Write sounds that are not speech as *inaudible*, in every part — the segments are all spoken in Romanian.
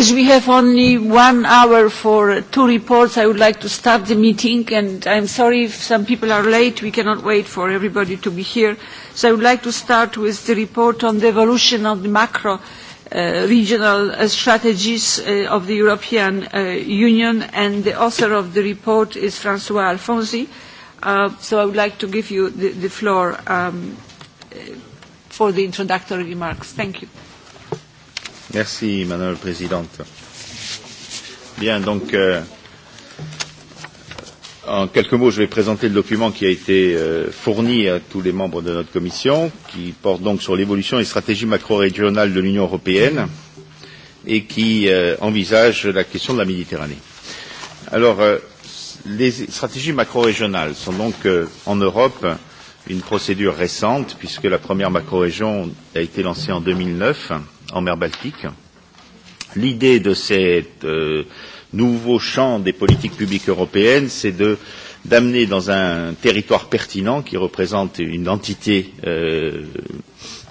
As we have only one hour for two reports, I would like to start the meeting, and I'm sorry if some people are late. We cannot wait for everybody to be here. So I would like to start with the report on the evolution of the macro uh, regional uh, strategies uh, of the European uh, Union, and the author of the report is Francois Alfonsi. Uh, so I would like to give you the, the floor um, uh, for the introductory remarks. Thank you. Merci, Madame la Présidente. Bien, donc, euh, en quelques mots, je vais présenter le document qui a été euh, fourni à tous les membres de notre commission, qui porte donc sur l'évolution des stratégies macro-régionales de l'Union européenne et qui euh, envisage la question de la Méditerranée. Alors, euh, les stratégies macro-régionales sont donc euh, en Europe une procédure récente, puisque la première macro-région a été lancée en 2009 en mer Baltique. L'idée de ces euh, nouveaux champs des politiques publiques européennes, c'est de d'amener dans un territoire pertinent qui représente une entité euh,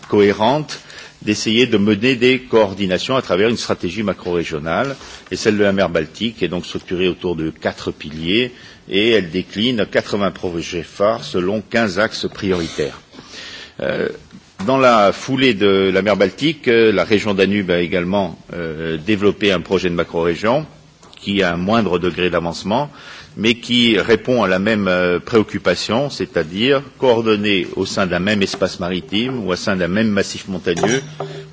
cohérente d'essayer de mener des coordinations à travers une stratégie macro-régionale et celle de la mer Baltique est donc structurée autour de quatre piliers et elle décline 80 projets phares selon 15 axes prioritaires. Euh, Dans la foulée de la mer Baltique, euh, la région Danube a également euh, développé un projet de macro-région qui a un moindre degré d'avancement, mais qui répond à la même euh, préoccupation, c'est-à-dire coordonner au sein d'un même espace maritime ou au sein d'un même massif montagneux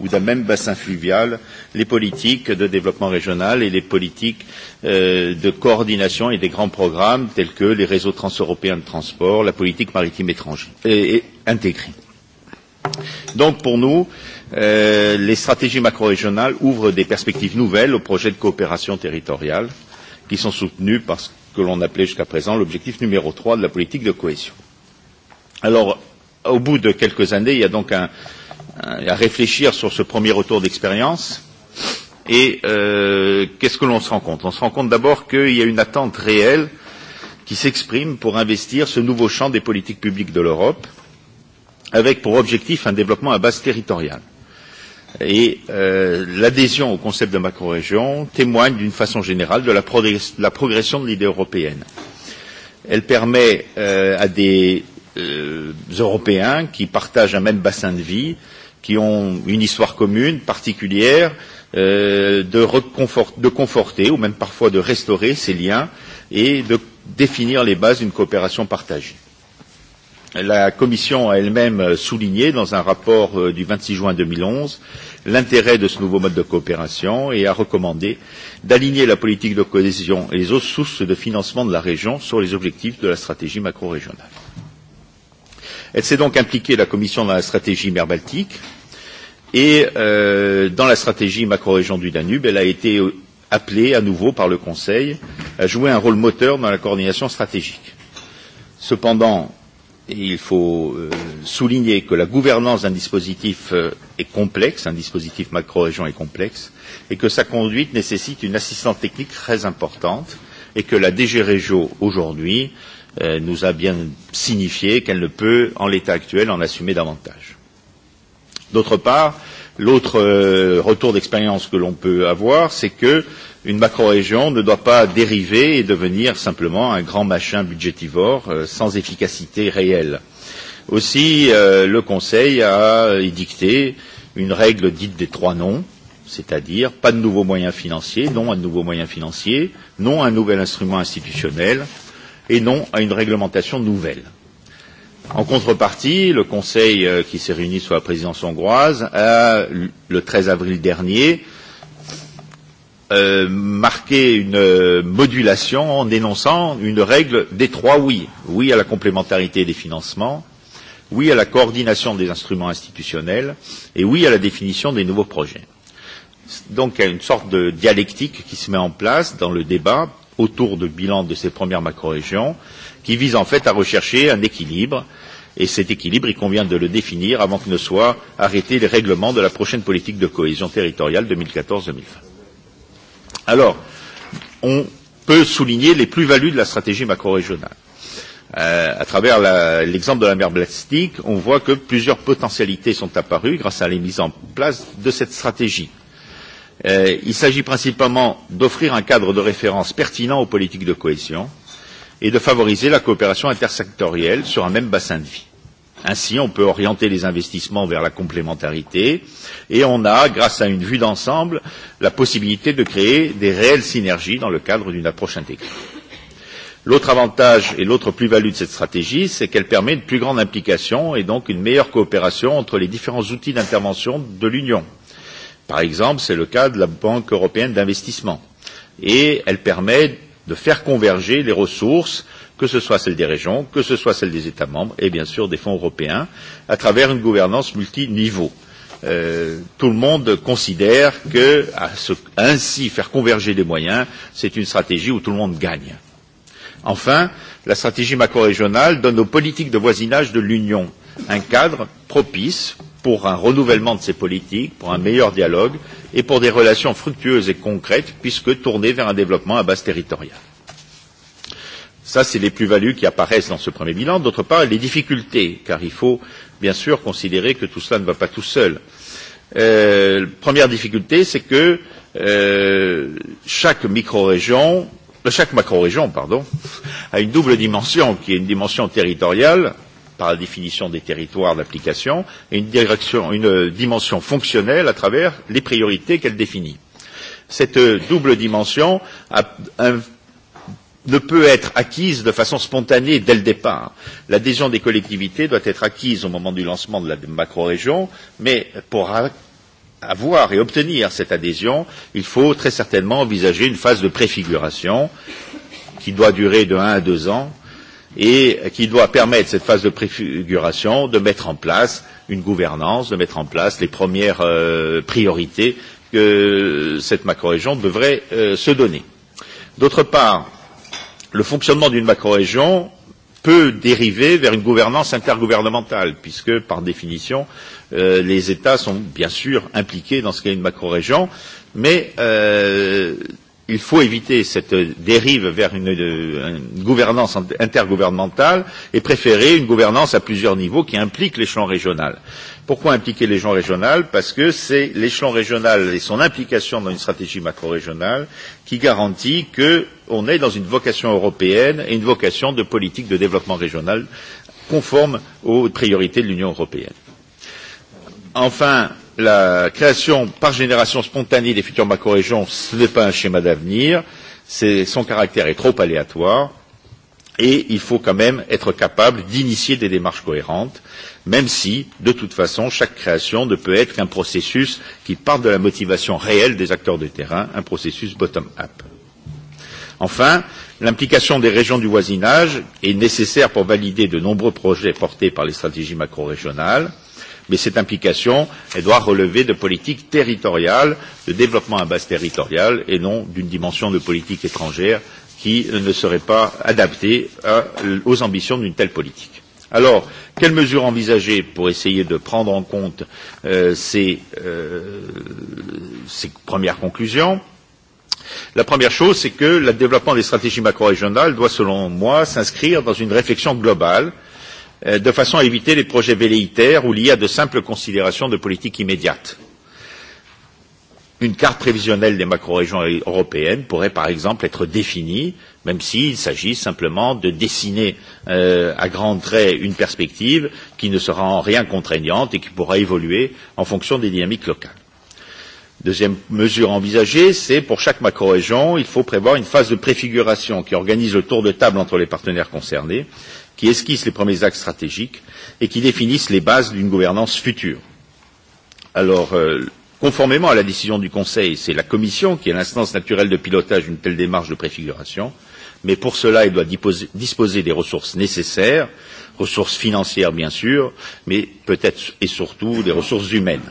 ou d'un même bassin fluvial les politiques de développement régional et les politiques euh, de coordination et des grands programmes tels que les réseaux transeuropéens de transport, la politique maritime étrangère et, et intégrée. Donc pour nous, euh, les stratégies macro-régionales ouvrent des perspectives nouvelles aux projets de coopération territoriale qui sont soutenus par ce que l'on appelait jusqu'à présent l'objectif numéro 3 de la politique de cohésion. Alors, au bout de quelques années, il y a donc un, un, à réfléchir sur ce premier retour d'expérience. Et euh, qu'est-ce que l'on se rend compte On se rend compte d'abord qu'il y a une attente réelle qui s'exprime pour investir ce nouveau champ des politiques publiques de l'Europe avec pour objectif un développement à base territoriale. Et euh, l'adhésion au concept de macro-région témoigne d'une façon générale de la, progr la progression de l'idée européenne. Elle permet euh, à des euh, Européens qui partagent un même bassin de vie, qui ont une histoire commune particulière, euh, de, reconfort de conforter ou même parfois de restaurer ces liens et de définir les bases d'une coopération partagée la Commission a elle-même souligné dans un rapport euh, du 26 juin 2011 l'intérêt de ce nouveau mode de coopération et a recommandé d'aligner la politique de cohésion et les autres sources de financement de la région sur les objectifs de la stratégie macrorégionale. Elle s'est donc impliquée, la Commission, dans la stratégie mer Baltique et euh, dans la stratégie macro-région du Danube, elle a été euh, appelée à nouveau par le Conseil à jouer un rôle moteur dans la coordination stratégique. Cependant, il faut euh, souligner que la gouvernance d'un dispositif euh, est complexe, un dispositif macro-région est complexe, et que sa conduite nécessite une assistance technique très importante, et que la DG Régio, aujourd'hui, euh, nous a bien signifié qu'elle ne peut, en l'état actuel, en assumer davantage. D'autre part, l'autre retour d'expérience que l'on peut avoir, c'est que une macro-région ne doit pas dériver et devenir simplement un grand machin budgétivore euh, sans efficacité réelle. Aussi, euh, le Conseil a édicté une règle dite des trois noms, c'est-à-dire pas de nouveaux moyens financiers, non à de nouveaux moyens financiers, non à un nouvel instrument institutionnel et non à une réglementation nouvelle. En contrepartie, le Conseil euh, qui s'est réuni sous la présidence hongroise a, le 13 avril dernier, euh, euh, marquer une euh, modulation en dénonçant une règle des trois oui. Oui à la complémentarité des financements, oui à la coordination des instruments institutionnels et oui à la définition des nouveaux projets. Donc il y a une sorte de dialectique qui se met en place dans le débat autour du bilan de ces premières macro-régions qui vise en fait à rechercher un équilibre et cet équilibre, il convient de le définir avant que ne soient arrêtés les règlements de la prochaine politique de cohésion territoriale 2014-2020. Alors, on peut souligner les plus-values de la stratégie macro-régionale. Euh, à travers l'exemple de la mer Baltique, on voit que plusieurs potentialités sont apparues grâce à la mise en place de cette stratégie. Euh, il s'agit principalement d'offrir un cadre de référence pertinent aux politiques de cohésion et de favoriser la coopération intersectorielle sur un même bassin de vie. Ainsi, on peut orienter les investissements vers la complémentarité et on a, grâce à une vue d'ensemble, la possibilité de créer des réelles synergies dans le cadre d'une approche intégrée. L'autre avantage et l'autre plus-value de cette stratégie, c'est qu'elle permet une plus grande implication et donc une meilleure coopération entre les différents outils d'intervention de l'Union. Par exemple, c'est le cas de la Banque européenne d'investissement. Et elle permet de faire converger les ressources que ce soit celle des régions, que ce soit celle des États membres et bien sûr des fonds européens, à travers une gouvernance multiniveau. Euh, tout le monde considère que à ce, ainsi faire converger des moyens, c'est une stratégie où tout le monde gagne. Enfin, la stratégie macro-régionale donne aux politiques de voisinage de l'Union un cadre propice pour un renouvellement de ces politiques, pour un meilleur dialogue et pour des relations fructueuses et concrètes, puisque tournées vers un développement à base territoriale. Ça, c'est les plus-values qui apparaissent dans ce premier bilan. D'autre part, les difficultés, car il faut bien sûr considérer que tout cela ne va pas tout seul. Euh, première difficulté, c'est que euh, chaque micro-région, euh, chaque macro-région, pardon, *laughs* a une double dimension, qui est une dimension territoriale, par la définition des territoires d'application, et une, direction, une dimension fonctionnelle à travers les priorités qu'elle définit. Cette double dimension a un ne peut être acquise de façon spontanée dès le départ. L'adhésion des collectivités doit être acquise au moment du lancement de la macro-région, mais pour avoir et obtenir cette adhésion, il faut très certainement envisager une phase de préfiguration qui doit durer de 1 à 2 ans et qui doit permettre cette phase de préfiguration de mettre en place une gouvernance, de mettre en place les premières euh, priorités que cette macro-région devrait euh, se donner. D'autre part, le fonctionnement d'une macro-région peut dériver vers une gouvernance intergouvernementale, puisque, par définition, euh, les États sont bien sûr impliqués dans ce qu'est une macro-région, mais euh, il faut éviter cette dérive vers une, euh, une gouvernance intergouvernementale et préférer une gouvernance à plusieurs niveaux qui implique l'échelon régional. Pourquoi impliquer l'échelon régional Parce que c'est l'échelon régional et son implication dans une stratégie macro-régionale qui garantit qu'on est dans une vocation européenne et une vocation de politique de développement régional conforme aux priorités de l'Union européenne. Enfin, la création par génération spontanée des futures macro-régions, ce n'est pas un schéma d'avenir, son caractère est trop aléatoire et il faut quand même être capable d'initier des démarches cohérentes même si, de toute façon, chaque création ne peut être qu'un processus qui part de la motivation réelle des acteurs de terrain, un processus bottom-up. Enfin, l'implication des régions du voisinage est nécessaire pour valider de nombreux projets portés par les stratégies macro-régionales, mais cette implication elle doit relever de politiques territoriales, de développement à base territoriale, et non d'une dimension de politique étrangère qui ne serait pas adaptée à, aux ambitions d'une telle politique. Alors, quelles mesures envisager pour essayer de prendre en compte euh, ces, euh, ces premières conclusions La première chose, c'est que le développement des stratégies macro-régionales doit, selon moi, s'inscrire dans une réflexion globale euh, de façon à éviter les projets velléitaires ou liés à de simples considérations de politique immédiate. Une carte prévisionnelle des macro-régions européennes pourrait par exemple être définie, même s'il s'agit simplement de dessiner euh, euh, à grands traits une perspective qui ne sera en rien contraignante et qui pourra évoluer en fonction des dynamiques locales. Deuxième mesure envisagée, c'est pour chaque macro-région, il faut prévoir une phase de préfiguration qui organise le tour de table entre les partenaires concernés, qui esquisse les premiers axes stratégiques et qui définisse les bases d'une gouvernance future. Alors, euh, conformément à la décision du Conseil, c'est la Commission qui est l'instance naturelle de pilotage d'une telle démarche de préfiguration mais pour cela, il doit disposer des ressources nécessaires, ressources financières bien sûr, mais peut-être et surtout des ressources humaines.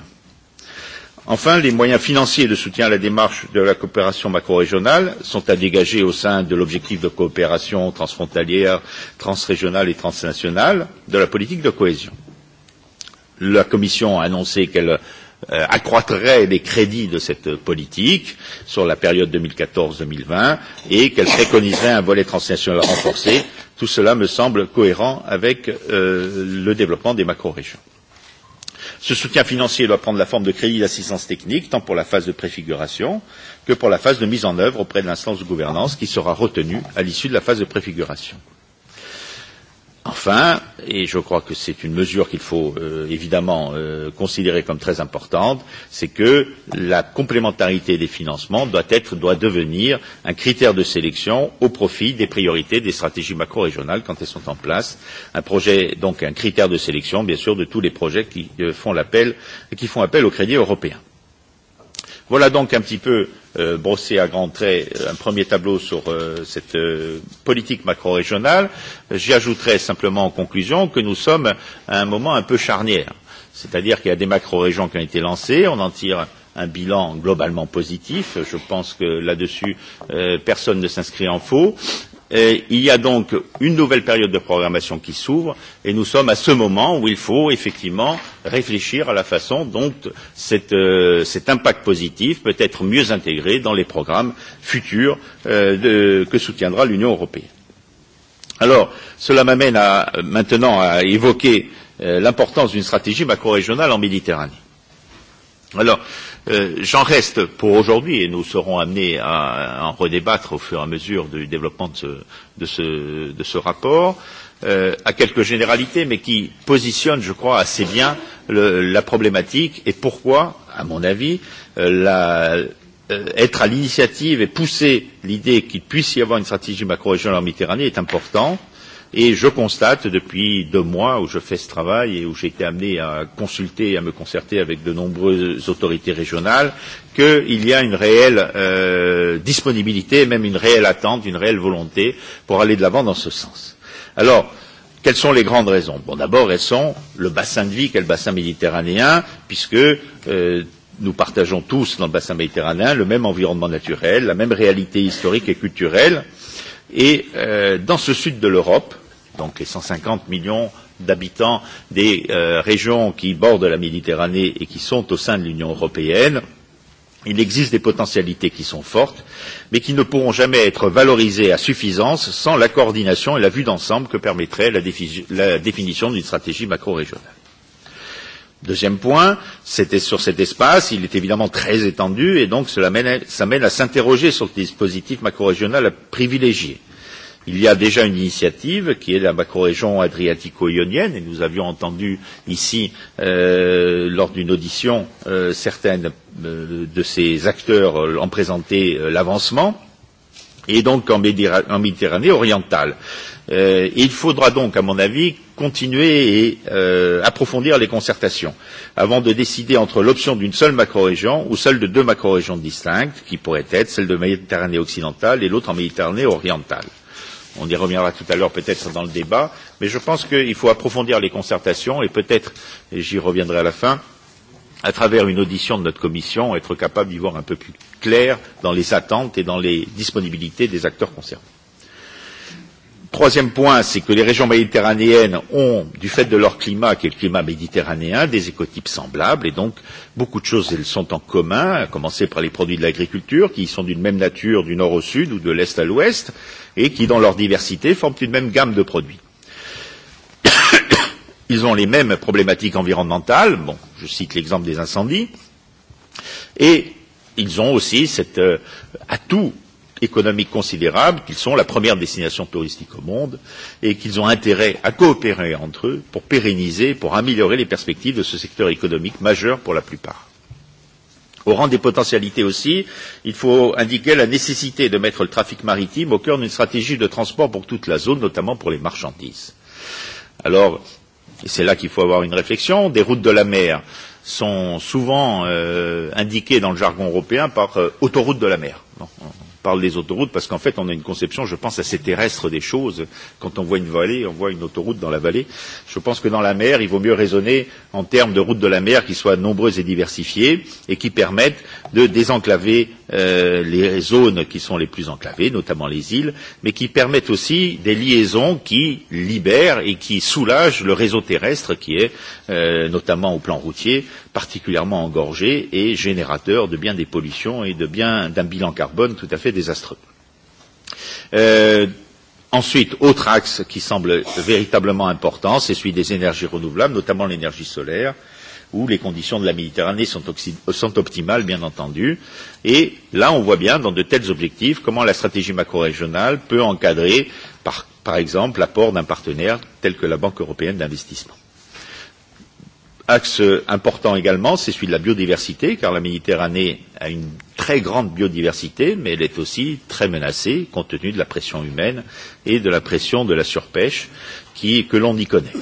Enfin, les moyens financiers de soutien à la démarche de la coopération macro-régionale sont à dégager au sein de l'objectif de coopération transfrontalière, transrégionale et transnationale de la politique de cohésion. La Commission a annoncé qu'elle euh, accroîtrait les crédits de cette politique sur la période 2014-2020 et qu'elle préconiserait un volet transnational renforcé. Tout cela me semble cohérent avec euh, le développement des macro-régions. Ce soutien financier doit prendre la forme de crédits d'assistance technique, tant pour la phase de préfiguration que pour la phase de mise en œuvre auprès de l'instance de gouvernance qui sera retenue à l'issue de la phase de préfiguration. Enfin, et je crois que c'est une mesure qu'il faut euh, évidemment euh, considérer comme très importante, c'est que la complémentarité des financements doit être, doit devenir un critère de sélection au profit des priorités des stratégies macro-régionales quand elles sont en place. Un projet, donc un critère de sélection, bien sûr, de tous les projets qui, euh, font, l'appel, qui font appel au crédit européen. Voilà donc un petit peu euh, euh, brosser à grands traits un premier tableau sur euh, cette euh, politique macro-régionale. J'y ajouterai simplement en conclusion que nous sommes à un moment un peu charnière. C'est-à-dire qu'il y a des macro-régions qui ont été lancées, on en tire un bilan globalement positif. Je pense que là-dessus, euh, personne ne s'inscrit en faux. Et il y a donc une nouvelle période de programmation qui s'ouvre et nous sommes à ce moment où il faut effectivement réfléchir à la façon dont cette, euh, cet impact positif peut être mieux intégré dans les programmes futurs euh, de, que soutiendra l'Union européenne. Alors, cela m'amène à, maintenant à évoquer euh, l'importance d'une stratégie macro-régionale en Méditerranée. Alors, Euh, j'en reste pour aujourd'hui et nous serons amenés à en redébattre au fur et à mesure du développement de ce, de ce, de ce rapport euh, à quelques généralités, mais qui positionnent, je crois, assez bien le, la problématique et pourquoi, à mon avis, euh, la, euh, être à l'initiative et pousser l'idée qu'il puisse y avoir une stratégie macro-régionale en Méditerranée est important. Euh, Et je constate depuis deux mois où je fais ce travail et où j'ai été amené à consulter et à me concerter avec de nombreuses autorités régionales qu'il y a une réelle euh, disponibilité, même une réelle attente, une réelle volonté pour aller de l'avant dans ce sens. Alors, Quelles sont les grandes raisons Bon, d'abord, elles sont le bassin de vie qu'est le bassin méditerranéen, puisque euh, nous partageons tous dans le bassin méditerranéen le même environnement naturel, la même réalité historique et culturelle, Euh, Et euh, dans ce sud de l'Europe, donc les 150 millions d'habitants des euh, régions qui bordent la Méditerranée et qui sont au sein de l'Union européenne, il existe des potentialités qui sont fortes, mais qui ne pourront jamais être valorisées à suffisance sans la coordination et la vue d'ensemble que permettrait la, défi la définition d'une stratégie macro-régionale. Deuxième point, c'était sur cet espace, il est évidemment très étendu et donc cela mène, ça mène à s'interroger sur le dispositif macro-régional à privilégier. Il y a déjà une initiative qui est la macro-région adriatico-ionienne et nous avions entendu ici euh, lors d'une audition euh, certaines euh, de ces acteurs euh, en présenter euh, l'avancement et donc en, Méditerranée orientale. Euh, il faudra donc, à mon avis, continuer et euh, approfondir les concertations avant de décider entre l'option d'une seule macro région ou celle de deux macro régions distinctes, qui pourraient être celle de Méditerranée occidentale et l'autre en Méditerranée orientale. On y reviendra tout à l'heure peut-être dans le débat, mais je pense qu'il faut approfondir les concertations et peut-être, et j'y reviendrai à la fin, à travers une audition de notre commission, être capable d'y voir un peu plus clair dans les attentes et dans les disponibilités des acteurs concernés. Troisième point, c'est que les régions méditerranéennes ont, du fait de leur climat, qui est le climat méditerranéen, des écotypes semblables, et donc beaucoup de choses elles sont en commun, à commencer par les produits de l'agriculture, qui sont d'une même nature du nord au sud ou de l'est à l'ouest, et qui, dans leur diversité, forment une même gamme de produits. *coughs* Ils ont les mêmes problématiques environnementales, bon, je cite l'exemple des incendies, et ils ont aussi cet euh, atout économiques considérables, qu'ils sont la première destination touristique au monde et qu'ils ont intérêt à coopérer entre eux pour pérenniser, pour améliorer les perspectives de ce secteur économique majeur pour la plupart. Au rang des potentialités aussi, il faut indiquer la nécessité de mettre le trafic maritime au cœur d'une stratégie de transport pour toute la zone, notamment pour les marchandises. Alors, c'est là qu'il faut avoir une réflexion, des routes de la mer sont souvent euh, indiquées dans le jargon européen par euh, autoroute de la mer. Bon, parle des autoroutes, parce qu'en fait, on a une conception, je pense, assez terrestre des choses. Quand on voit une vallée, on voit une autoroute dans la vallée. Je pense que dans la mer, il vaut mieux raisonner en termes de routes de la mer qui soient nombreuses et diversifiées et qui permettent de désenclaver Euh, les zones qui sont les plus enclavées, notamment les îles, mais qui permettent aussi des liaisons qui libèrent et qui soulagent le réseau terrestre qui est, euh, notamment au plan routier, particulièrement engorgé et générateur de bien des pollutions et de bien d'un bilan carbone tout à fait désastreux. Euh, Ensuite, autre axe qui semble véritablement important, c'est celui des énergies renouvelables, notamment l'énergie solaire. Euh, où les conditions de la Méditerranée sont, sont optimales, bien entendu. Et là, on voit bien, dans de tels objectifs, comment la stratégie macro-régionale peut encadrer, par, par exemple, l'apport d'un partenaire tel que la Banque européenne d'investissement. Axe important également, c'est celui de la biodiversité, car la Méditerranée a une très grande biodiversité, mais elle est aussi très menacée, compte tenu de la pression humaine et de la pression de la surpêche qui, que l'on y connaît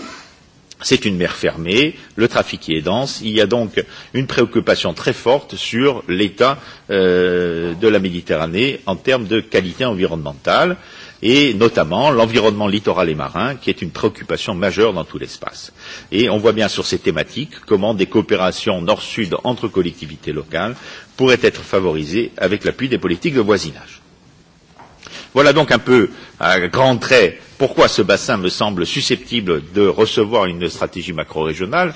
c'est une mer fermée, le trafic y est dense, il y a donc une préoccupation très forte sur l'état euh, de la Méditerranée en termes de qualité environnementale et notamment l'environnement littoral et marin, qui est une préoccupation majeure dans tout l'espace. Et on voit bien sur ces thématiques comment des coopérations nord-sud entre collectivités locales pourraient être favorisées avec l'appui des politiques de voisinage. Voilà donc un peu à grands traits pourquoi ce bassin me semble susceptible de recevoir une stratégie macro-régionale,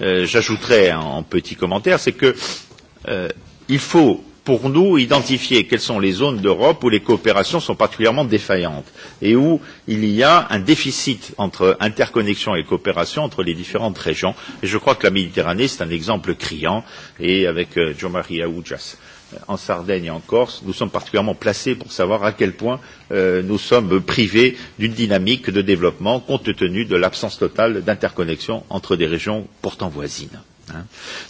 euh, j'ajouterai en petit commentaire, c'est que euh, il faut pour nous identifier quelles sont les zones d'Europe où les coopérations sont particulièrement défaillantes et où il y a un déficit entre interconnexion et coopération entre les différentes régions. Et je crois que la Méditerranée, c'est un exemple criant, et avec euh, Jean-Marie Ujas en Sardaigne et en Corse, nous sommes particulièrement placés pour savoir à quel point euh, nous sommes privés d'une dynamique de développement compte tenu de l'absence totale d'interconnexion entre des régions pourtant voisines. Hein.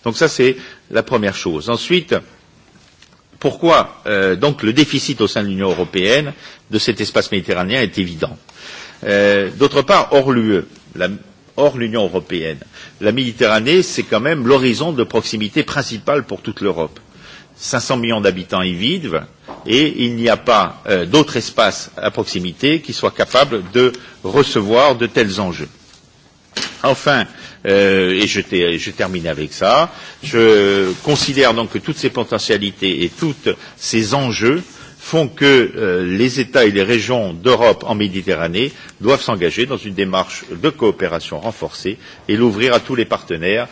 Donc ça, c'est la première chose. Ensuite, pourquoi euh, donc le déficit au sein de l'Union européenne de cet espace méditerranéen est évident euh, D'autre part, hors l'UE, hors l'Union européenne, la Méditerranée, c'est quand même l'horizon de proximité principale pour toute l'Europe 500 millions d'habitants y vivent et il n'y a pas euh, d'autre espace à proximité qui soit capable de recevoir de tels enjeux. Enfin, euh, et je, je termine avec ça, je considère donc que toutes ces potentialités et tous ces enjeux font que euh, les États et les régions d'Europe en Méditerranée doivent s'engager dans une démarche de coopération renforcée et l'ouvrir à tous les partenaires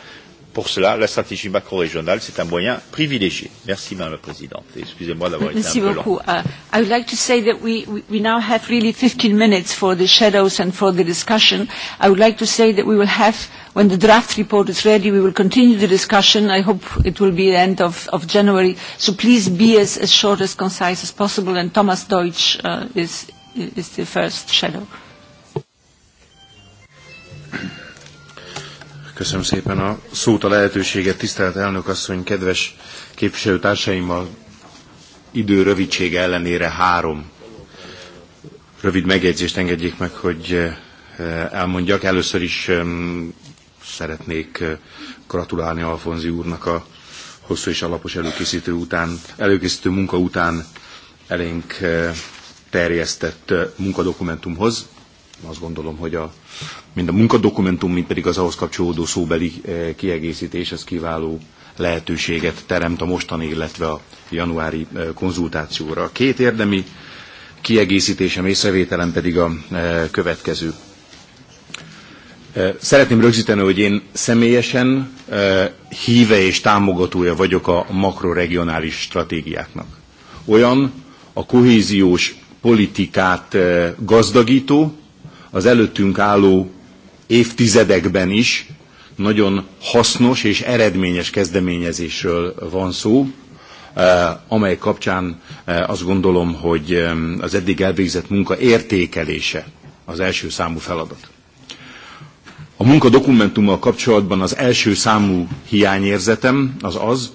Pour cela, la stratégie macro-régionale, c'est un moyen privilégié. Merci, Madame la Présidente. Excusez-moi d'avoir été un peu long. Uh, I would like to say that we, we now have really 15 minutes for the shadows and for the discussion. I would like to say that we will have, when the draft report is ready, we will continue the discussion. I hope it will be the end of, of January. So please be as, as short, as concise as possible. And Thomas Deutsch uh, is, is the first shadow. Köszönöm szépen a szót, a lehetőséget, tisztelt elnök asszony, kedves képviselőtársaimmal. Idő rövidsége ellenére három rövid megjegyzést engedjék meg, hogy eh, elmondjak. Először is eh, szeretnék eh, gratulálni Alfonzi úrnak a hosszú és alapos előkészítő, után, előkészítő munka után elénk terjesztett munkadokumentumhoz. Azt gondolom, hogy a mind a munkadokumentum, mind pedig az ahhoz kapcsolódó szóbeli eh, kiegészítés, ez kiváló lehetőséget teremt a mostani, illetve a januári eh, konzultációra. A két érdemi kiegészítésem, észrevételem pedig a eh, következő. Szeretném rögzíteni, hogy én személyesen híve és támogatója vagyok a makroregionális stratégiáknak. Olyan a kohéziós politikát gazdagító, az előttünk álló évtizedekben is nagyon hasznos és eredményes kezdeményezésről van szó, eh, amely kapcsán eh, azt gondolom, hogy eh, az eddig elvégzett munka értékelése az első számú feladat. A munka dokumentummal kapcsolatban az első számú hiányérzetem az az,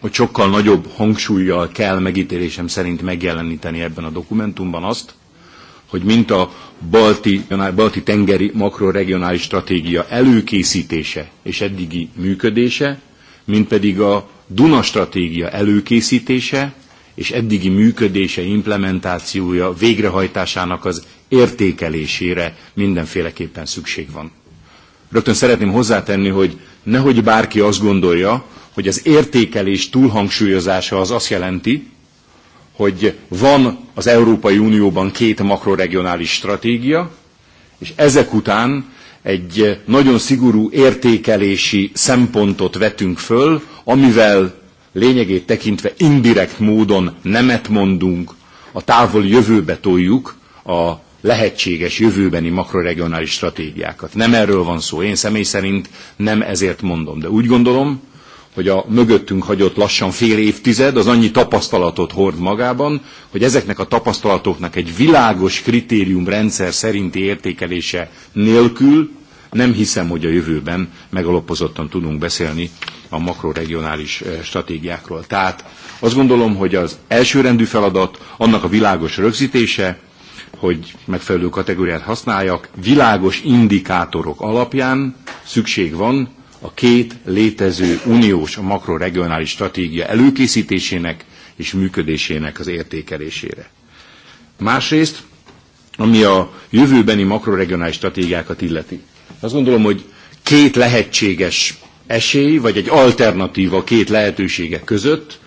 hogy sokkal nagyobb hangsúlyjal kell megítélésem szerint megjeleníteni ebben a dokumentumban azt, hogy mint a balti, balti tengeri makroregionális stratégia előkészítése és eddigi működése, mint pedig a Duna stratégia előkészítése és eddigi működése, implementációja, végrehajtásának az értékelésére mindenféleképpen szükség van. Rögtön szeretném hozzátenni, hogy nehogy bárki azt gondolja, hogy az értékelés túlhangsúlyozása az azt jelenti, hogy van az Európai Unióban két makroregionális stratégia, és ezek után egy nagyon szigorú értékelési szempontot vetünk föl, amivel lényegét tekintve indirekt módon nemet mondunk, a távol jövőbe toljuk a lehetséges jövőbeni makroregionális stratégiákat. Nem erről van szó, én személy szerint nem ezért mondom, de úgy gondolom, hogy a mögöttünk hagyott lassan fél évtized az annyi tapasztalatot hord magában, hogy ezeknek a tapasztalatoknak egy világos kritériumrendszer szerinti értékelése nélkül nem hiszem, hogy a jövőben megalapozottan tudunk beszélni a makroregionális eh, stratégiákról. Tehát azt gondolom, hogy az elsőrendű feladat annak a világos rögzítése, hogy megfelelő kategóriát használjak, világos indikátorok alapján szükség van a két létező uniós makroregionális stratégia előkészítésének és működésének az értékelésére. Másrészt, ami a jövőbeni makroregionális stratégiákat illeti. Azt gondolom, hogy két lehetséges esély, vagy egy alternatíva két lehetősége között,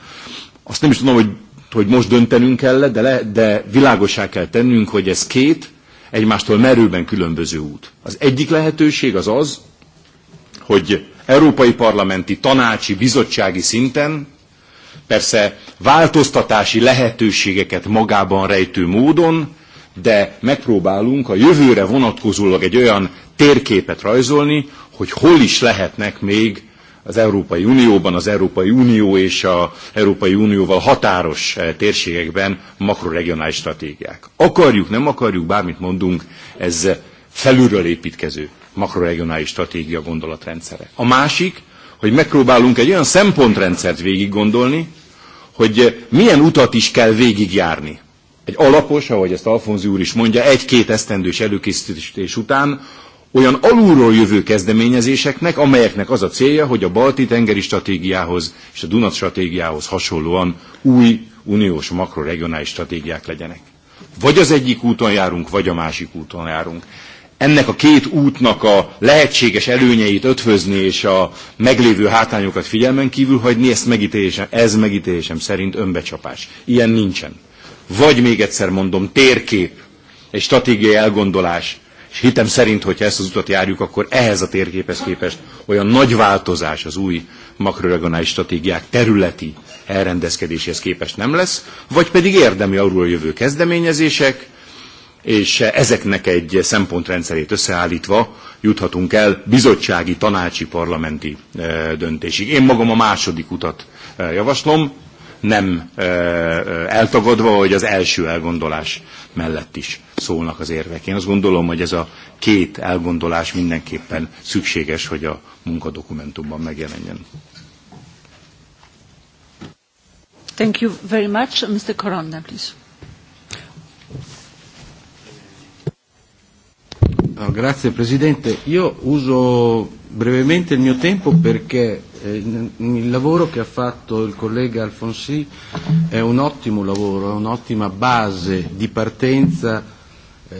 azt nem is tudom, hogy, hogy most döntenünk kell, de, le, de világosá kell tennünk, hogy ez két egymástól merőben különböző út. Az egyik lehetőség az az, hogy európai parlamenti, tanácsi, bizottsági szinten persze változtatási lehetőségeket magában rejtő módon, de megpróbálunk a jövőre vonatkozólag egy olyan térképet rajzolni, hogy hol is lehetnek még az Európai Unióban, az Európai Unió és az Európai Unióval határos eh, térségekben makroregionális stratégiák. Akarjuk, nem akarjuk, bármit mondunk, ez felülről építkező makroregionális stratégia gondolatrendszere. A másik, hogy megpróbálunk egy olyan szempontrendszert végig gondolni, hogy eh, milyen utat is kell végigjárni. Egy alapos, ahogy ezt Alfonzi úr is mondja, egy-két esztendős előkészítés után olyan alulról jövő kezdeményezéseknek, amelyeknek az a célja, hogy a balti tengeri stratégiához és a Dunat stratégiához hasonlóan új uniós makroregionális stratégiák legyenek. Vagy az egyik úton járunk, vagy a másik úton járunk ennek a két útnak a lehetséges előnyeit ötvözni és a meglévő hátrányokat figyelmen kívül hagyni, ezt megítélésem, ez megítélésem szerint önbecsapás. Ilyen nincsen. Vagy még egyszer mondom, térkép, egy stratégiai elgondolás, és hitem szerint, hogyha ezt az utat járjuk, akkor ehhez a térképhez képest olyan nagy változás az új makroregionális stratégiák területi elrendezkedéséhez képest nem lesz, vagy pedig érdemi arról jövő kezdeményezések, és eh, ezeknek egy eh, szempontrendszerét összeállítva juthatunk el bizottsági, tanácsi, parlamenti eh, döntésig. Én magam a második utat javaslom, nem eltagadva, hogy az első elgondolás mellett is szólnak az érvek. Én azt gondolom, hogy ez a két elgondolás mindenképpen szükséges, hogy a munkadokumentumban megjelenjen. Thank you very much. Mr. Corona, please. No, grazie Presidente, io uso brevemente il mio tempo perché eh, il lavoro che ha fatto il collega Alfonsi è un ottimo lavoro, è un'ottima base di partenza, eh,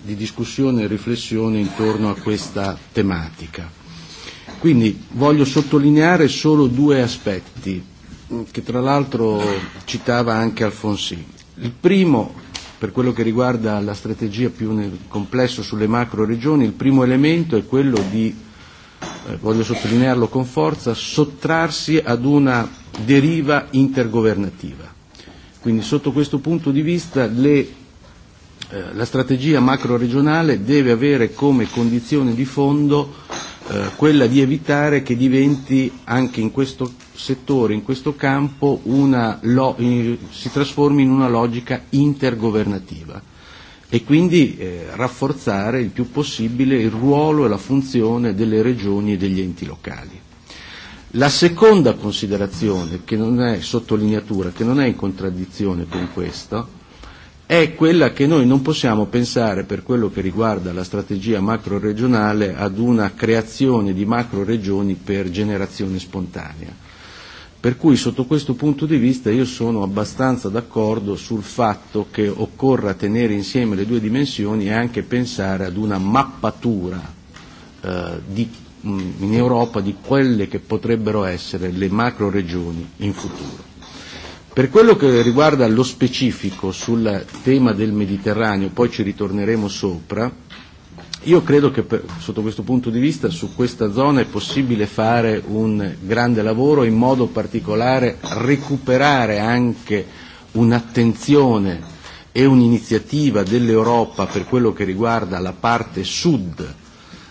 di discussione e riflessione intorno a questa tematica. Quindi voglio sottolineare solo due aspetti che tra l'altro citava anche Alfonsi. Il primo per quello che riguarda la strategia più nel complesso sulle macro regioni, il primo elemento è quello di, eh, voglio sottolinearlo con forza, sottrarsi ad una deriva intergovernativa. Quindi sotto questo punto di vista le, eh, la strategia macro regionale deve avere come condizione di fondo eh, Eh, quella di evitare che diventi anche in questo settore, in questo campo, una lo, in, si trasformi in una logica intergovernativa e quindi eh, rafforzare il più possibile il ruolo e la funzione delle regioni e degli enti locali. La seconda considerazione, che non è sottolineatura, che non è in contraddizione con questo, è quella che noi non possiamo pensare per quello che riguarda la strategia macro-regionale ad una creazione di macro-regioni per generazione spontanea. Per cui sotto questo punto di vista io sono abbastanza d'accordo sul fatto che occorra tenere insieme le due dimensioni e anche pensare ad una mappatura eh, di, in Europa di quelle che potrebbero essere le macro-regioni in futuro. Per quello che riguarda lo specifico sul tema del Mediterraneo, poi ci ritorneremo sopra, io credo che per, sotto questo punto di vista su questa zona è possibile fare un grande lavoro, in modo particolare recuperare anche un'attenzione e un'iniziativa dell'Europa per quello che riguarda la parte sud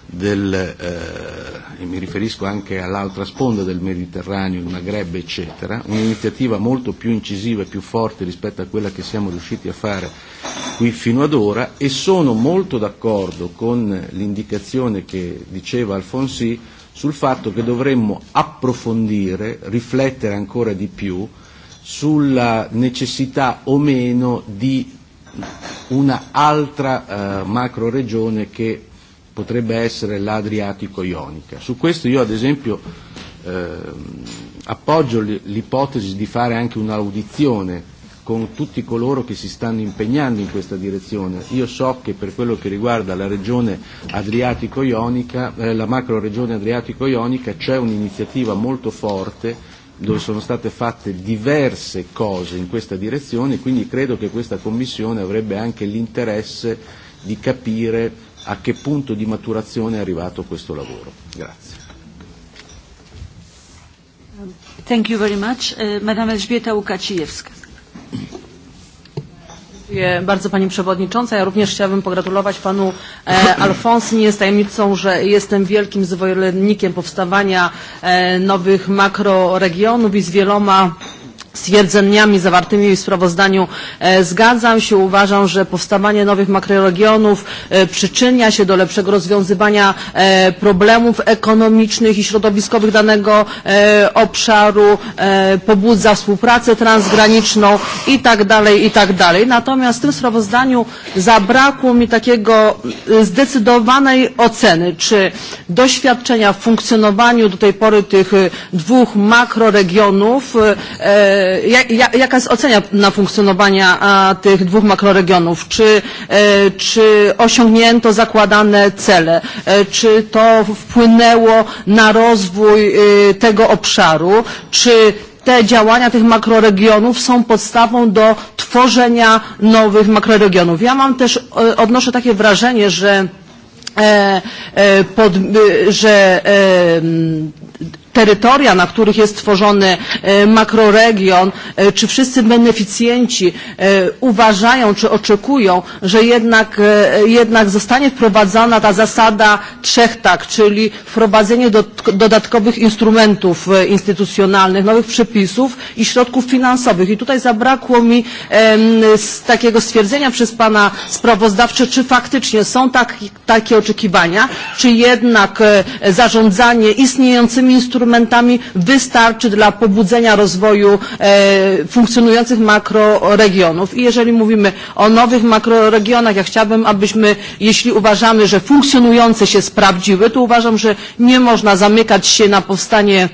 del, eh, e mi riferisco anche all'altra sponda del Mediterraneo, il Maghreb eccetera, un'iniziativa molto più incisiva e più forte rispetto a quella che siamo riusciti a fare qui fino ad ora e sono molto d'accordo con l'indicazione che diceva Alfonsi sul fatto che dovremmo approfondire, riflettere ancora di più sulla necessità o meno di una altra eh, macro regione che potrebbe essere l'Adriatico Ionica. Su questo io ad esempio eh, appoggio l'ipotesi di fare anche un'audizione con tutti coloro che si stanno impegnando in questa direzione. Io so che per quello che riguarda la regione Adriatico-Ionica, eh, la macro regione Adriatico-Ionica c'è un'iniziativa molto forte dove sono state fatte diverse cose in questa direzione, quindi credo che questa Commissione avrebbe anche l'interesse di capire eh, a che punto di maturazione è arrivato questo lavoro. Grazie. Thank you very much. Uh, Madame Elżbieta Łukacijewska. Dziękuję bardzo Pani Przewodnicząca. Ja również chciałabym pogratulować Panu e, Alfons. Nie jest tajemnicą, że jestem wielkim zwolennikiem powstawania e, nowych makroregionów i z wieloma stwierdzeniami zawartymi w sprawozdaniu zgadzam się. Uważam, że powstawanie nowych makroregionów przyczynia się do lepszego rozwiązywania problemów ekonomicznych i środowiskowych danego obszaru, pobudza współpracę transgraniczną i tak dalej, i tak dalej. Natomiast w tym sprawozdaniu zabrakło mi takiego zdecydowanej oceny, czy doświadczenia w funkcjonowaniu do tej pory tych dwóch makroregionów jak, jaka jest ocena na funkcjonowania tych dwóch makroregionów? Czy, czy osiągnięto zakładane cele? Czy to wpłynęło na rozwój tego obszaru? Czy te działania tych makroregionów są podstawą do tworzenia nowych makroregionów. Ja mam też, odnoszę takie wrażenie, że, pod, że terytoria, na których jest tworzony makroregion, czy wszyscy beneficjenci uważają, czy oczekują, że jednak, jednak zostanie wprowadzona ta zasada trzech tak, czyli wprowadzenie dodatkowych instrumentów instytucjonalnych, nowych przepisów i środków finansowych. I tutaj zabrakło mi z takiego stwierdzenia przez pana sprawozdawcę, czy faktycznie są tak, takie oczekiwania, czy jednak zarządzanie istniejącymi instrumentami, instrumentami wystarczy dla pobudzenia rozwoju funkcjonujących makroregionów. I jeżeli mówimy o nowych makroregionach, ja chciałabym, abyśmy, jeśli uważamy, że funkcjonujące się sprawdziły, to uważam, że nie można zamykać się na powstanie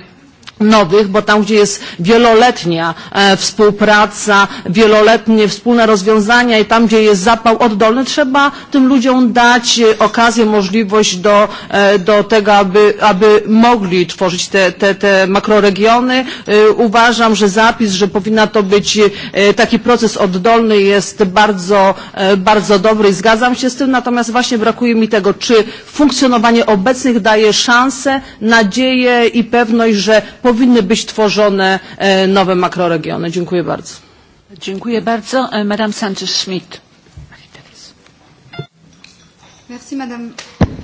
nowych, bo tam, gdzie jest wieloletnia e, współpraca, wieloletnie wspólne rozwiązania i tam, gdzie jest zapał oddolny, trzeba tym ludziom dać okazję, możliwość do, e, do tego, aby, aby mogli tworzyć te, te, te makroregiony. E, uważam, że zapis, że powinna to być e, taki proces oddolny jest bardzo, e, bardzo dobry i zgadzam się z tym, natomiast właśnie brakuje mi tego, czy funkcjonowanie obecnych daje szansę, nadzieję i pewność, że powinny być tworzone nowe makroregiony. Dziękuję bardzo. Dziękuję bardzo. Madame Sanchez-Schmidt. Merci Madame.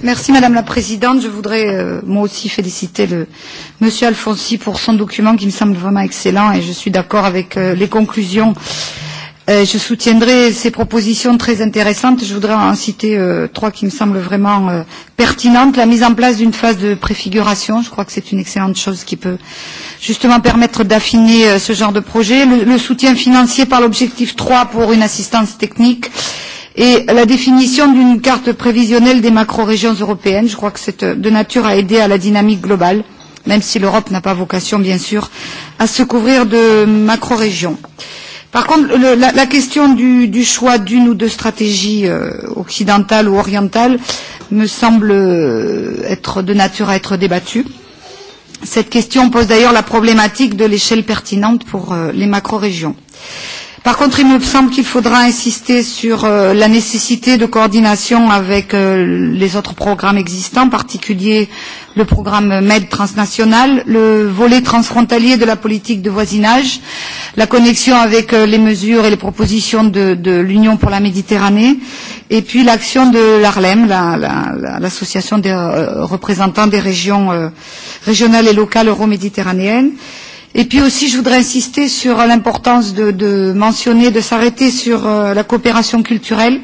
Merci Madame la Présidente. Je voudrais euh, moi aussi féliciter le, Monsieur Alfonsi pour son document qui me semble vraiment excellent et je suis d'accord avec euh, les conclusions euh, Euh, je soutiendrai ces propositions très intéressantes. Je voudrais en citer euh, trois qui me semblent vraiment euh, pertinentes. La mise en place d'une phase de préfiguration, je crois que c'est une excellente chose qui peut justement permettre d'affiner euh, ce genre de projet. Le, le soutien financier par l'objectif 3 pour une assistance technique et la définition d'une carte prévisionnelle des macro-régions européennes. Je crois que c'est euh, de nature à aider à la dynamique globale, même si l'Europe n'a pas vocation, bien sûr, à se couvrir de macro-régions. Euh, Par contre, le, la, la question du, du choix d'une ou deux stratégies euh, occidentales ou orientales me semble euh, être de nature à être débattue. Cette question pose d'ailleurs la problématique de l'échelle pertinente pour euh, les macro-régions. Euh, Par contre, il me semble qu'il faudra insister sur euh, la nécessité de coordination avec euh, les autres programmes existants, en particulier le programme MED transnational, le volet transfrontalier de la politique de voisinage, la connexion avec euh, les mesures et les propositions de, de l'Union pour la Méditerranée, et puis l'action de l'ARLEM, l'association la, la, la, des euh, représentants des régions euh, régionales et locales euro-méditerranéennes. Et puis aussi, je voudrais insister sur l'importance de, de mentionner, de s'arrêter sur euh, la coopération culturelle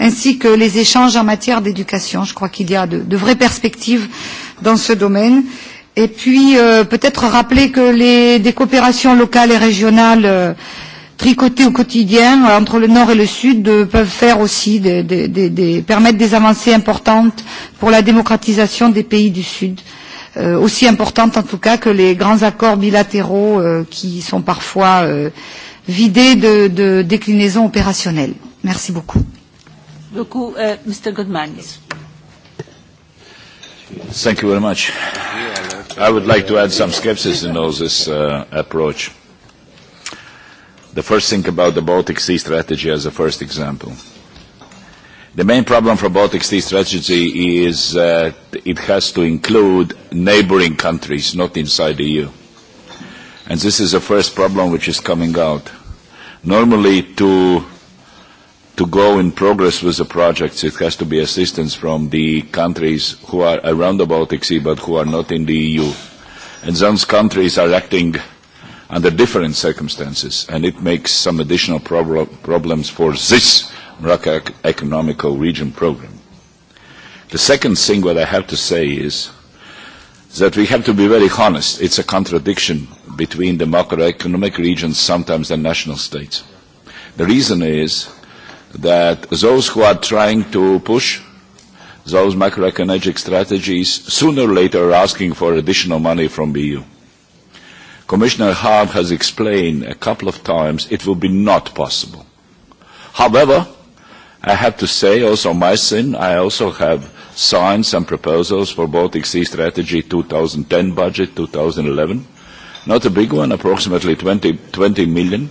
ainsi que les échanges en matière d'éducation. Je crois qu'il y a de, de vraies perspectives dans ce domaine. Et puis, euh, peut-être rappeler que les, des coopérations locales et régionales euh, tricotées au quotidien euh, entre le Nord et le Sud euh, peuvent faire aussi des, des, des, des, permettre des avancées importantes pour la démocratisation des pays du Sud euh, aussi importante en tout cas que les grands accords bilatéraux euh, qui sont parfois euh, vidés de, de déclinaisons opérationnelles. Merci beaucoup. Beaucoup, uh, Mr. Goodman. Thank you very much. I would like to add some skepticism to this uh, approach. The first thing about the Baltic Sea strategy as a first example. The main problem for Baltic Sea strategy is that it has to include neighboring countries, not inside the EU. And this is the first problem which is coming out. Normally to to go in progress with the projects, it has to be assistance from the countries who are around the Baltic Sea but who are not in the EU. And those countries are acting under different circumstances, and it makes some additional prob problems for this Morocco Economical Region Program. The second thing what I have to say is that we have to be very honest. It's a contradiction between the macroeconomic regions sometimes and national states. The reason is that those who are trying to push those macroeconomic strategies sooner or later are asking for additional money from the EU. Commissioner Hahn has explained a couple of times it will be not possible. However, I have to say also my sin, I also have signed some proposals for Baltic Sea Strategy 2010 budget, 2011. Not a big one, approximately 20, 20 million,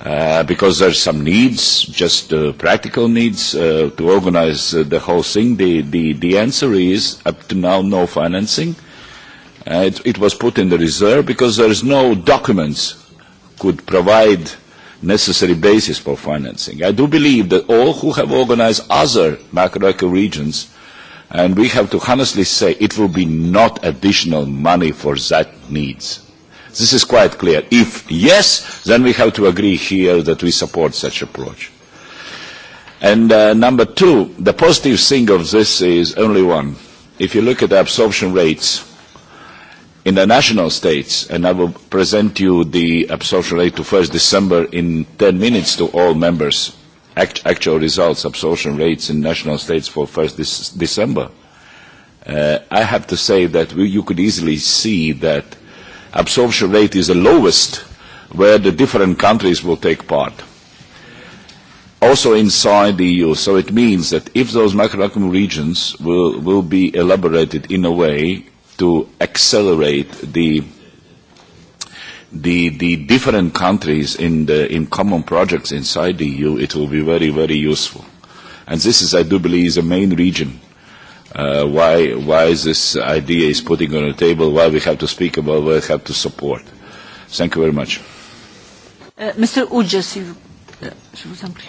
uh, because there's some needs, just uh, practical needs uh, to organize uh, the whole thing. The, the, the answer is, up to now, no financing. Uh, it, it was put in the reserve because there is no documents could provide – necessary basis for financing. I do believe that all who have organized other macroeconomic regions, and we have to honestly say it will be not additional money for that needs. This is quite clear. If yes, then we have to agree here that we support such approach. And uh, number two, the positive thing of this is only one. If you look at the absorption rates, in the national states, and I will present you the absorption rate to 1st December in 10 minutes to all members, act, actual results, absorption rates in national states for 1st December, uh, I have to say that we, you could easily see that absorption rate is the lowest where the different countries will take part. Also inside the EU, so it means that if those macroeconomic regions will, will be elaborated in a way to accelerate the the, the different countries in, the, in common projects inside the EU, it will be very, very useful. And this is, I do believe, is the main region uh, why, why this idea is putting on the table, why we have to speak about, why we have to support. Thank you very much. Uh, Mr. Ujas, uh, je vous en prie.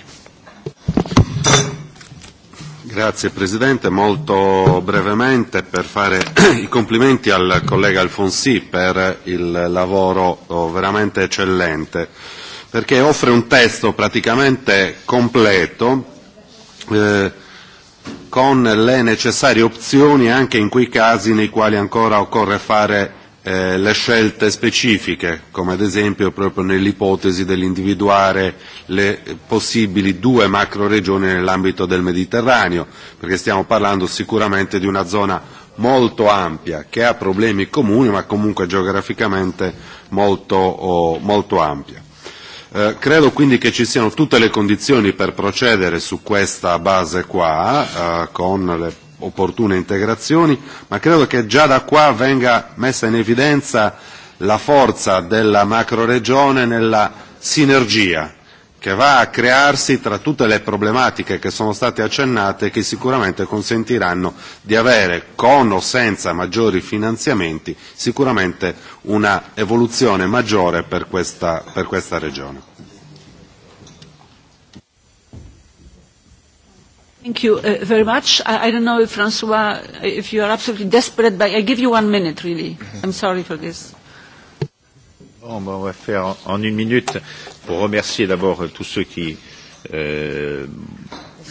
Grazie Presidente, molto brevemente per fare *clears throat* i complimenti al collega Alfonsi per il lavoro oh, veramente eccellente, perché offre un testo praticamente completo eh, con le necessarie opzioni anche in quei casi nei quali ancora occorre fare eh, le scelte specifiche, come ad esempio proprio nell'ipotesi dell'individuare le possibili due macro regioni nell'ambito del Mediterraneo, perché stiamo parlando sicuramente di una zona molto ampia, che ha problemi comuni ma comunque geograficamente molto, oh, molto ampia. Eh, credo quindi che ci siano tutte le condizioni per procedere su questa base qua, eh, con le opportune integrazioni, ma credo che già da qua venga messa in evidenza la forza della macroregione nella sinergia che va a crearsi tra tutte le problematiche che sono state accennate e che sicuramente consentiranno di avere, con o senza maggiori finanziamenti, sicuramente una evoluzione maggiore per questa, per questa regione. Thank you uh, very much. I, I don't know if Francois, uh, if you are absolutely desperate, but I give you one minute, really. Mhm. I'm sorry for this. Bon, ben, on va faire en, en une minute pour remercier d'abord tous ceux qui euh,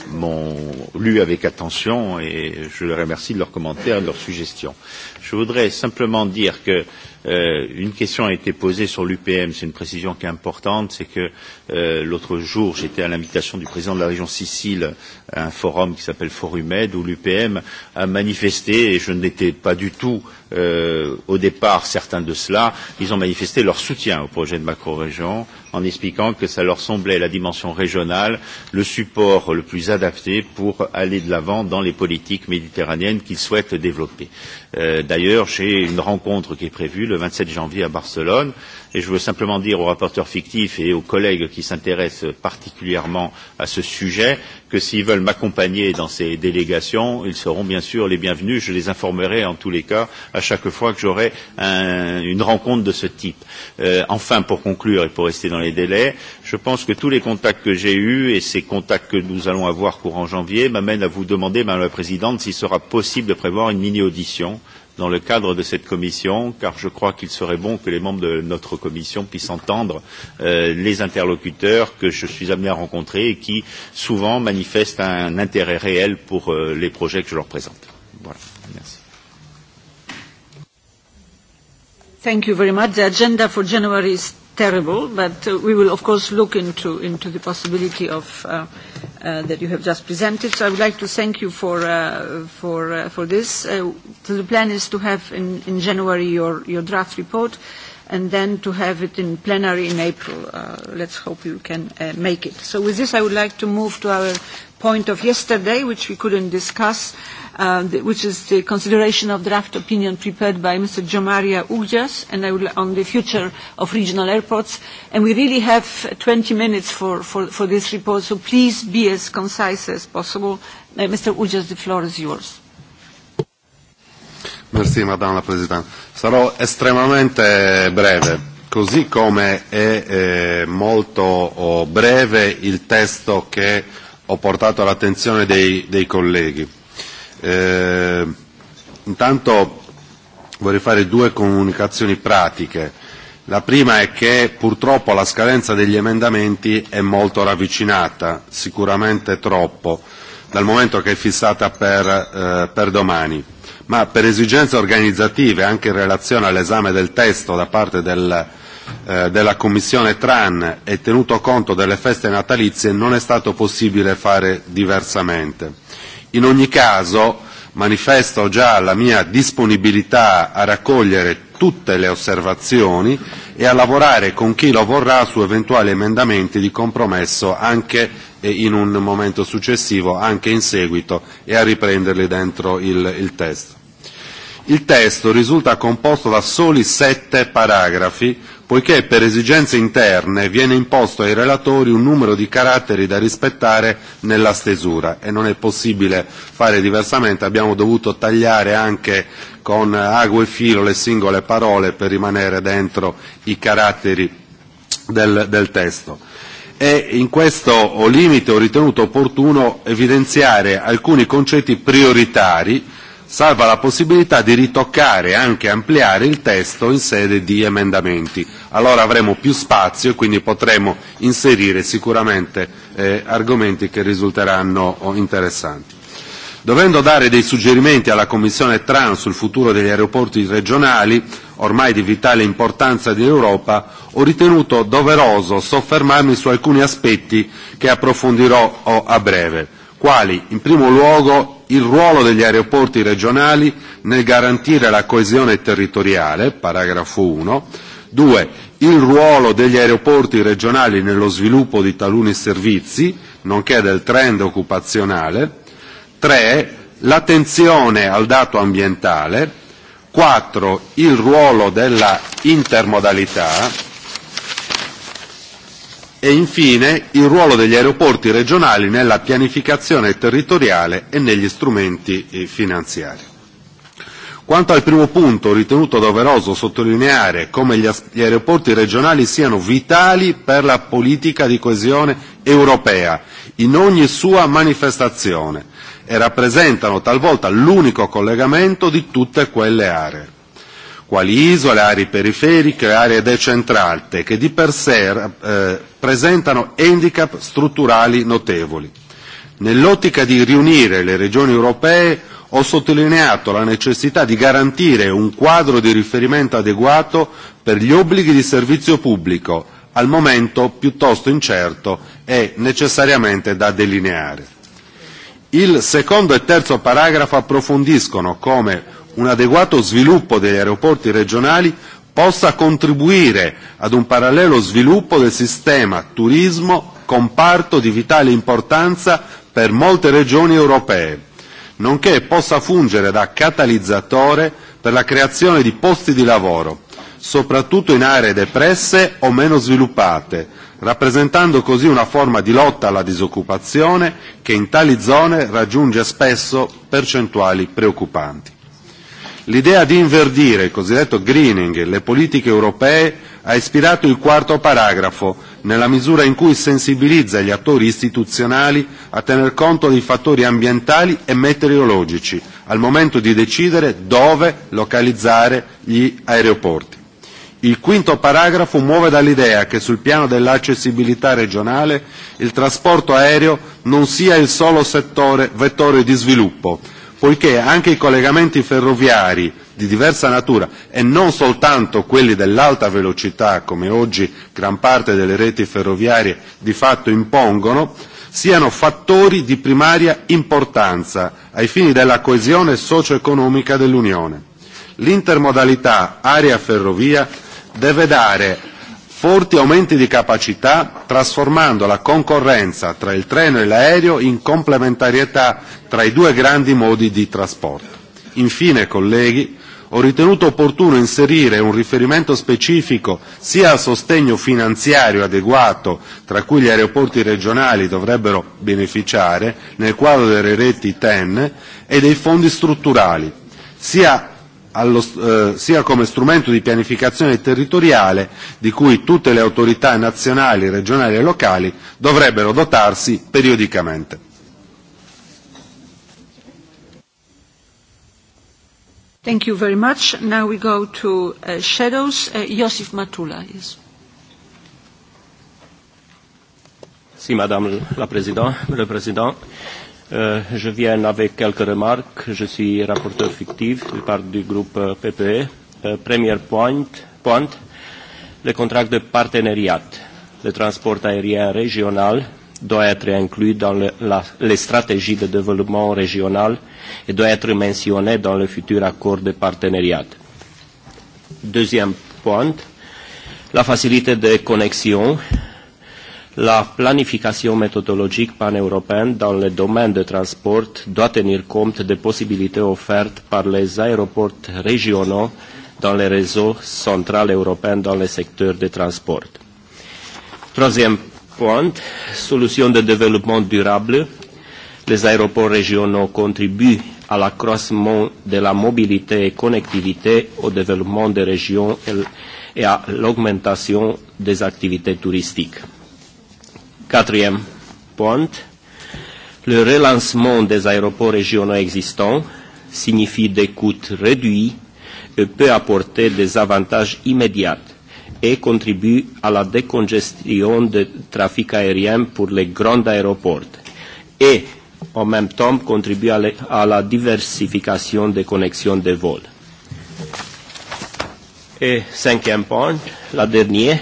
m'ont lu avec attention et je les remercie de leurs commentaires, de leurs suggestions. Je voudrais simplement dire que Euh, une question a été posée sur l'UPM. C'est une précision qui est importante. C'est que euh, l'autre jour, j'étais à l'invitation du président de la région Sicile à un forum qui s'appelle Forumed, où l'UPM a manifesté, et je n'étais pas du tout euh, au départ, certains de cela, ils ont manifesté leur soutien au projet de macro-région en expliquant que ça leur semblait la dimension régionale le support le plus adapté pour aller de l'avant dans les politiques méditerranéennes qu'ils souhaitent développer. Euh, D'ailleurs, j'ai une rencontre qui est prévue le 27 janvier à Barcelone et je veux simplement dire aux rapporteurs fictifs et aux collègues qui s'intéressent particulièrement à ce sujet que s'ils veulent m'accompagner dans ces délégations, ils seront bien sûr les bienvenus. Je les informerai en tous les cas à chaque fois que j'aurai un, une rencontre de ce type. Euh, enfin, pour conclure et pour rester dans les délais, je pense que tous les contacts que j'ai eus et ces contacts que nous allons avoir courant janvier m'amènent à vous demander, Madame la Présidente, s'il sera possible de prévoir une mini-audition dans le cadre de cette commission, car je crois qu'il serait bon que les membres de notre commission puissent entendre euh, les interlocuteurs que je suis amené à rencontrer et qui souvent manifestent un intérêt réel pour euh, les projets que je leur présente. Voilà, merci. Thank you very much. The agenda for January is terrible, but uh, we will, of course, look into, into the possibility of, uh, uh, that you have just presented. So I would like to thank you for, uh, for, uh, for this. Uh, so the plan is to have in, in January your, your draft report and then to have it in plenary in April. Uh, let's hope you can uh, make it. So with this, I would like to move to our point of yesterday, which we couldn't discuss, uh, the, which is the consideration of draft opinion prepared by Mr. Jamaria Ugyas and I will, on the future of regional airports. And we really have 20 minutes for, for, for this report, so please be as concise as possible. Uh, Mr. Ugyas, the floor is yours. Merci, Madame la Presidente. Sarò estremamente breve così come è eh, molto oh, breve il testo che ho portato all'attenzione dei, dei colleghi. Eh, intanto vorrei fare due comunicazioni pratiche. La prima è che purtroppo la scadenza degli emendamenti è molto ravvicinata, sicuramente troppo, dal momento che è fissata per, eh, per domani. Ma per esigenze organizzative, anche in relazione all'esame del testo da parte del, eh, Eh, della Commissione TRAN e tenuto conto delle feste natalizie non è stato possibile fare diversamente. In ogni caso manifesto già la mia disponibilità a raccogliere tutte le osservazioni e a lavorare con chi lo vorrà su eventuali emendamenti di compromesso anche in un momento successivo, anche in seguito, e a riprenderli dentro il, il testo. Il testo risulta composto da soli sette paragrafi poiché per esigenze interne viene imposto ai relatori un numero di caratteri da rispettare nella stesura e non è possibile fare diversamente, abbiamo dovuto tagliare anche con ago e filo le singole parole per rimanere dentro i caratteri del, del testo. E in questo limite ho ritenuto opportuno evidenziare alcuni concetti prioritari salva la possibilità di ritoccare e anche ampliare il testo in sede di emendamenti. Allora avremo più spazio e quindi potremo inserire sicuramente eh, argomenti che risulteranno oh, interessanti. Dovendo dare dei suggerimenti alla Commissione Tran sul futuro degli aeroporti regionali, ormai di vitale importanza in Europa, ho ritenuto doveroso soffermarmi su alcuni aspetti che approfondirò oh, a breve quali in primo luogo il ruolo degli aeroporti regionali nel garantire la coesione territoriale, paragrafo 1, 2, il ruolo degli aeroporti regionali nello sviluppo di taluni servizi, nonché del trend occupazionale, 3, l'attenzione al dato ambientale, 4, il ruolo della intermodalità, e infine il ruolo degli aeroporti regionali nella pianificazione territoriale e negli strumenti eh, finanziari. Quanto al primo punto, ho ritenuto doveroso sottolineare come gli, gli aeroporti regionali siano vitali per la politica di coesione europea in ogni sua manifestazione e rappresentano talvolta l'unico collegamento di tutte quelle aree quali isole, aree periferiche, aree decentrate, che di per sé eh, presentano handicap strutturali notevoli. Nell'ottica di riunire le regioni europee ho sottolineato la necessità di garantire un quadro di riferimento adeguato per gli obblighi di servizio pubblico, al momento piuttosto incerto e necessariamente da delineare. Il secondo e terzo paragrafo approfondiscono come un adeguato sviluppo degli aeroporti regionali possa contribuire ad un parallelo sviluppo del sistema turismo comparto di vitale importanza per molte regioni europee, nonché possa fungere da catalizzatore per la creazione di posti di lavoro, soprattutto in aree depresse o meno sviluppate, rappresentando così una forma di lotta alla disoccupazione che in tali zone raggiunge spesso percentuali preoccupanti. L'idea di inverdire, il cosiddetto greening le politiche europee ha ispirato il quarto paragrafo, nella misura in cui sensibilizza gli attori istituzionali a tener conto dei fattori ambientali e meteorologici al momento di decidere dove localizzare gli aeroporti. Il quinto paragrafo muove dall'idea che sul piano dell'accessibilità regionale il trasporto aereo non sia il solo settore, vettore di sviluppo, poiché anche i collegamenti ferroviari di diversa natura e non soltanto quelli dell'alta velocità, come oggi gran parte delle reti ferroviarie di fatto impongono, siano fattori di primaria importanza ai fini della coesione socio-economica dell'Unione. L'intermodalità aria-ferrovia deve dare forti aumenti di capacità trasformando la concorrenza tra il treno e l'aereo in complementarietà tra i due grandi modi di trasporto. Infine, colleghi, ho ritenuto opportuno inserire un riferimento specifico sia al sostegno finanziario adeguato, tra cui gli aeroporti regionali dovrebbero beneficiare nel quadro delle reti TEN e dei fondi strutturali, sia, allo, eh, sia come strumento di pianificazione territoriale di cui tutte le autorità nazionali, regionali e locali dovrebbero dotarsi periodicamente. Thank you very much. Now we go to uh, shadows. Uh, Josif Matula, yes. Merci, Madame la Présidente, le Président. Euh, je viens avec quelques remarques. Je suis rapporteur fictif de part du groupe PPE. Euh, euh premier point, point, le contrat de partenariat. Le transport aérien régional doit être inclus dans le, la, les stratégies de développement régional et doit être mentionné dans le futur accord de partenariat. Deuxième point, la facilité de connexion, la planification méthodologique pan-européenne dans le domaine de transport doit tenir compte des possibilités offertes par les aéroports régionaux dans les réseaux central européens dans le secteur des transports. Troisième point, solution de développement durable. Les aéroports régionaux contribuent à l'accroissement de la mobilité et connectivité au développement des régions et à l'augmentation des activités touristiques. Quatrième point, le relancement des aéroports régionaux existants signifie des coûts réduits et peut apporter des avantages immédiats et contribue à la décongestion de trafic aérien pour les grands aéroports et en même temps contribue à, la diversification des connexions de vol. Et cinquième point, la dernière,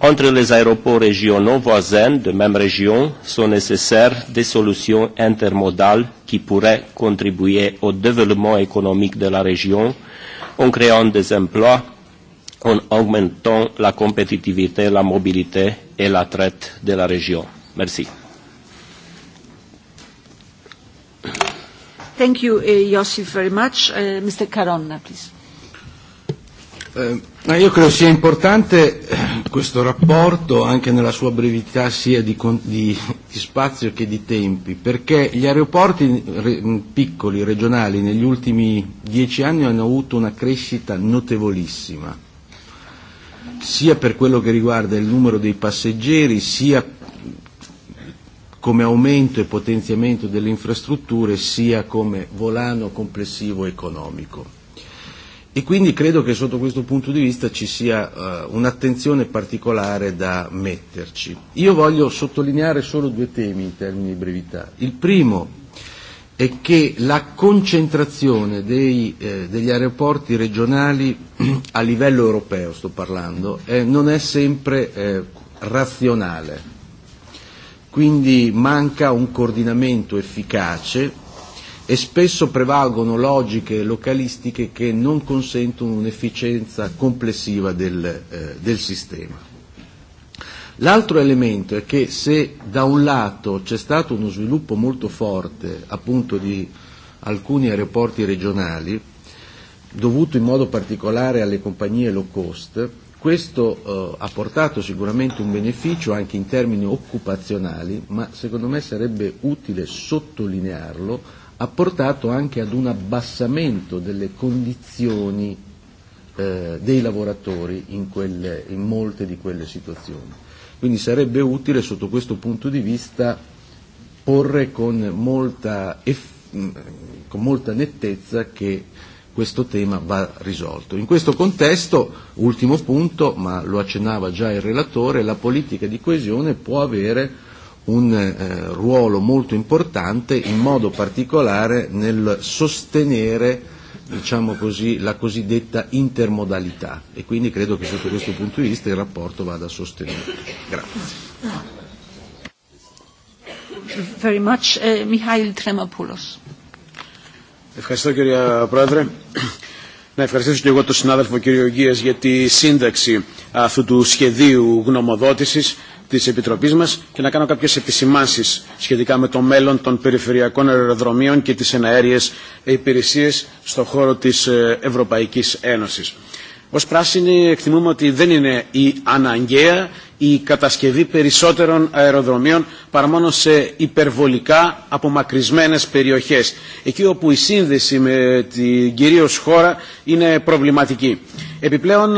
entre les aéroports régionaux voisins de même région sont nécessaires des solutions intermodales qui pourraient contribuer au développement économique de la région en créant des emplois en augmentant la compétitivité, la mobilité et la traite de la région. Merci. Thank you, uh, very much. Uh, eh, Mr. Caronna, please. Uh, io credo sia importante questo rapporto, anche nella sua brevità sia di, di, di spazio che di tempi, perché gli aeroporti re, piccoli, regionali, negli ultimi dieci anni hanno avuto una crescita notevolissima sia per quello che riguarda il numero dei passeggeri, sia come aumento e potenziamento delle infrastrutture, sia come volano complessivo economico. E quindi credo che sotto questo punto di vista ci sia uh, un'attenzione particolare da metterci. Io voglio sottolineare solo due temi in termini di brevità. Il primo è che la concentrazione dei, eh, degli aeroporti regionali *clears throat* a livello europeo, sto parlando, eh, non è sempre eh, razionale. Quindi manca un coordinamento efficace e spesso prevalgono logiche localistiche che non consentono un'efficienza complessiva del, eh, del sistema. L'altro elemento è che se da un lato c'è stato uno sviluppo molto forte appunto di alcuni aeroporti regionali, dovuto in modo particolare alle compagnie low cost, questo eh, ha portato sicuramente un beneficio anche in termini occupazionali, ma secondo me sarebbe utile sottolinearlo, ha portato anche ad un abbassamento delle condizioni eh, dei lavoratori in, quelle, in molte di quelle situazioni. Quindi sarebbe utile sotto questo punto di vista porre con molta, con molta nettezza che questo tema va risolto. In questo contesto, ultimo punto, ma lo accennava già il relatore, la politica di coesione può avere un eh, ruolo molto importante, in modo particolare nel sostenere eh, diciamo così, la cosiddetta intermodalità e quindi credo che sotto questo punto di vista il rapporto vada sostenuto. Grazie. Very much. Uh, eh, Mihail Tremopoulos. Ευχαριστώ κύριε Πρόεδρε. Να ευχαριστήσω και εγώ τον συνάδελφο κύριο Υγείας για τη σύνταξη αυτού του σχεδίου γνωμοδότησης της Επιτροπής μας και να κάνω κάποιες επισημάνσεις σχετικά με το μέλλον των περιφερειακών αεροδρομίων και τις εναέριες υπηρεσίες στον χώρο της Ευρωπαϊκής Ένωσης. Ως πράσινοι εκτιμούμε ότι δεν είναι η αναγκαία η κατασκευή περισσότερων αεροδρομίων παρά μόνο σε υπερβολικά απομακρυσμένες περιοχές, εκεί όπου η σύνδεση με την κυρίως χώρα είναι προβληματική. Επιπλέον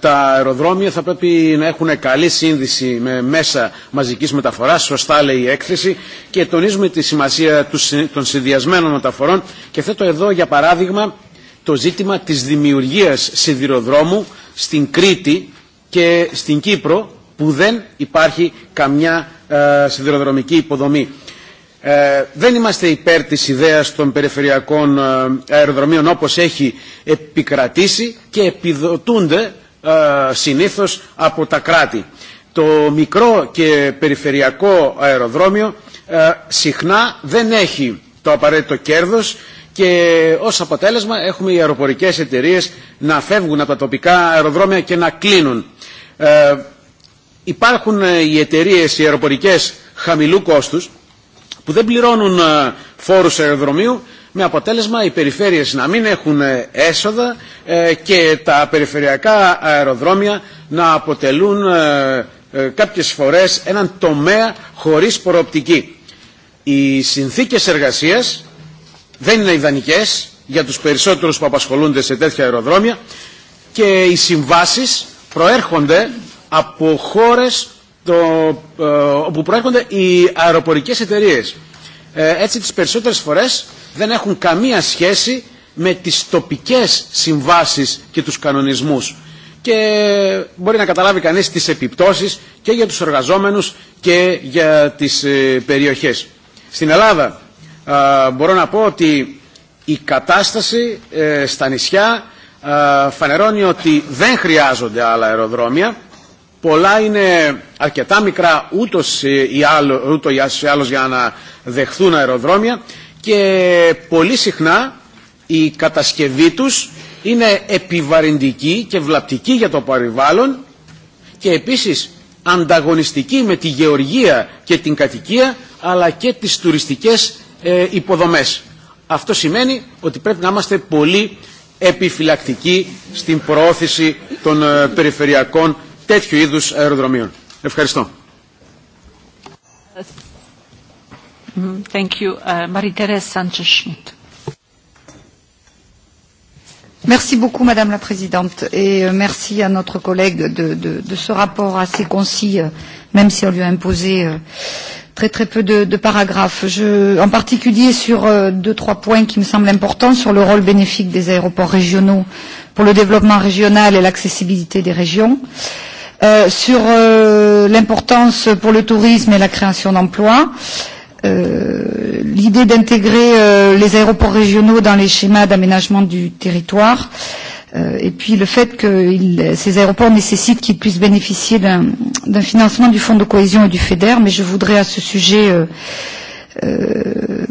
τα αεροδρόμια θα πρέπει να έχουν καλή σύνδεση με μέσα μαζικής μεταφοράς, σωστά λέει η έκθεση και τονίζουμε τη σημασία των συνδυασμένων μεταφορών και θέτω εδώ για παράδειγμα το ζήτημα της δημιουργίας σιδηροδρόμου στην Κρήτη και στην Κύπρο που δεν υπάρχει καμιά ε, σιδηροδρομική υποδομή. Ε, δεν είμαστε υπέρ της ιδέας των περιφερειακών ε, αεροδρομίων όπως έχει επικρατήσει και επιδοτούνται ε, συνήθως από τα κράτη. Το μικρό και περιφερειακό αεροδρόμιο ε, συχνά δεν έχει το απαραίτητο κέρδος και ως αποτέλεσμα έχουμε οι αεροπορικές εταιρείες να φεύγουν από τα τοπικά αεροδρόμια και να κλείνουν. Ε, υπάρχουν οι εταιρείε οι αεροπορικές χαμηλού κόστους που δεν πληρώνουν φόρους αεροδρομίου με αποτέλεσμα οι περιφέρειες να μην έχουν έσοδα και τα περιφερειακά αεροδρόμια να αποτελούν κάποιες φορές έναν τομέα χωρίς προοπτική. Οι συνθήκες εργασίας δεν είναι ιδανικές για τους περισσότερους που απασχολούνται σε τέτοια αεροδρόμια και οι συμβάσεις προέρχονται από χώρες το, ε, όπου προέρχονται οι αεροπορικές εταιρείες. Ε, έτσι τις περισσότερες φορές δεν έχουν καμία σχέση με τις τοπικές συμβάσεις και τους κανονισμούς. Και μπορεί να καταλάβει κανείς τις επιπτώσεις και για τους εργαζόμενους και για τις ε, περιοχές. Στην Ελλάδα ε, μπορώ να πω ότι η κατάσταση ε, στα νησιά ε, φανερώνει ότι δεν χρειάζονται άλλα αεροδρόμια πολλά είναι αρκετά μικρά ούτως ή, άλλο, ούτω ή άλλως για να δεχθούν αεροδρόμια και πολύ συχνά η κατασκευή τους είναι επιβαρυντική και βλαπτική για το περιβάλλον και επίσης ανταγωνιστική με τη γεωργία και την κατοικία αλλά και τις τουριστικές ε, υποδομές. Αυτό σημαίνει ότι πρέπει να είμαστε πολύ επιφυλακτικοί στην προώθηση των ε, περιφερειακών τέτοιου είδους αεροδρομίων. Ευχαριστώ. Thank you. Uh, Marie-Thérèse Sanchez-Schmidt. Merci beaucoup, Madame la Présidente, et euh, merci à notre collègue de, de, de ce rapport assez concis, euh, même si on lui a imposé euh, très très peu de, de paragraphes. Je, en particulier sur deux trois points qui me semblent importants sur le rôle bénéfique des aéroports régionaux pour le développement régional et l'accessibilité des régions. Euh, Euh, sur euh, l'importance pour le tourisme et la création d'emplois, euh, l'idée d'intégrer euh, les aéroports régionaux dans les schémas d'aménagement du territoire, euh, et puis le fait que il, ces aéroports nécessitent qu'ils puissent bénéficier d'un financement du Fonds de cohésion et du FEDER, mais je voudrais à ce sujet euh, euh,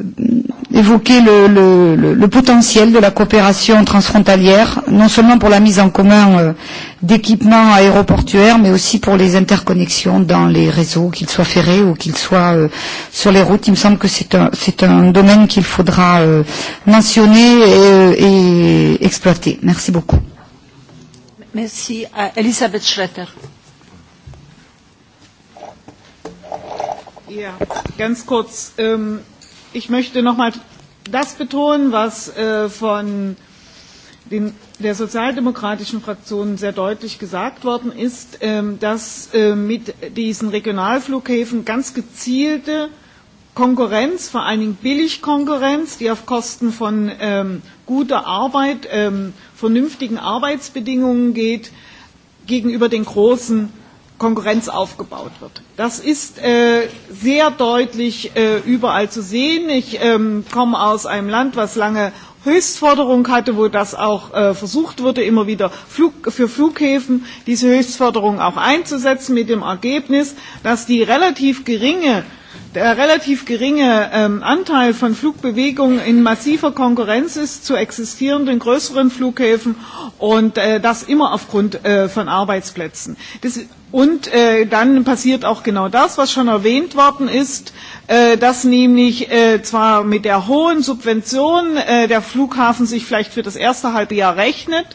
évoquer le, le, le, le potentiel de la coopération transfrontalière, non seulement pour la mise en commun euh, d'équipements aéroportuaires, mais aussi pour les interconnexions dans les réseaux, qu'ils soient ferrés ou qu'ils soient euh, sur les routes. Il me semble que c'est un, un domaine qu'il faudra euh, mentionner et, euh, et exploiter. Merci beaucoup. Merci. À Elisabeth Schretter. Ja, ganz kurz. Ähm, ich möchte noch mal das betonen, was äh, von den, der sozialdemokratischen Fraktion sehr deutlich gesagt worden ist, ähm, dass äh, mit diesen Regionalflughäfen ganz gezielte Konkurrenz, vor allen Dingen Billigkonkurrenz, die auf Kosten von ähm, guter Arbeit, ähm, vernünftigen Arbeitsbedingungen geht, gegenüber den großen Konkurrenz aufgebaut wird. Das ist äh, sehr deutlich äh, überall zu sehen. Ich ähm, komme aus einem Land, was lange Höchstforderung hatte, wo das auch äh, versucht wurde, immer wieder Flug, für Flughäfen diese Höchstforderung auch einzusetzen, mit dem Ergebnis, dass die relativ geringe äh, der relativ geringe ähm, Anteil von Flugbewegungen in massiver Konkurrenz ist zu existierenden größeren Flughäfen und äh, das immer aufgrund äh, von Arbeitsplätzen. Das, und äh, dann passiert auch genau das, was schon erwähnt worden ist, äh, dass nämlich äh, zwar mit der hohen Subvention äh, der Flughafen sich vielleicht für das erste halbe Jahr rechnet,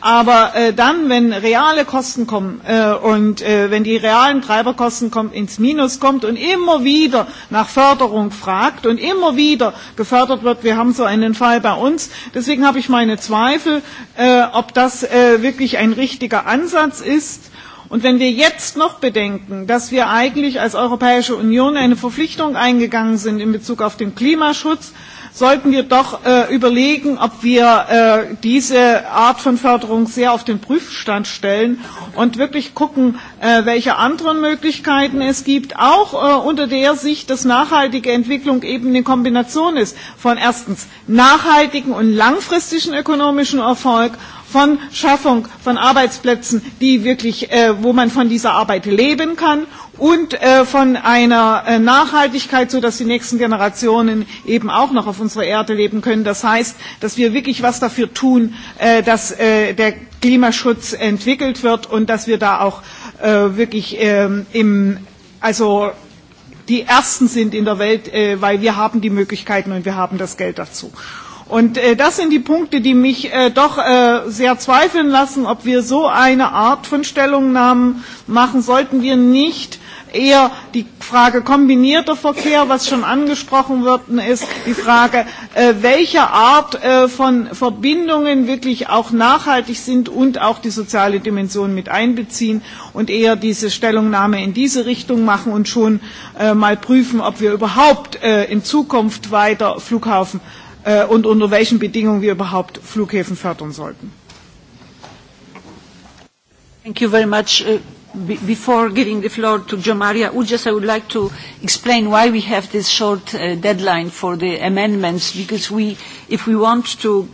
Aber äh, dann, wenn reale Kosten kommen äh, und äh, wenn die realen Treiberkosten kommen, ins Minus kommt und immer wieder nach Förderung fragt und immer wieder gefördert wird, wir haben so einen Fall bei uns. Deswegen habe ich meine Zweifel, äh, ob das äh, wirklich ein richtiger Ansatz ist. Und wenn wir jetzt noch bedenken, dass wir eigentlich als Europäische Union eine Verpflichtung eingegangen sind in Bezug auf den Klimaschutz, äh, sollten wir doch äh, überlegen, ob wir äh, diese Art von Förderung sehr auf den Prüfstand stellen und wirklich gucken, äh, welche anderen Möglichkeiten es gibt, auch äh, unter der Sicht, dass nachhaltige Entwicklung eben eine Kombination ist von erstens nachhaltigen und langfristigen ökonomischen Erfolg von Schaffung von Arbeitsplätzen, die wirklich, äh, wo man von dieser Arbeit leben kann und äh, von einer äh, Nachhaltigkeit, sodass die nächsten Generationen eben auch noch auf unserer Erde leben können. Das heißt, dass wir wirklich was dafür tun, äh, dass äh, der Klimaschutz entwickelt wird und dass wir da auch äh, wirklich äh, im, also die Ersten sind in der Welt, äh, weil wir haben die Möglichkeiten und wir haben das Geld dazu. Und äh, das sind die Punkte, die mich äh, doch äh, sehr zweifeln lassen, ob wir so eine Art von Stellungnahmen machen. Sollten wir nicht eher die Frage kombinierter Verkehr, was schon angesprochen worden ist, die Frage, äh, welche Art äh, von Verbindungen wirklich auch nachhaltig sind und auch die soziale Dimension mit einbeziehen und eher diese Stellungnahme in diese Richtung machen und schon äh, mal prüfen, ob wir überhaupt äh, in Zukunft weiter Flughafen äh, und unter welchen Bedingungen wir überhaupt Flughäfen fördern sollten. Thank you very much. Uh, before giving the floor to Jo Maria Ujas, I would like to explain why we have this short uh, deadline for the amendments, because we, if we want to,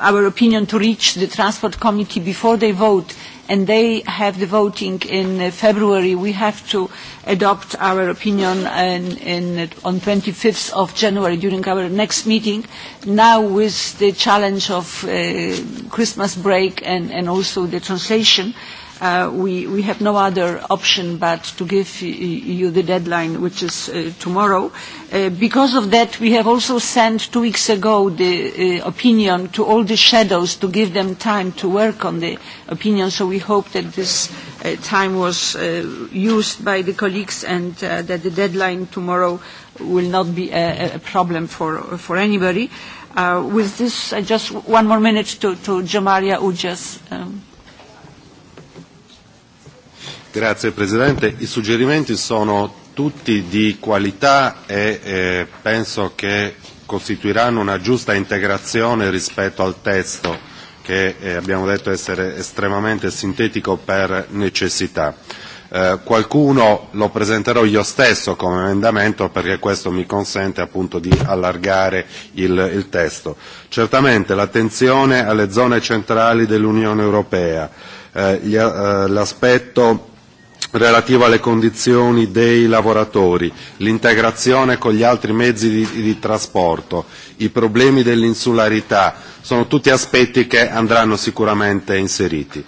uh, our opinion to reach the Transport Committee before they vote, and they have the voting in uh, February. We have to adopt our opinion in, in, uh, on 25th of January during our next meeting. Now with the challenge of uh, Christmas break and, and also the translation, uh, Uh, we, we have no other option but to give you the deadline, which is uh, tomorrow. Uh, because of that, we have also sent two weeks ago the uh, opinion to all the shadows to give them time to work on the opinion, so we hope that this uh, time was uh, used by the colleagues and uh, that the deadline tomorrow will not be a, a problem for, for anybody. Uh, with this, uh, just one more minute to, to Jamaria Ujas. Um. Grazie Presidente. I suggerimenti sono tutti di qualità e eh, penso che costituiranno una giusta integrazione rispetto al testo che eh, abbiamo detto essere estremamente sintetico per necessità. Eh, qualcuno lo presenterò io stesso come emendamento perché questo mi consente appunto di allargare il, il testo. Certamente l'attenzione alle zone centrali dell'Unione Europea, eh, eh l'aspetto eh, relativa alle condizioni dei lavoratori, l'integrazione con gli altri mezzi di, di trasporto, i problemi dell'insularità, sono tutti aspetti che andranno sicuramente inseriti.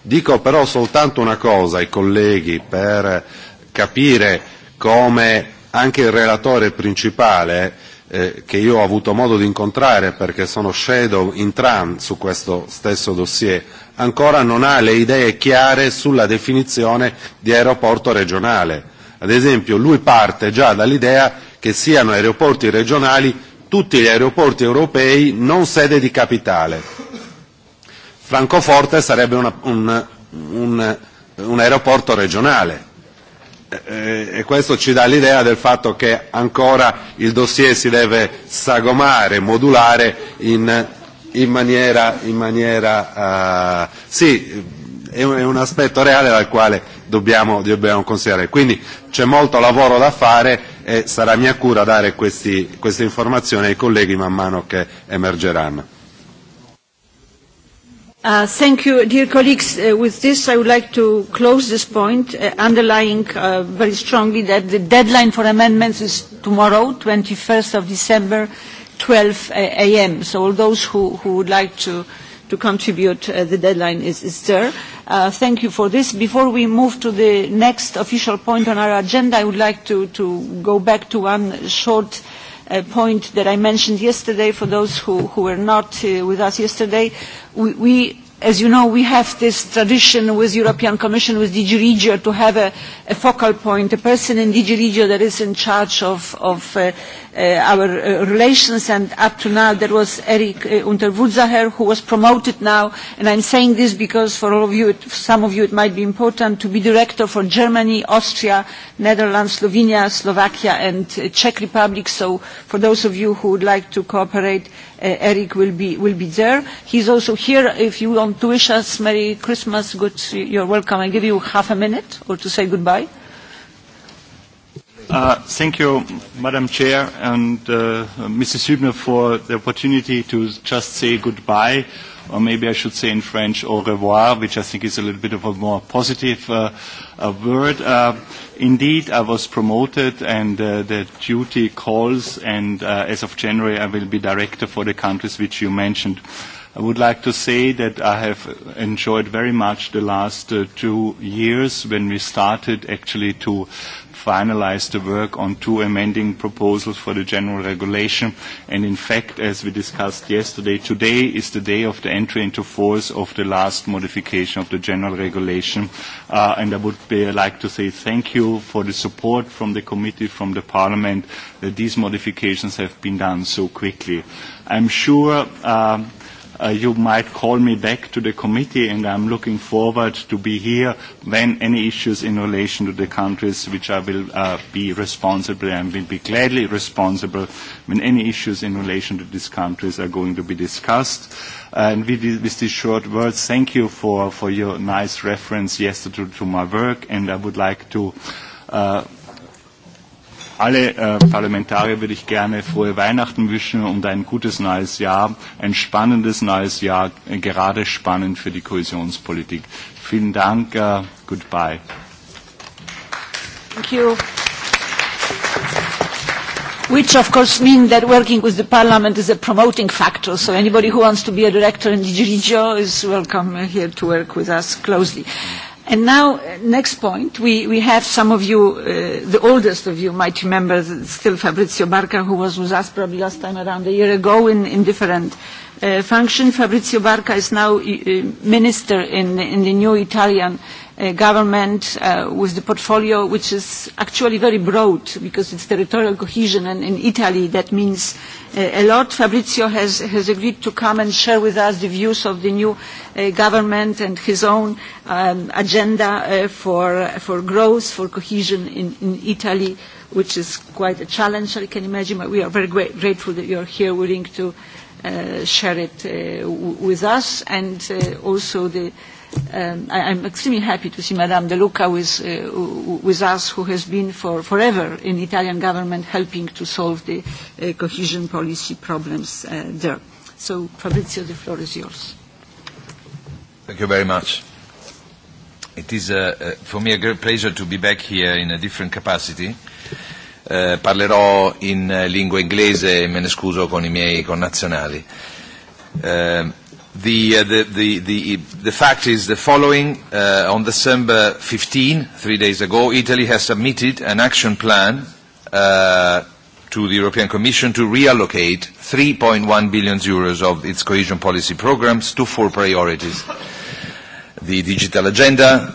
Dico però soltanto una cosa ai colleghi per capire come anche il relatore principale eh, eh, che io ho avuto modo di incontrare perché sono shadow in Tran su questo stesso dossier, ancora non ha le idee chiare sulla definizione di aeroporto regionale. Ad esempio lui parte già dall'idea che siano aeroporti regionali tutti gli aeroporti europei non sede di capitale. Francoforte sarebbe una, un, un, un aeroporto regionale e eh, eh, questo ci dà l'idea del fatto che ancora il dossier si deve sagomare, modulare in, in maniera, in maniera uh, sì, è un, è un aspetto reale dal quale dobbiamo, dobbiamo considerare. Quindi c'è molto lavoro da fare e sarà mia cura dare questi, queste informazioni ai colleghi man mano che emergeranno. Uh, thank you, dear colleagues. Uh, with this, I would like to close this point, uh, underlying uh, very strongly that the deadline for amendments is tomorrow, 21st of December, 12 uh, a.m. So all those who, who would like to, to contribute, uh, the deadline is, is there. Uh, thank you for this. Before we move to the next official point on our agenda, I would like to, to go back to one short a point that I mentioned yesterday, for those who, who were not uh, with us yesterday, we, we as you know, we have this tradition with European Commission, with DG Regio, to have a, a focal point, a person in DG Regio that is in charge of, of uh, uh, our uh, relations, and up to now there was Eric uh, who was promoted now, and I'm saying this because for all of you, it, some of you it might be important, to be director for Germany, Austria, Netherlands, Slovenia, Slovakia, and uh, Czech Republic, so for those of you who would like to cooperate, Eric will be, will be there. He's also here if you want to wish us Merry Christmas, good, you're welcome. I give you half a minute or to say goodbye. Uh, thank you, Madam Chair and uh, Mrs. Hübner, for the opportunity to just say goodbye or maybe I should say in French, au revoir, which I think is a little bit of a more positive uh, a word. Uh, indeed, I was promoted and uh, the duty calls, and uh, as of January, I will be director for the countries which you mentioned. I would like to say that I have enjoyed very much the last uh, two years when we started actually to finalize the work on two amending proposals for the general regulation. And in fact, as we discussed yesterday, today is the day of the entry into force of the last modification of the general regulation. Uh, and I would be, like to say thank you for the support from the committee, from the parliament, that these modifications have been done so quickly. I'm sure uh, uh, you might call me back to the committee and I'm looking forward to be here when any issues in relation to the countries which I will uh, be responsible and will be gladly responsible when any issues in relation to these countries are going to be discussed. Uh, and with, with these short words, thank you for, for your nice reference yesterday to, to my work and I would like to uh, alle äh, Parlamentarier würde ich gerne frohe Weihnachten wünschen und ein gutes neues Jahr, ein spannendes neues Jahr, äh, gerade spannend für die Kohäsionspolitik. Vielen Dank. Äh, goodbye. Thank you. Which of course means that working with the Parliament is a promoting factor, so anybody who wants to be a director in DigiRegio is welcome uh, here to work with us closely. And now, uh, next point, we, we have some of you, uh, the oldest of you might remember still Fabrizio Barca, who was with us probably last time around a year ago in, in different uh, function. Fabrizio Barca is now uh, minister in, in the new Italian uh, government uh, with the portfolio which is actually very broad because it's territorial cohesion and in Italy that means uh, a lot. Fabrizio has, has agreed to come and share with us the views of the new uh, government and his own um, agenda uh, for, for growth, for cohesion in, in Italy which is quite a challenge, I can imagine, but we are very gra grateful that you are here willing to uh, share it uh, with us and uh, also the Um, I, I'm extremely happy to see Madame De Luca with, uh, with us, who has been for forever in Italian government helping to solve the uh, cohesion policy problems uh, there. So, Fabrizio, the floor is yours. Thank you very much. It is uh, uh, for me a great pleasure to be back here in a different capacity. Uh, parlerò in uh, lingua inglese e me ne scuso con i miei connazionali. Uh, The, uh, the, the, the, the fact is the following. Uh, on December 15, three days ago, Italy has submitted an action plan uh, to the European Commission to reallocate 3.1 billion euros of its cohesion policy programs to four priorities. The digital agenda,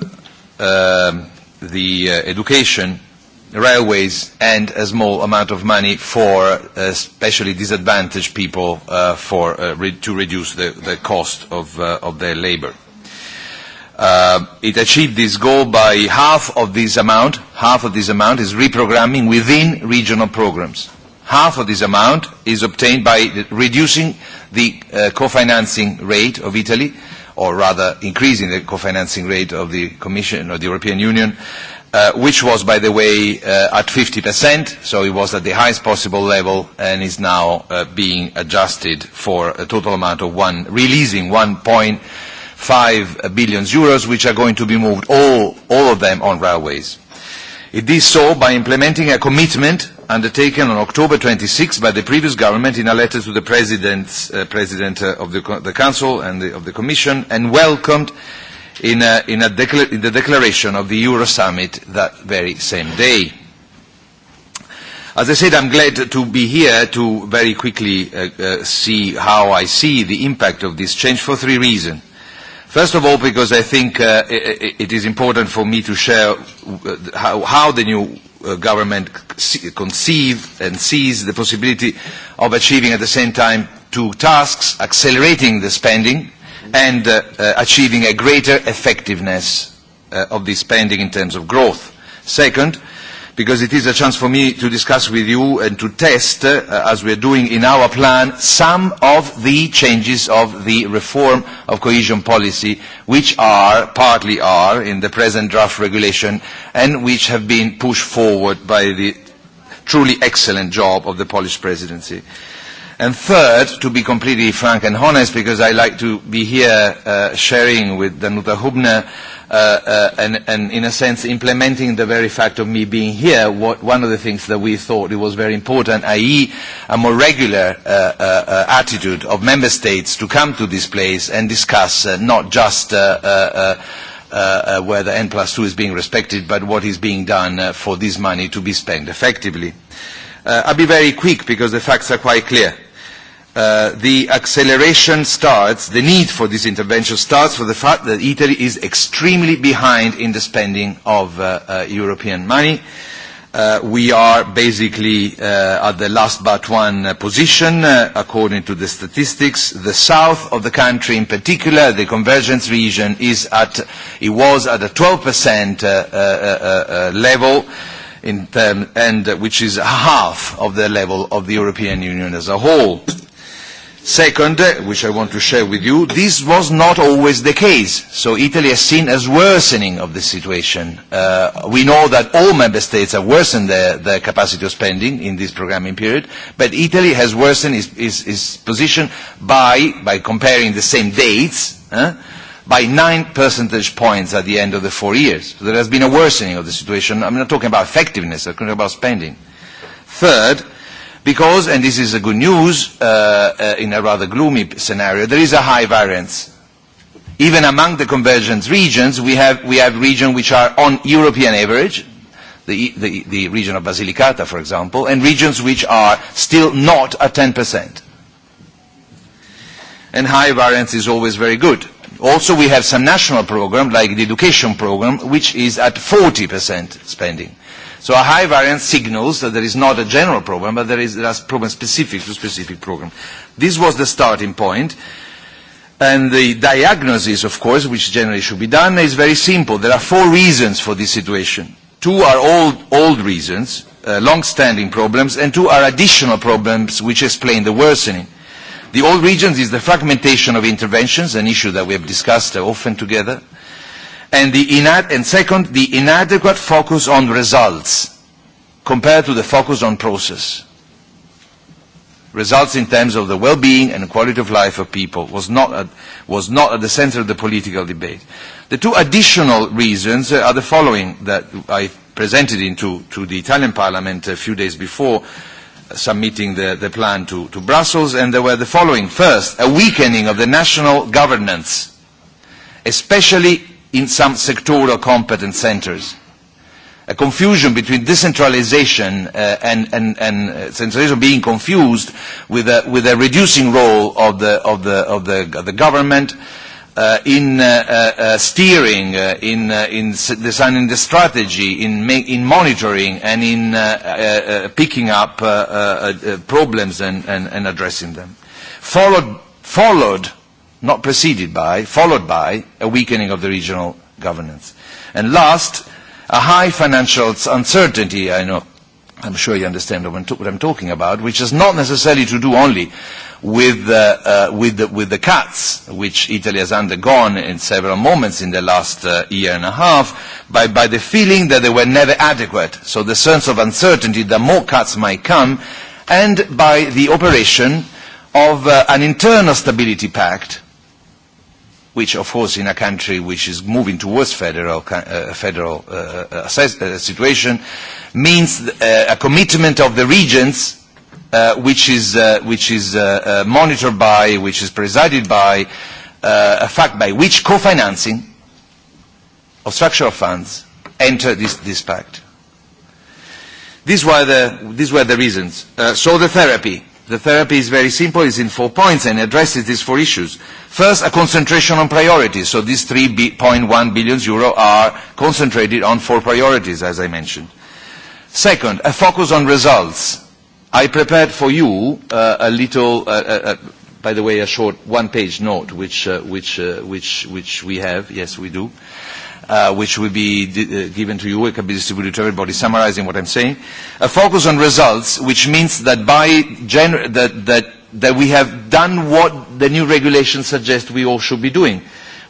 uh, the uh, education, railways and a small amount of money for uh, especially disadvantaged people uh, for, uh, re to reduce the, the cost of, uh, of their labor. Uh, it achieved this goal by half of this amount, half of this amount is reprogramming within regional programs. Half of this amount is obtained by reducing the uh, co-financing rate of Italy, or rather increasing the co-financing rate of the Commission or the European Union, Uh, which was, by the way, uh, at 50%, so it was at the highest possible level and is now uh, being adjusted for a total amount of one, releasing 1.5 billion euros, which are going to be moved, all, of them, on railways. It did so by implementing a commitment undertaken on October 26 by the previous government in a letter to the President, of the, Council and of the Commission, and welcomed in, a, in, a in the declaration of the Euro Summit that very same day. As I said, I'm glad to be here to very quickly uh, uh, see how I see the impact of this change for three reasons. First of all, because I think uh, it, it is important for me to share uh, how, how the new uh, government conceive and sees the possibility of achieving at the same time two tasks, accelerating the spending and uh, uh, achieving a greater effectiveness uh, of the spending in terms of growth. Second, because it is a chance for me to discuss with you and to test, uh, as we are doing in our plan, some of the changes of the reform of cohesion policy, which are, partly are, in the present draft regulation, and which have been pushed forward by the truly excellent job of the Polish presidency. Uh, And third, to be completely frank and honest, because I like to be here uh, sharing with Danuta Hubner uh, uh, and, and, in a sense, implementing the very fact of me being here, what, one of the things that we thought it was very important, i.e. a more regular uh, uh, uh attitude of member states to come to this place and discuss uh, not just uh, uh, uh, uh, uh whether N plus 2 is being respected, but what is being done uh, for this money to be spent effectively. Uh, Uh, I'll be very quick because the facts are quite clear. Uh, the acceleration starts, the need for this intervention starts for the fact that Italy is extremely behind in the spending of uh, uh, European money. Uh, we are basically uh, at the last but one uh, position, uh, according to the statistics. The south of the country in particular, the convergence region, is at, it was at a 12% uh, uh, uh, uh, level. Uh, in term, and uh, which is half of the level of the European Union as a whole. Second, uh, which I want to share with you, this was not always the case. So Italy has seen as worsening of the situation. Uh, we know that all member states have worsened their, their capacity of spending in this programming period, but Italy has worsened its, its, its position by, by comparing the same dates, uh, by nine percentage points at the end of the four years. So there has been a worsening of the situation. I'm not talking about effectiveness, I'm talking about spending. Third, because, and this is a good news, uh, uh, in a rather gloomy scenario, there is a high variance. Even among the convergence regions, we have, we have regions which are on European average, the, the, the region of Basilicata, for example, and regions which are still not at 10%. And high variance is always very good. Also, we have some national program, like the education program, which is at 40% spending. So a high variance signals that there is not a general program, but there is a problem specific to specific program. This was the starting point. And the diagnosis, of course, which generally should be done, is very simple. There are four reasons for this situation. Two are old, old reasons, uh, long-standing problems, and two are additional problems which explain the worsening. Uh, The old regions is the fragmentation of interventions, an issue that we have discussed often together. And, the inad and second, the inadequate focus on results compared to the focus on process. Results in terms of the well-being and quality of life of people was not, at, was not at the center of the political debate. The two additional reasons are the following that I presented into to the Italian parliament a few days before submitting the, the plan to, to Brussels, and there were the following. First, a weakening of the national governance, especially in some sectoral competence centres. A confusion between decentralization uh, and, and, and uh, centralization being confused with a, with a reducing role of the, of the, of the, of the government, uh, uh, in uh, uh, uh, steering, uh, in, uh, in designing the strategy, in, in monitoring, and in uh, uh, uh, picking up uh, uh, uh, problems and, and, and addressing them. Followed, followed, not preceded by, followed by a weakening of the regional governance. And last, a high financial uncertainty, I know, I'm sure you understand what I'm talking about, which is not necessarily to do only with, the, uh, with, the, with the cuts which Italy has undergone in several moments in the last uh, year and a half by, by the feeling that they were never adequate. So the sense of uncertainty that more cuts might come and by the operation of uh, an internal stability pact which of course in a country which is moving towards federal, uh, federal uh, uh, uh situation means uh, a commitment of the regions uh, which is, uh, which is uh, uh, monitored by, which is presided by, uh, a fact by which co-financing of structural funds enter this, this pact. These were the, these were the reasons. Uh, so the therapy. The therapy is very simple. It's in four points and addresses these four issues. First, a concentration on priorities. So these 3.1 billion euro are concentrated on four priorities, as I mentioned. Second, a focus on results I prepared for you uh, a little, uh, uh, uh, by the way, a short one-page note, which, uh, which, uh, which, which we have, yes, we do, uh, which will be uh, given to you, it can be distributed to everybody, summarizing what I'm saying. A focus on results, which means that, by that, that, that we have done what the new regulation suggests we all should be doing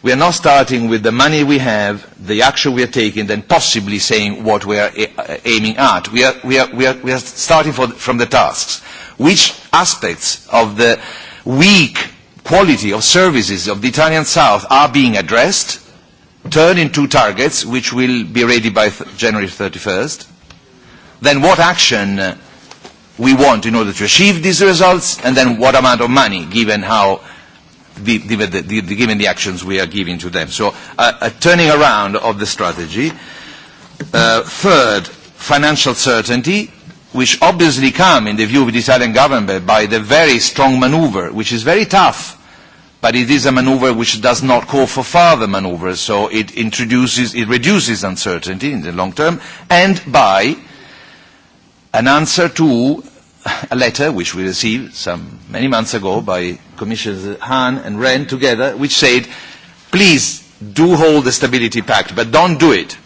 We are not starting with the money we have, the action we are taking, then possibly saying what we are uh, aiming at. We are, we are, we are, we are starting for, from the tasks. Which aspects of the weak quality of services of the Italian South are being addressed, turn into targets which will be ready by th January 31st, then what action uh, we want in order to achieve these results, and then what amount of money, given how the, the, the, the, given the actions we are giving to them. So uh, a turning around of the strategy. Uh, third, financial certainty, which obviously come in the view of the Italian government by the very strong maneuver, which is very tough, but it is a maneuver which does not call for further maneuvers, so it introduces, it reduces uncertainty in the long term, and by an answer to a letter which we received some many months ago by Commissioners Hahn and Wren together, which said, please do hold the Stability Pact, but don't do it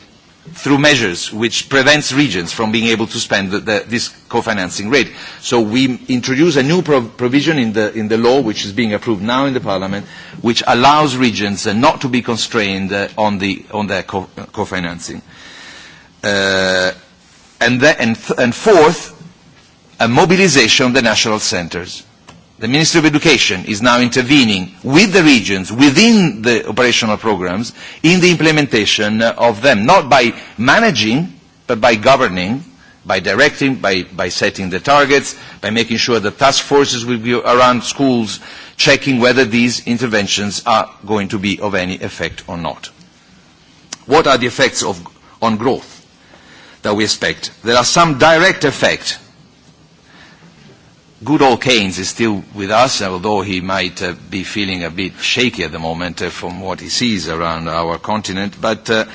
through measures which prevents regions from being able to spend the, the, this co-financing rate. So we introduce a new pro provision in the, in the law, which is being approved now in the Parliament, which allows regions uh, not to be constrained uh, on, the, on their uh, co-financing. Uh, co uh, and, the, and, th and fourth, a mobilization of the national centers. The Ministry of Education is now intervening with the regions within the operational programs in the implementation of them, not by managing, but by governing, by directing, by, by setting the targets, by making sure that task forces will be around schools, checking whether these interventions are going to be of any effect or not. What are the effects of, on growth that we expect? There are some direct effects good old Keynes is still with us, although he might uh, be feeling a bit shaky at the moment uh, from what he sees around our continent. But uh,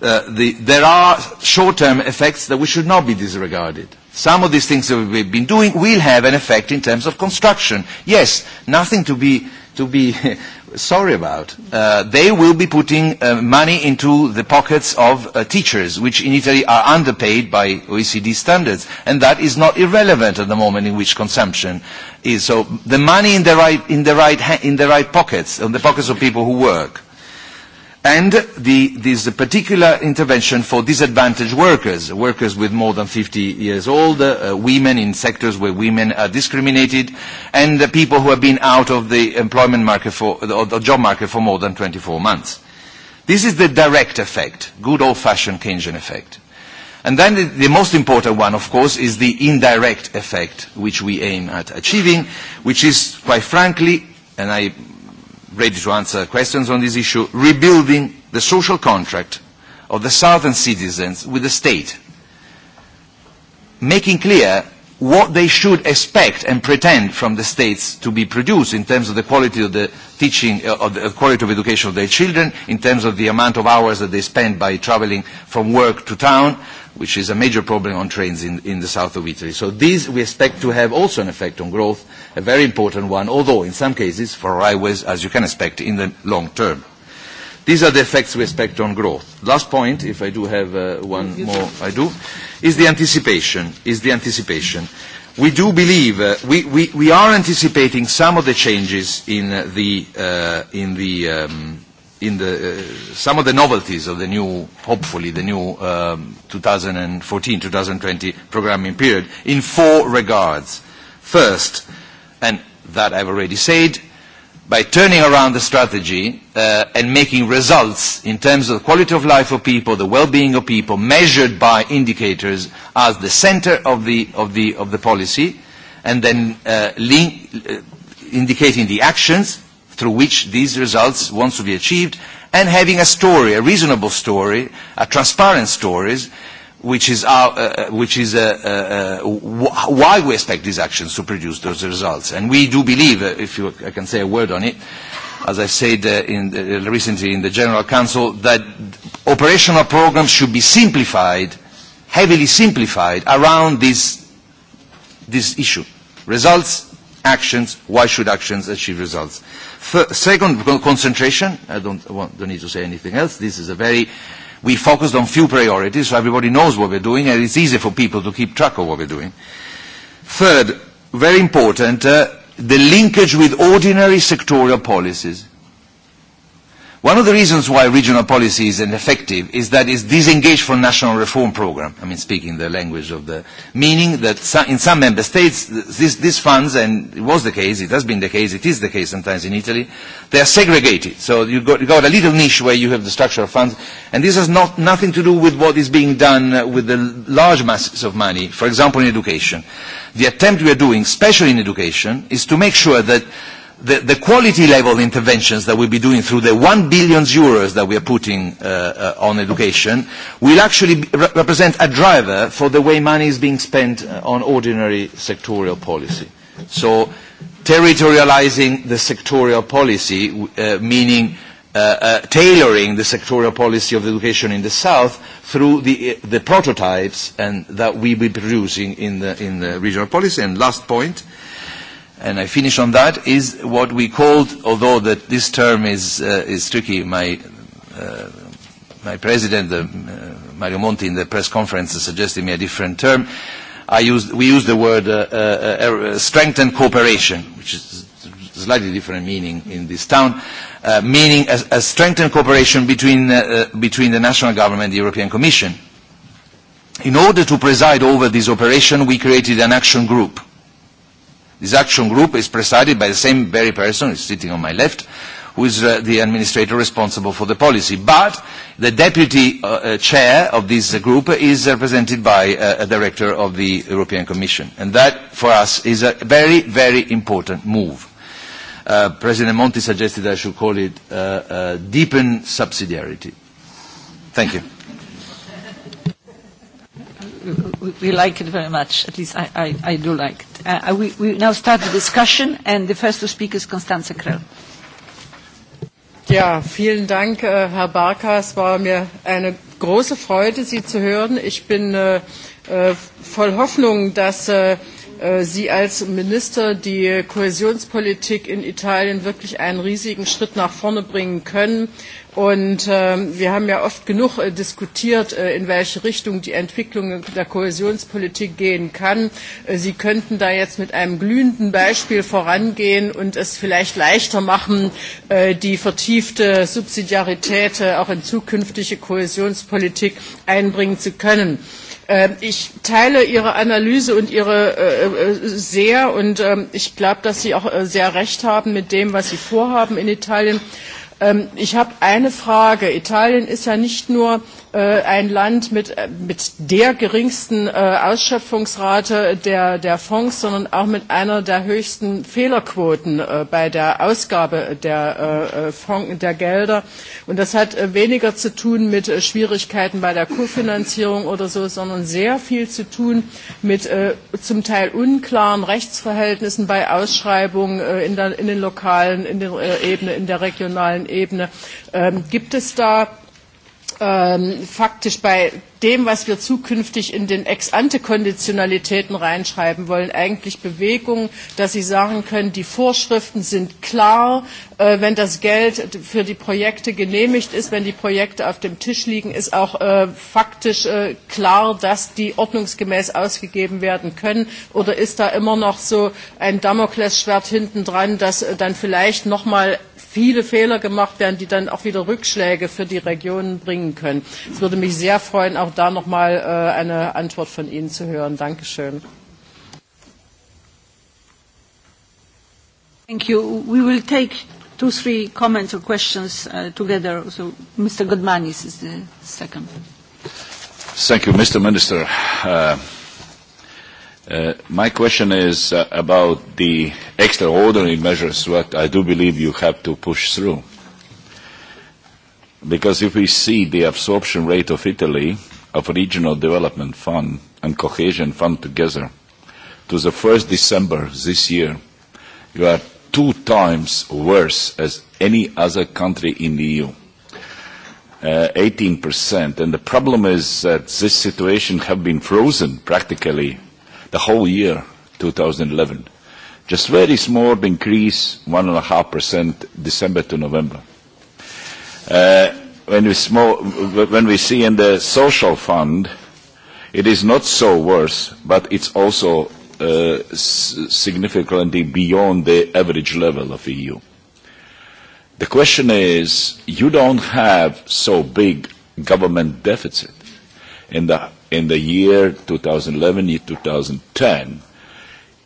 uh, the, there are short-term effects that we should not be disregarded. Some of these things that we've been doing will have an effect in terms of construction. Yes, nothing to be to be *laughs* sorry about. Uh, they will be putting uh, money into the pockets of uh, teachers, which in Italy are underpaid by OECD standards. And that is not irrelevant at the moment in which consumption is. So the money in the right, in the right, in the right pockets, in the pockets of people who work and the, this particular intervention for disadvantaged workers, workers with more than 50 years old, uh, women in sectors where women are discriminated, and the people who have been out of the employment market for, or the job market for more than 24 months. This is the direct effect, good old-fashioned Keynesian effect. And then the, the most important one, of course, is the indirect effect which we aim at achieving, which is, quite frankly, and I ready to answer questions on this issue, rebuilding the social contract of the southern citizens with the state, making clear what they should expect and pretend from the states to be produced in terms of the quality of the teaching, uh, of the quality of education of their children, in terms of the amount of hours that they spend by traveling from work to town, which is a major problem on trains in, in the south of Italy. So these we expect to have also an effect on growth, a very important one, although in some cases for railways, as you can expect, in the long term. These are the effects we expect on growth. Last point, if I do have uh, one more, I do, is the anticipation. Is the anticipation. We do believe, uh, we, we, we are anticipating some of the changes in uh, the, uh, in the um, in the, uh, some of the novelties of the new, hopefully, the new um, uh, 2014-2020 programming period in four regards. First, and that I've already said, by turning around the strategy uh, and making results in terms of the quality of life of people, the well-being of people, measured by indicators as the center of the, of the, of the policy, and then uh, link, uh, indicating the actions through which these results want to be achieved and having a story, a reasonable story, a transparent story, which is, our, uh, uh which is uh, uh, uh, wh why we expect these actions to produce those results. And we do believe, uh, if you, I can say a word on it, as I said uh, in the, uh, recently in the General Council, that operational programs should be simplified, heavily simplified, around this, this issue. Results, actions, why should actions achieve results? First, second, concentration. I don't, want, don't need to say anything else. This is a very, we focused on few priorities, so everybody knows what we're doing, and it's easy for people to keep track of what we're doing. Third, very important, uh, the linkage with ordinary sectorial policies. One of the reasons why regional policy is ineffective is that it's disengaged from national reform program. I mean, speaking the language of the meaning that some, in some member states, this, these funds, and it was the case, it has been the case, it is the case sometimes in Italy, they are segregated. So you got, you've got a little niche where you have the structural funds, and this has not, nothing to do with what is being done uh, with the large masses of money, for example, in education. The attempt we are doing, especially in education, is to make sure that the, the quality level interventions that we'll be doing through the 1 billion euros that we are putting uh, uh, on education will actually re represent a driver for the way money is being spent uh, on ordinary sectorial policy. So territorializing the sectorial policy, uh, meaning uh, uh, tailoring the sectorial policy of education in the south through the, uh, the prototypes and that we will be producing in the, in the regional policy. And last point, uh, and I finish on that, is what we called, although that this term is, uh, is tricky, my, uh, my president, uh, Mario Monti, in the press conference suggested me a different term. I used, we use the word uh, uh, uh, er, strengthened cooperation, which is slightly different meaning in this town, uh, meaning a, a strengthened cooperation between, uh, uh, between the national government and the European Commission. In order to preside over this operation, we created an action group This action group is presided by the same very person, is sitting on my left, who is uh, the administrator responsible for the policy. But the deputy uh, uh, chair of this uh, group is represented by uh, a director of the European Commission. And that, for us, is a very, very important move. Uh, President Monti suggested I should call it uh, uh, deepen subsidiarity. Thank you we like it very much. At least I, I, I do like it. Uh, uh, we, we now start the discussion, and the first to speak is Constanze Krell. Ja, vielen Dank, äh, Herr Barker. Es war mir eine große Freude, Sie zu hören. Ich bin äh, äh, voll Hoffnung, dass äh, Äh, Sie als Minister die Kohäsionspolitik in Italien wirklich einen riesigen Schritt nach vorne bringen können. Und äh, wir haben ja oft genug äh, diskutiert, äh, in welche Richtung die Entwicklung der Kohäsionspolitik gehen kann. Äh, Sie könnten da jetzt mit einem glühenden Beispiel vorangehen und es vielleicht leichter machen, äh, die vertiefte Subsidiarität äh, auch in zukünftige Kohäsionspolitik einbringen zu können. Äh, Ähm, ich teile Ihre Analyse und Ihre äh, äh sehr und ähm, ich glaube, dass Sie auch äh, sehr recht haben mit dem, was Sie vorhaben in Italien. Ähm, ich habe eine Frage. Italien ist ja nicht nur Äh, ein Land mit, äh, mit der geringsten äh, Ausschöpfungsrate der, der Fonds, sondern auch mit einer der höchsten Fehlerquoten bei der Ausgabe der, Fonds, der Gelder. Und das hat weniger zu tun mit Schwierigkeiten bei der Kofinanzierung oder so, sondern sehr viel zu tun mit zum Teil unklaren Rechtsverhältnissen bei Ausschreibungen in, der, in den lokalen, in der Ebene, in der regionalen Ebene. Ähm, gibt es da ähm, faktisch bei dem, was wir zukünftig in den Ex-ante-Konditionalitäten reinschreiben wollen, eigentlich Bewegung, dass sie sagen können, die Vorschriften sind klar, äh, wenn das Geld für die Projekte genehmigt ist, wenn die Projekte auf dem Tisch liegen, ist auch äh, faktisch äh, klar, dass die ordnungsgemäß ausgegeben werden können. Oder ist da immer noch so ein Damoklesschwert hintendran, dass äh, dann vielleicht nochmal viele Fehler gemacht werden, die dann auch wieder Rückschläge für die Regionen bringen können. Es würde mich sehr freuen, auch da noch mal äh, eine Antwort von Ihnen zu hören. Dankeschön. Thank you. We will take two, three comments or questions uh, together. So Mr. Godmanis is the second. Thank you, Mr. Minister. Uh, Uh, my question is uh, about the extraordinary measures what I do believe you have to push through. Because if we see the absorption rate of Italy of Regional Development Fund and Cohesion Fund together to the 1st December this year, you are two times worse as any other country in the EU. Uh, 18%. And the problem is that this situation have been frozen practically the whole year 2011. Just very small increase, 1.5% December to November. Uh, when, we small, when we see in the social fund, it is not so worse, but it's also uh, significantly beyond the average level of EU. The question is, you don't have so big government deficit in the in the year 2011-2010,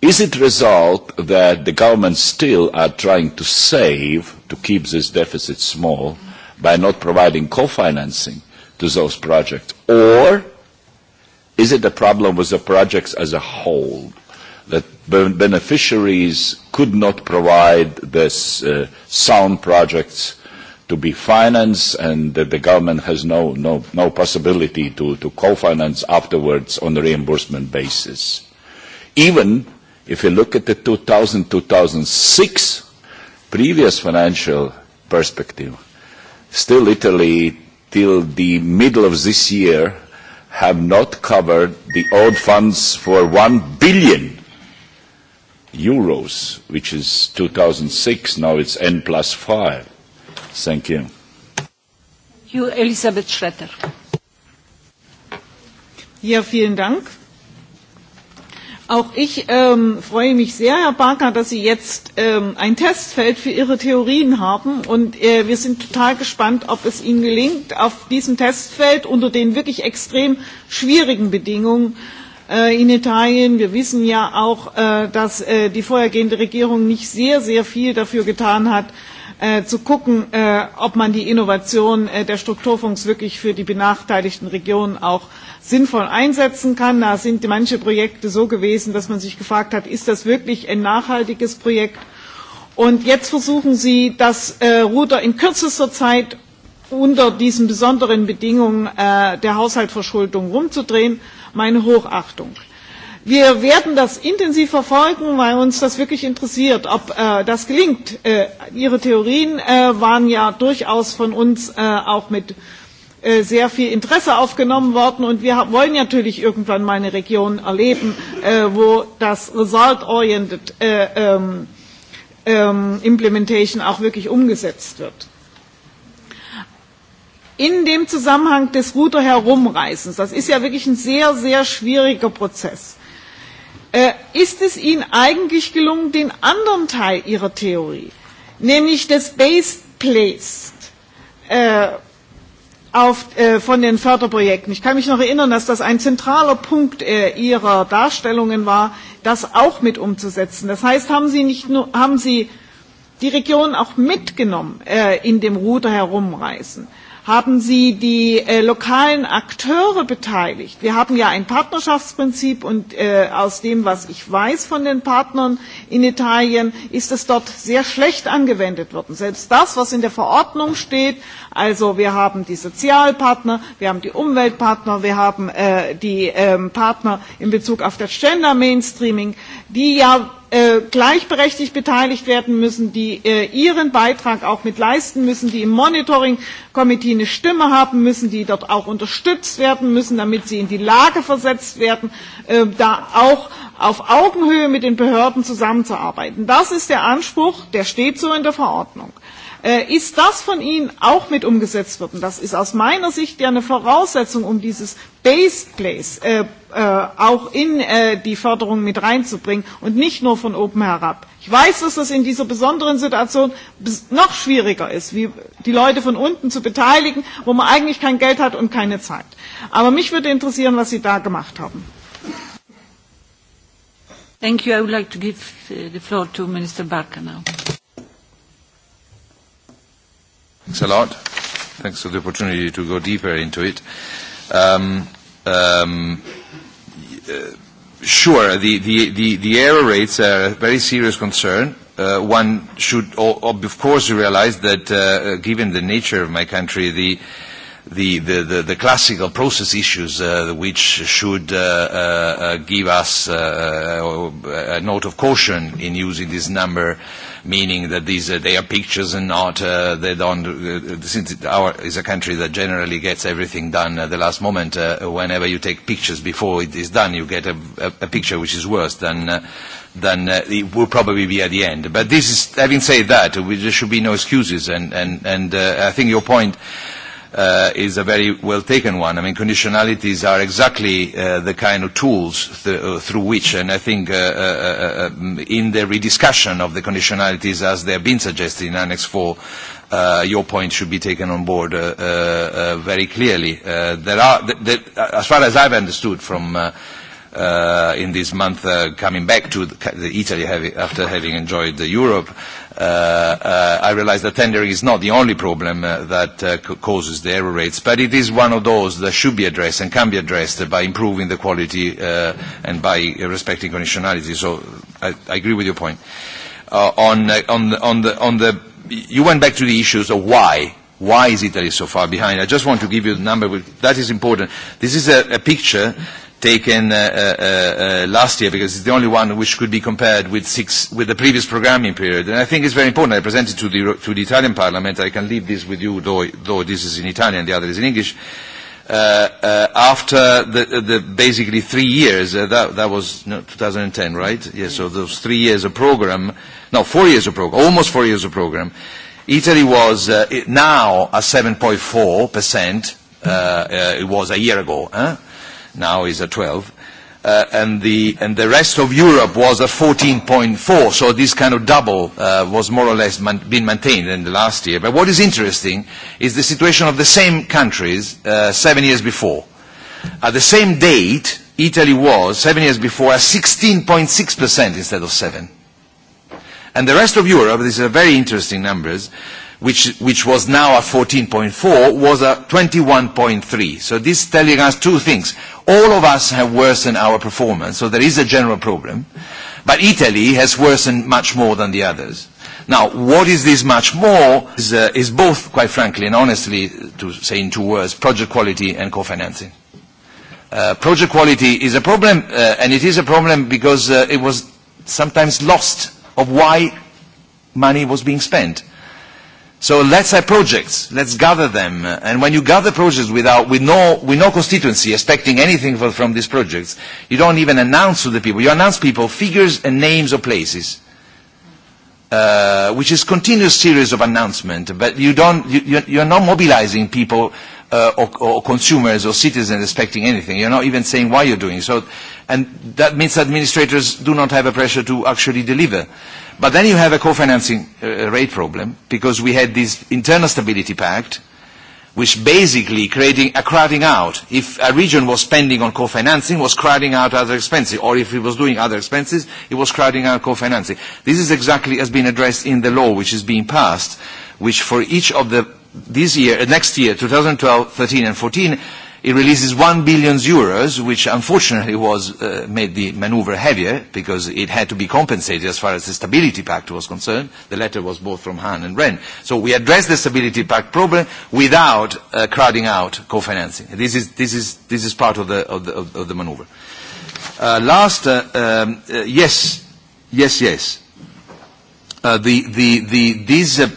is it result that the government still are trying to save, to keep this deficit small, by not providing co-financing to those projects? Or is it a problem with the projects as a whole, that beneficiaries could not provide this uh, sound projects to be financed and that the government has no, no, no possibility to, to co-finance afterwards on a reimbursement basis. Even if you look at the 2000-2006 previous financial perspective, still Italy till the middle of this year have not covered the old funds for 1 billion euros, which is 2006, now it's N plus 5 Thank you. You, Elisabeth Schroeter. Ja, vielen Dank. Auch ich ähm, freue mich sehr, Herr Barker, dass Sie jetzt ähm, ein Testfeld für Ihre Theorien haben. Und äh, wir sind total gespannt, ob es Ihnen gelingt, auf diesem Testfeld unter den wirklich extrem schwierigen Bedingungen äh, in Italien, wir wissen ja auch, äh, dass äh, die vorhergehende Regierung nicht sehr, sehr viel dafür getan hat, äh, äh, zu gucken, äh, ob man die Innovation äh, der Strukturfonds wirklich für die benachteiligten Regionen auch sinnvoll einsetzen kann. Da sind manche Projekte so gewesen, dass man sich gefragt hat, ist das wirklich ein nachhaltiges Projekt? Und jetzt versuchen Sie, das äh, Ruder in kürzester Zeit unter diesen besonderen Bedingungen äh, der Haushaltsverschuldung rumzudrehen. Meine Hochachtung. Wir werden das intensiv verfolgen, weil uns das wirklich interessiert, ob äh, das gelingt. Äh, Ihre Theorien äh, waren ja durchaus von uns äh, auch mit äh, sehr viel Interesse aufgenommen worden und wir wollen natürlich irgendwann mal eine Region erleben, äh, wo das result-oriented äh, ähm, ähm, Implementation auch wirklich umgesetzt wird in dem Zusammenhang des Router herumreißens, das ist ja wirklich ein sehr, sehr schwieriger Prozess. Äh, ist es Ihnen eigentlich gelungen, den anderen Teil Ihrer Theorie, nämlich das Base Placed, äh, auf, äh, von den Förderprojekten. Ich kann mich noch erinnern, dass das ein zentraler Punkt äh, Ihrer Darstellungen war, das auch mit umzusetzen. Das heißt, haben Sie, nicht nur, haben Sie die Region auch mitgenommen äh, in dem Ruder herumreißen? Äh, haben Sie die äh, lokalen Akteure beteiligt? Wir haben ja ein Partnerschaftsprinzip und äh, aus dem, was ich weiß von den Partnern in Italien, ist es dort sehr schlecht angewendet worden. Selbst das, was in der Verordnung steht, also wir haben die Sozialpartner, wir haben die Umweltpartner, wir haben äh, die ähm, Partner in Bezug auf das Gender Mainstreaming, die ja Äh, gleichberechtigt beteiligt werden müssen, die äh, ihren Beitrag auch mit leisten müssen, die im Monitoring Komitee eine Stimme haben müssen, die dort auch unterstützt werden müssen, damit sie in die Lage versetzt werden, äh, da auch auf Augenhöhe mit den Behörden zusammenzuarbeiten. Das ist der Anspruch, der steht so in der Verordnung äh, ist das von Ihnen auch mit umgesetzt worden? Das ist aus meiner Sicht ja eine Voraussetzung, um dieses Base Place äh, äh, auch in äh, die Förderung mit reinzubringen und nicht nur von oben herab. Ich weiß, dass das in dieser besonderen Situation noch schwieriger ist, wie die Leute von unten zu beteiligen, wo man eigentlich kein Geld hat und keine Zeit. Aber mich würde interessieren, was Sie da gemacht haben. Thank you. I would like to give äh, the floor to Minister Barker now. Thanks a lot. Thanks for the opportunity to go deeper into it. Um, um, uh, sure, the, the, the, the error rates are a very serious concern. Uh, one should, of course, realize that uh, given the nature of my country, the, the, the, the, the classical process issues uh, which should uh, uh, uh give us uh, uh, a note of caution in using this number uh, meaning that these uh, they are pictures and not uh, they don't. Uh, uh since our is a country that generally gets everything done at the last moment, uh, whenever you take pictures before it is done, you get a, a, a picture which is worse than. Uh, than uh, it will probably be at the end. But this is, having said that, we, there should be no excuses, and, and, and uh, I think your point uh, is a very well taken one. I mean, conditionalities are exactly uh, the kind of tools th uh, through which, and I think uh, uh, uh, um, in the rediscussion of the conditionalities as they have been suggested in Annex 4, uh, your point should be taken on board uh, uh, uh, very clearly. Uh, there are, th th uh, as far as I've understood from uh, uh, in this month uh, coming back to the, the Italy heavy, after having enjoyed the Europe, Uh, uh, I realize that tendering is not the only problem uh, that uh, causes the error rates, but it is one of those that should be addressed and can be addressed by improving the quality uh, and by respecting conditionality. So I, I agree with your point. Uh, on, uh, on, the, on, the, on the, you went back to the issues of why. Why is Italy so far behind? I just want to give you the number. That is important. This is a, a picture taken uh, uh, uh, uh, last year because it's the only one which could be compared with, six, with the previous programming period. And I think it's very important. I presented to the, to the Italian Parliament. I can leave this with you, though, though this is in Italian, the other is in English. Uh, uh, after the, uh, the basically three years, uh, that, that was no, 2010, right? Yes, so those three years of program, no, four years of program, almost four years of program, Italy was uh, now at 7.4%, uh, uh, it was a year ago, huh? now is a 12, uh, and, the, and the rest of Europe was a 14.4, so this kind of double uh, was more or less man been maintained in the last year. But what is interesting is the situation of the same countries uh, seven years before. At the same date, Italy was, seven years before, at 16.6% instead of 7. And the rest of Europe, these are very interesting numbers, which, was now at 14.4, was at 21.3. So this is telling us two things. All of us have worsened our performance, so there is a general problem. But Italy has worsened much more than the others. Now, what is this much more is, uh, both, quite frankly and honestly, to say in two words, project quality and co-financing. Uh, project quality is a problem, uh, and it is a problem because it was sometimes lost of why money was being spent. So let's have projects, let's gather them. And when you gather projects without, with, no, with no constituency expecting anything for, from these projects, you don't even announce to the people. You announce people figures and names of places, uh, which is continuous series of announcement, but you don't, you, you're not mobilizing people uh, or, or consumers or citizens expecting anything. You're not even saying why you're doing so. And that means administrators do not have a pressure to actually deliver. But then you have a co-financing uh, uh rate problem because we had this internal stability pact which basically creating a uh, crowding out. If a region was spending on co-financing, was crowding out other expenses, or if it was doing other expenses, it was crowding out co-financing. This is exactly has been addressed in the law which is being passed, which for each of the this year, uh, next year, 2012, 13 and 14, it releases 1 billion euros, which unfortunately was uh, made the maneuver heavier because it had to be compensated as far as the Stability Pact was concerned. The letter was both from Hahn and Wren. So we addressed the Stability Pact problem without uh, crowding out co-financing. This is, this, is, this is part of the, of the, of the maneuver. Uh, last, uh, um, uh, yes, yes, yes. Uh, the, the, the, these uh,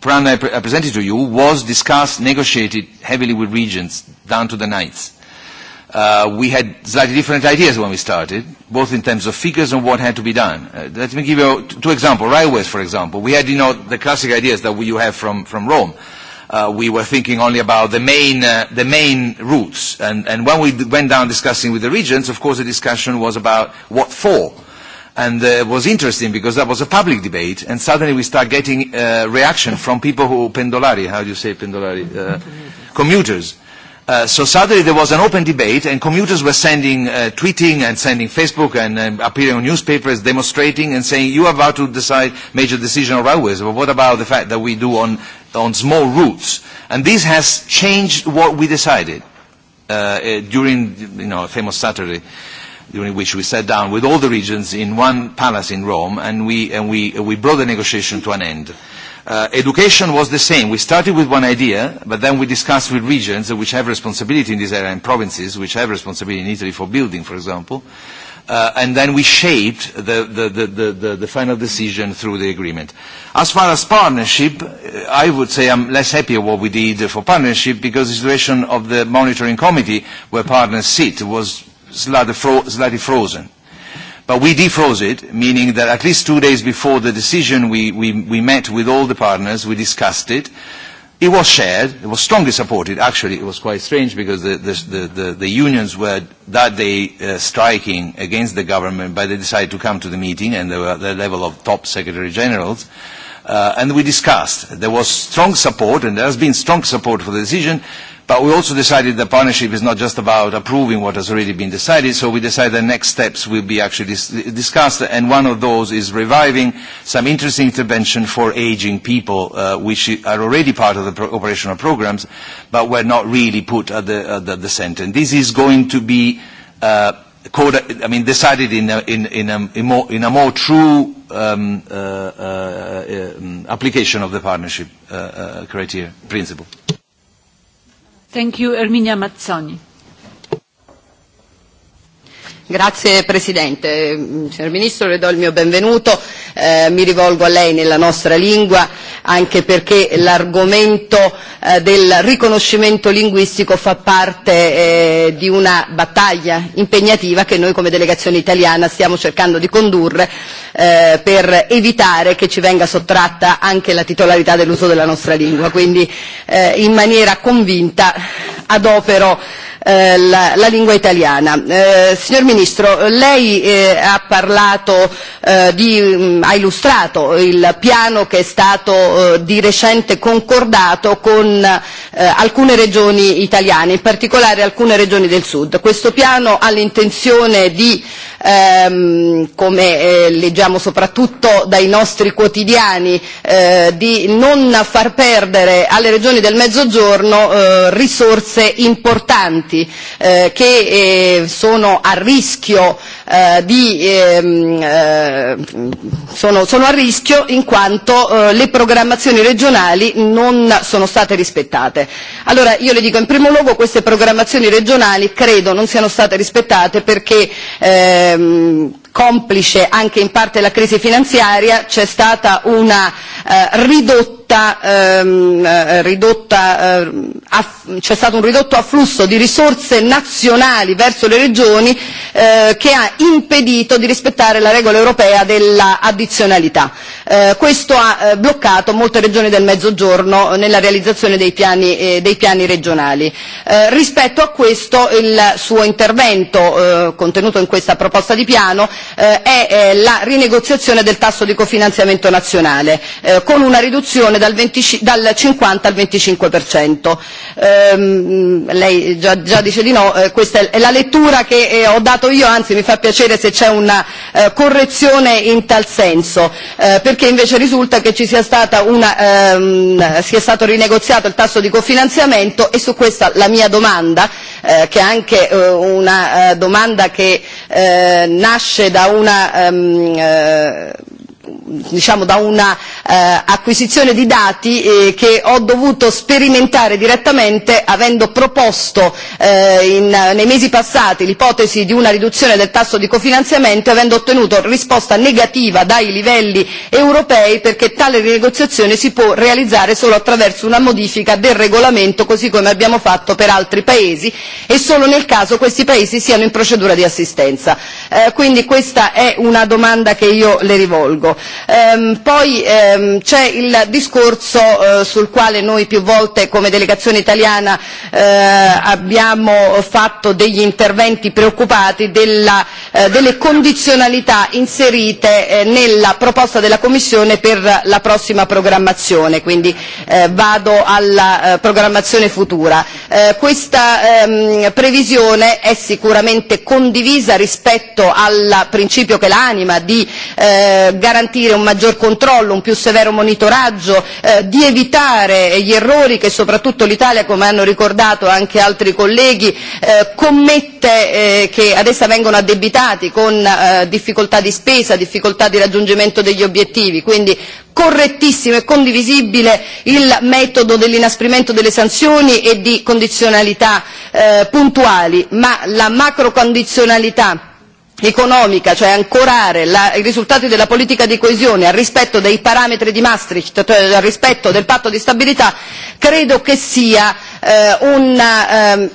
plan I, pre I presented to you was discussed, negotiated heavily with regions down to the ninth. Uh, we had slightly different ideas when we started, both in terms of figures and what had to be done. Uh, let me give you two examples. Railways, for example. We had, you know, the classic ideas that we, you have from, from Rome. Uh, we were thinking only about the main, uh, the main routes. And, and when we went down discussing with the regions, of course, the discussion was about what for and uh, was interesting because that was a public debate, and suddenly we start getting uh, reaction from people who pendolari, how do you say pendolari, uh, commuters. Uh, so suddenly there was an open debate, and commuters were sending, uh, tweeting and sending Facebook and um, appearing on newspapers, demonstrating and saying, "You are about to decide major decision on railways, but what about the fact that we do on on small routes?" And this has changed what we decided uh, uh, during, you know, famous Saturday. Uh, during which we sat down with all the regions in one palace in Rome, and we, and we, we brought the negotiation to an end. Uh, education was the same. We started with one idea, but then we discussed with regions which have responsibility in this area and provinces which have responsibility in Italy for building, for example. Uh, and then we shaped the, the, the, the, the, the final decision through the agreement. As far as partnership, uh, I would say I'm less happy of what we did for partnership because the situation of the monitoring committee where partners sit was slightly, frozen. But we defroze it, meaning that at least two days before the decision, we, we, we met with all the partners, we discussed it. It was shared, it was strongly supported. Actually, it was quite strange because the, the, the, the, the unions were that day uh, striking against the government, but they decided to come to the meeting and they were at the level of top secretary generals. Uh, and we discussed. There was strong support, and there has been strong support for the decision But we also decided the partnership is not just about approving what has already been decided, so we decided the next steps will be actually dis discussed, and one of those is reviving some interesting intervention for aging people, uh, which are already part of the pro operational programs, but were not really put at the, at the, the center. And this is going to be uh, called, I mean, decided in a, in, in a, in more, in a more true um, uh, uh, um, application of the partnership uh, uh, criteria principle. Thank you, Erminia Mazzoni. Grazie Presidente. Signor Ministro, le do il mio benvenuto. Eh, mi rivolgo a lei nella nostra lingua anche perché l'argomento eh, del riconoscimento linguistico fa parte eh, di una battaglia impegnativa che noi come delegazione italiana stiamo cercando di condurre eh, per evitare che ci venga sottratta anche la titolarità dell'uso della nostra lingua. Quindi eh, in maniera convinta adopero eh, la, la lingua italiana. Eh, signor Ministro, Ministro, lei eh, ha parlato, eh, di, mh, mm, ha illustrato il piano che è stato eh, di recente concordato con eh, alcune regioni italiane, in particolare alcune regioni del Sud. Questo piano ha l'intenzione di ehm, come eh, leggiamo soprattutto dai nostri quotidiani, eh, di non far perdere alle regioni del Mezzogiorno eh, risorse importanti eh, che eh, sono a rischio eh, di, ehm, eh, sono, sono a rischio in quanto eh, le programmazioni regionali non sono state rispettate. Allora io le dico in primo luogo queste programmazioni regionali credo non siano state rispettate perché eh, ehm, complice anche in parte la crisi finanziaria c'è stata una eh, ridotta ridotta, ehm, eh, ridotta, eh, aff- c'è stato un ridotto afflusso di risorse nazionali verso le regioni eh, che ha impedito di rispettare la regola europea dell'addizionalità. Eh, questo ha eh, bloccato molte regioni del Mezzogiorno nella realizzazione dei piani, eh, dei piani regionali. Eh, rispetto a questo il suo intervento eh, contenuto in questa proposta di piano eh, è eh, la rinegoziazione del tasso di cofinanziamento nazionale eh, con una riduzione riduzione dal, 20, dal 50 al 25%. Eh, lei già, già dice di no, eh, questa è la lettura che eh, ho dato io, anzi mi fa piacere se c'è una eh, correzione in tal senso, eh, perché invece risulta che ci sia, stata una, ehm, sia stato rinegoziato il tasso di cofinanziamento e su questa la mia domanda, eh, che è anche eh, una eh, domanda che eh, nasce da una ehm, eh, diciamo da una eh, acquisizione di dati eh, che ho dovuto sperimentare direttamente avendo proposto eh, in, nei mesi passati l'ipotesi di una riduzione del tasso di cofinanziamento e avendo ottenuto risposta negativa dai livelli europei perché tale rinegoziazione si può realizzare solo attraverso una modifica del regolamento così come abbiamo fatto per altri paesi e solo nel caso questi paesi siano in procedura di assistenza. Eh, quindi questa è una domanda che io le rivolgo. Ehm, poi ehm, c'è il discorso eh, sul quale noi più volte come delegazione italiana eh, abbiamo fatto degli interventi preoccupati della, eh, delle condizionalità inserite eh, nella proposta della Commissione per la prossima programmazione, quindi eh, vado alla eh, programmazione futura. Eh, questa ehm, previsione è sicuramente condivisa rispetto al principio che l'anima di eh, garantire garantire un maggior controllo, un più severo monitoraggio, eh, di evitare gli errori che soprattutto l'Italia, come hanno ricordato anche altri colleghi, eh, commette eh, che ad essa vengono addebitati con eh, difficoltà di spesa, difficoltà di raggiungimento degli obiettivi. Quindi correttissimo e condivisibile il metodo dell'inasprimento delle sanzioni e di condizionalità eh, puntuali, ma la macrocondizionalità economica, cioè ancorare la, i risultati della politica di coesione al rispetto dei parametri di Maastricht, cioè al rispetto del patto di stabilità, credo che sia eh, un'idea ehm,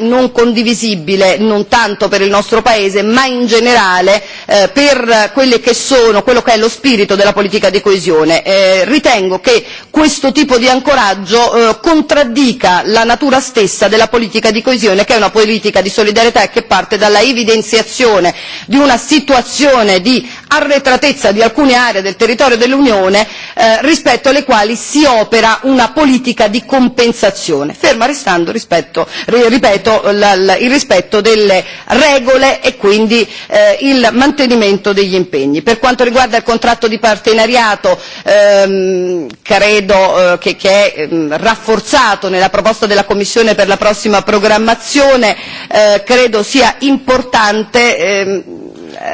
eh, non condivisibile non tanto per il nostro Paese ma in generale eh, per quelli che sono, quello che è lo spirito della politica di coesione. Eh, ritengo che questo tipo di ancoraggio eh, contraddica la natura stessa della politica di coesione che è una politica di solidarietà e che parte dalla evidenziazione di una situazione di arretratezza di alcune aree del territorio dell'Unione eh, rispetto alle quali si opera una politica di compensazione, ferma restando, rispetto, ripeto, l- il rispetto delle regole e quindi eh, il mantenimento degli impegni. Per quanto riguarda il contratto di partenariato, ehm, credo eh, che, che è ehm, rafforzato nella proposta della Commissione per la prossima programmazione, eh, credo sia importante ehm, um,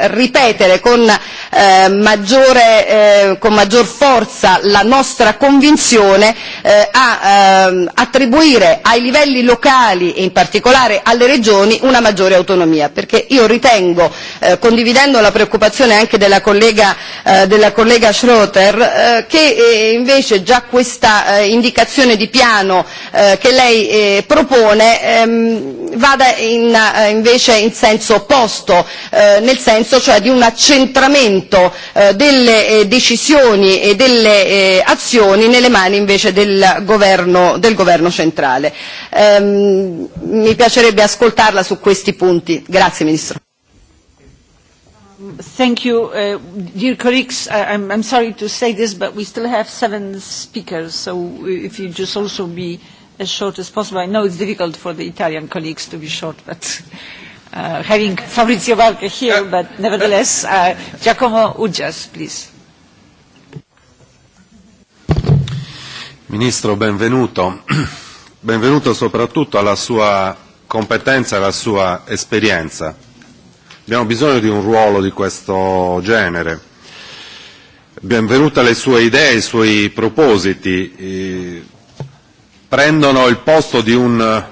ripetere con, eh, maggiore, eh, con maggior forza la nostra convinzione eh, a eh, attribuire ai livelli locali e in particolare alle regioni una maggiore autonomia perché io ritengo, eh, condividendo la preoccupazione anche della collega, eh, della collega Schroeter, eh, che eh, invece già questa eh, indicazione di piano eh, che lei eh, propone ehm, vada in, eh, invece in senso opposto, eh, nel senso, cioè di un accentramento eh, delle eh, decisioni e delle eh, azioni nelle mani invece del governo, del governo centrale. Ehm, mi piacerebbe ascoltarla su questi punti. Grazie Ministro. Thank you. Uh, dear colleagues, I, I'm, I'm sorry to say this, but we still have seven speakers, so if you just also be as short as possible. I know it's difficult for the Italian colleagues to be short, but *laughs* uh, having Fabrizio Valca here, uh, but nevertheless, uh, uh Giacomo Uggias, please. Ministro, benvenuto. *clears throat* Benvenuto soprattutto alla sua competenza e alla sua esperienza. Abbiamo bisogno di un ruolo di questo genere. Benvenuta le sue idee, i suoi propositi. Eh, prendono il posto di un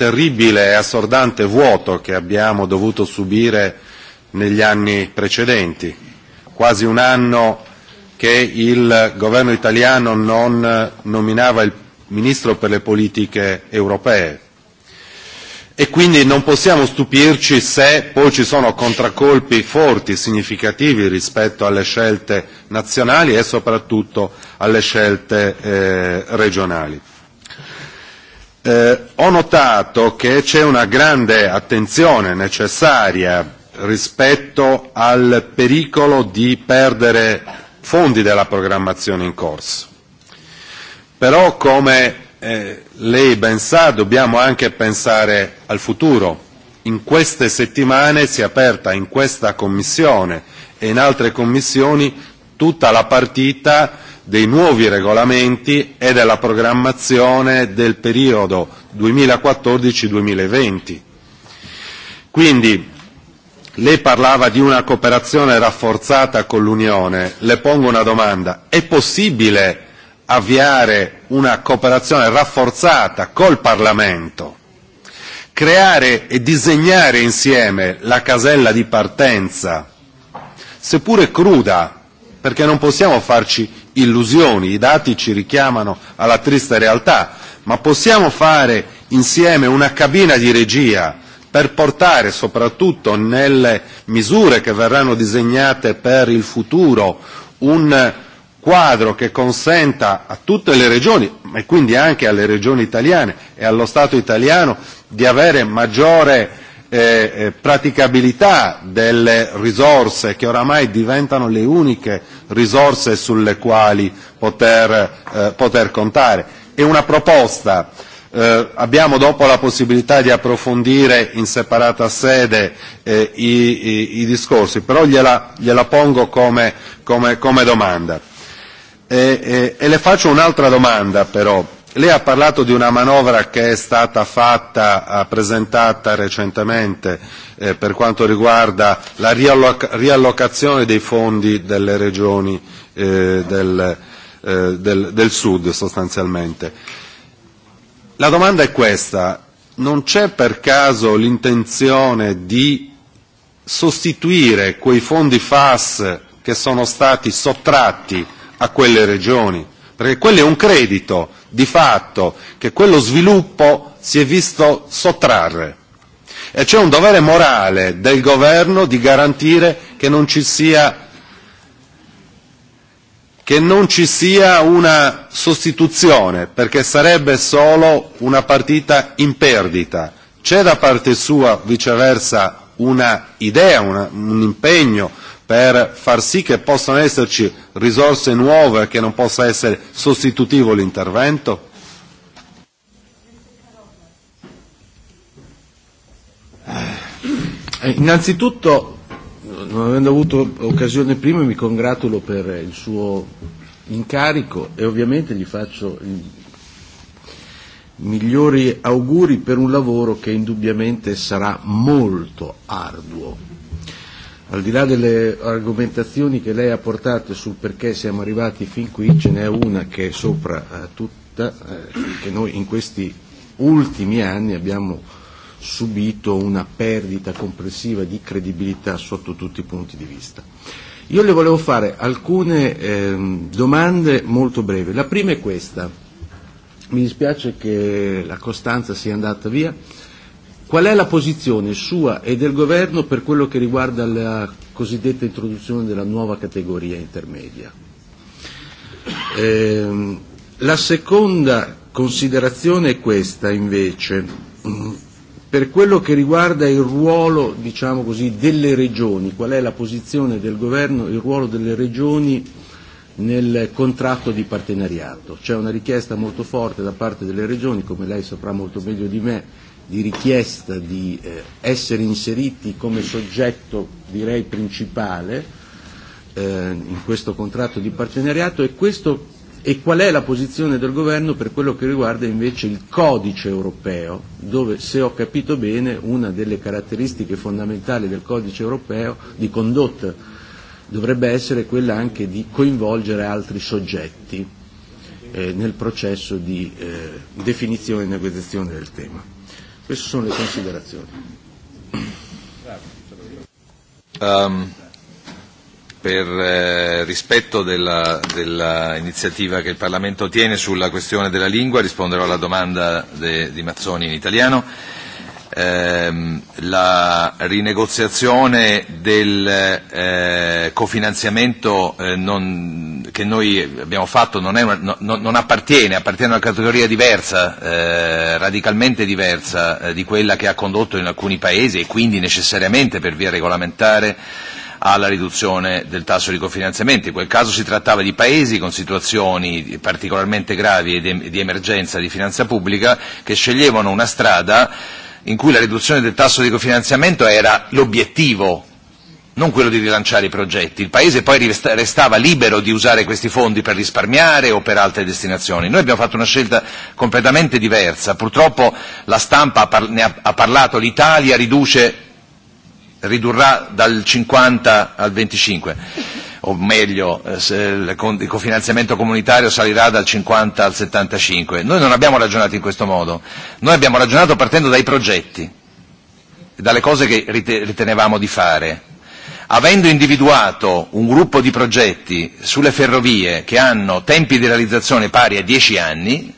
terribile e assordante vuoto che abbiamo dovuto subire negli anni precedenti. Quasi un anno che il governo italiano non nominava il ministro per le politiche europee. E quindi non possiamo stupirci se poi ci sono contraccolpi forti, significativi rispetto alle scelte nazionali e soprattutto alle scelte eh, regionali. Eh, ho notato che c'è una grande attenzione necessaria rispetto al pericolo di perdere fondi della programmazione in corso. Però, come eh, lei ben sa, dobbiamo anche pensare al futuro. In queste settimane si è aperta in questa Commissione e in altre commissioni tutta la partita dei nuovi regolamenti e della programmazione del periodo 2014-2020. Quindi lei parlava di una cooperazione rafforzata con l'Unione, le pongo una domanda, è possibile avviare una cooperazione rafforzata col Parlamento, creare e disegnare insieme la casella di partenza, seppure cruda, perché non possiamo farci illusioni, i dati ci richiamano alla triste realtà, ma possiamo fare insieme una cabina di regia per portare soprattutto nelle misure che verranno disegnate per il futuro un quadro che consenta a tutte le regioni e quindi anche alle regioni italiane e allo Stato italiano di avere maggiore eh, praticabilità delle risorse che oramai diventano le uniche risorse sulle quali poter, eh, poter contare. È una proposta Eh, abbiamo dopo la possibilità di approfondire in separata sede eh, i, i, i discorsi, però gliela, gliela pongo come, come, come domanda. E, e, e le faccio un'altra domanda però Lei ha parlato di una manovra che è stata fatta, presentata recentemente eh, per quanto riguarda la rialloc- riallocazione dei fondi delle regioni eh, del, eh, del, del sud sostanzialmente. La domanda è questa, non c'è per caso l'intenzione di sostituire quei fondi FAS che sono stati sottratti a quelle regioni? Perché quello è un credito di fatto che quello sviluppo si è visto sottrarre e c'è un dovere morale del governo di garantire che non ci sia che non ci sia una sostituzione, perché sarebbe solo una partita in perdita. C'è da parte sua, viceversa, una idea, una, un impegno, per far sì che possano esserci risorse nuove che non possa essere sostitutivo l'intervento? Eh, innanzitutto, non avendo avuto occasione prima, mi congratulo per il suo incarico e ovviamente gli faccio i migliori auguri per un lavoro che indubbiamente sarà molto arduo al di là delle argomentazioni che lei ha portato sul perché siamo arrivati fin qui, ce n'è una che è sopra eh, tutta, eh, che noi in questi ultimi anni abbiamo subito una perdita complessiva di credibilità sotto tutti i punti di vista. Io le volevo fare alcune eh, domande molto brevi. La prima è questa. Mi dispiace che la Costanza sia andata via. Qual è la posizione sua e del governo per quello che riguarda la cosiddetta introduzione della nuova categoria intermedia? Eh, la seconda considerazione è questa invece, per quello che riguarda il ruolo diciamo così, delle regioni, qual è la posizione del governo, il ruolo delle regioni nel contratto di partenariato. C'è una richiesta molto forte da parte delle regioni, come lei saprà molto meglio di me, di richiesta di eh, essere inseriti come soggetto direi principale eh, in questo contratto di partenariato e, questo, e qual è la posizione del governo per quello che riguarda invece il codice europeo, dove se ho capito bene una delle caratteristiche fondamentali del codice europeo di condotta dovrebbe essere quella anche di coinvolgere altri soggetti eh, nel processo di eh, definizione e negoziazione del tema. Queste sono le considerazioni. Um, per eh, rispetto dell'iniziativa che il Parlamento tiene sulla questione della lingua risponderò alla domanda de, di Mazzoni in italiano ehm, la rinegoziazione del eh, cofinanziamento eh, non, che noi abbiamo fatto non, è una, no, non appartiene, appartiene a una categoria diversa, eh, radicalmente diversa eh, di quella che ha condotto in alcuni paesi e quindi necessariamente per via regolamentare alla riduzione del tasso di cofinanziamento. In quel caso si trattava di paesi con situazioni particolarmente gravi e di emergenza di finanza pubblica che sceglievano una strada eh, in cui la riduzione del tasso di cofinanziamento era l'obiettivo, non quello di rilanciare i progetti. Il Paese poi restava libero di usare questi fondi per risparmiare o per altre destinazioni. Noi abbiamo fatto una scelta completamente diversa. Purtroppo la stampa ne ha parlato, l'Italia riduce, ridurrà dal 50 al 25 o meglio eh, se il cofinanziamento comunitario salirà dal 50 al 75. Noi non abbiamo ragionato in questo modo, noi abbiamo ragionato partendo dai progetti, dalle cose che ritenevamo di fare. Avendo individuato un gruppo di progetti sulle ferrovie che hanno tempi di realizzazione pari a 10 anni,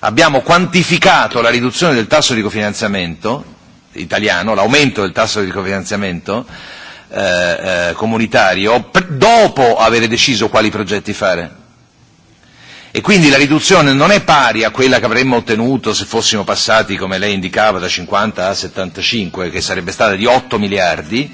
abbiamo quantificato la riduzione del tasso di cofinanziamento italiano, l'aumento del tasso di cofinanziamento, Eh, eh, comunitario dopo avere deciso quali progetti fare. E quindi la riduzione non è pari a quella che avremmo ottenuto se fossimo passati, come lei indicava, da 50 a 75, che sarebbe stata di 8 miliardi,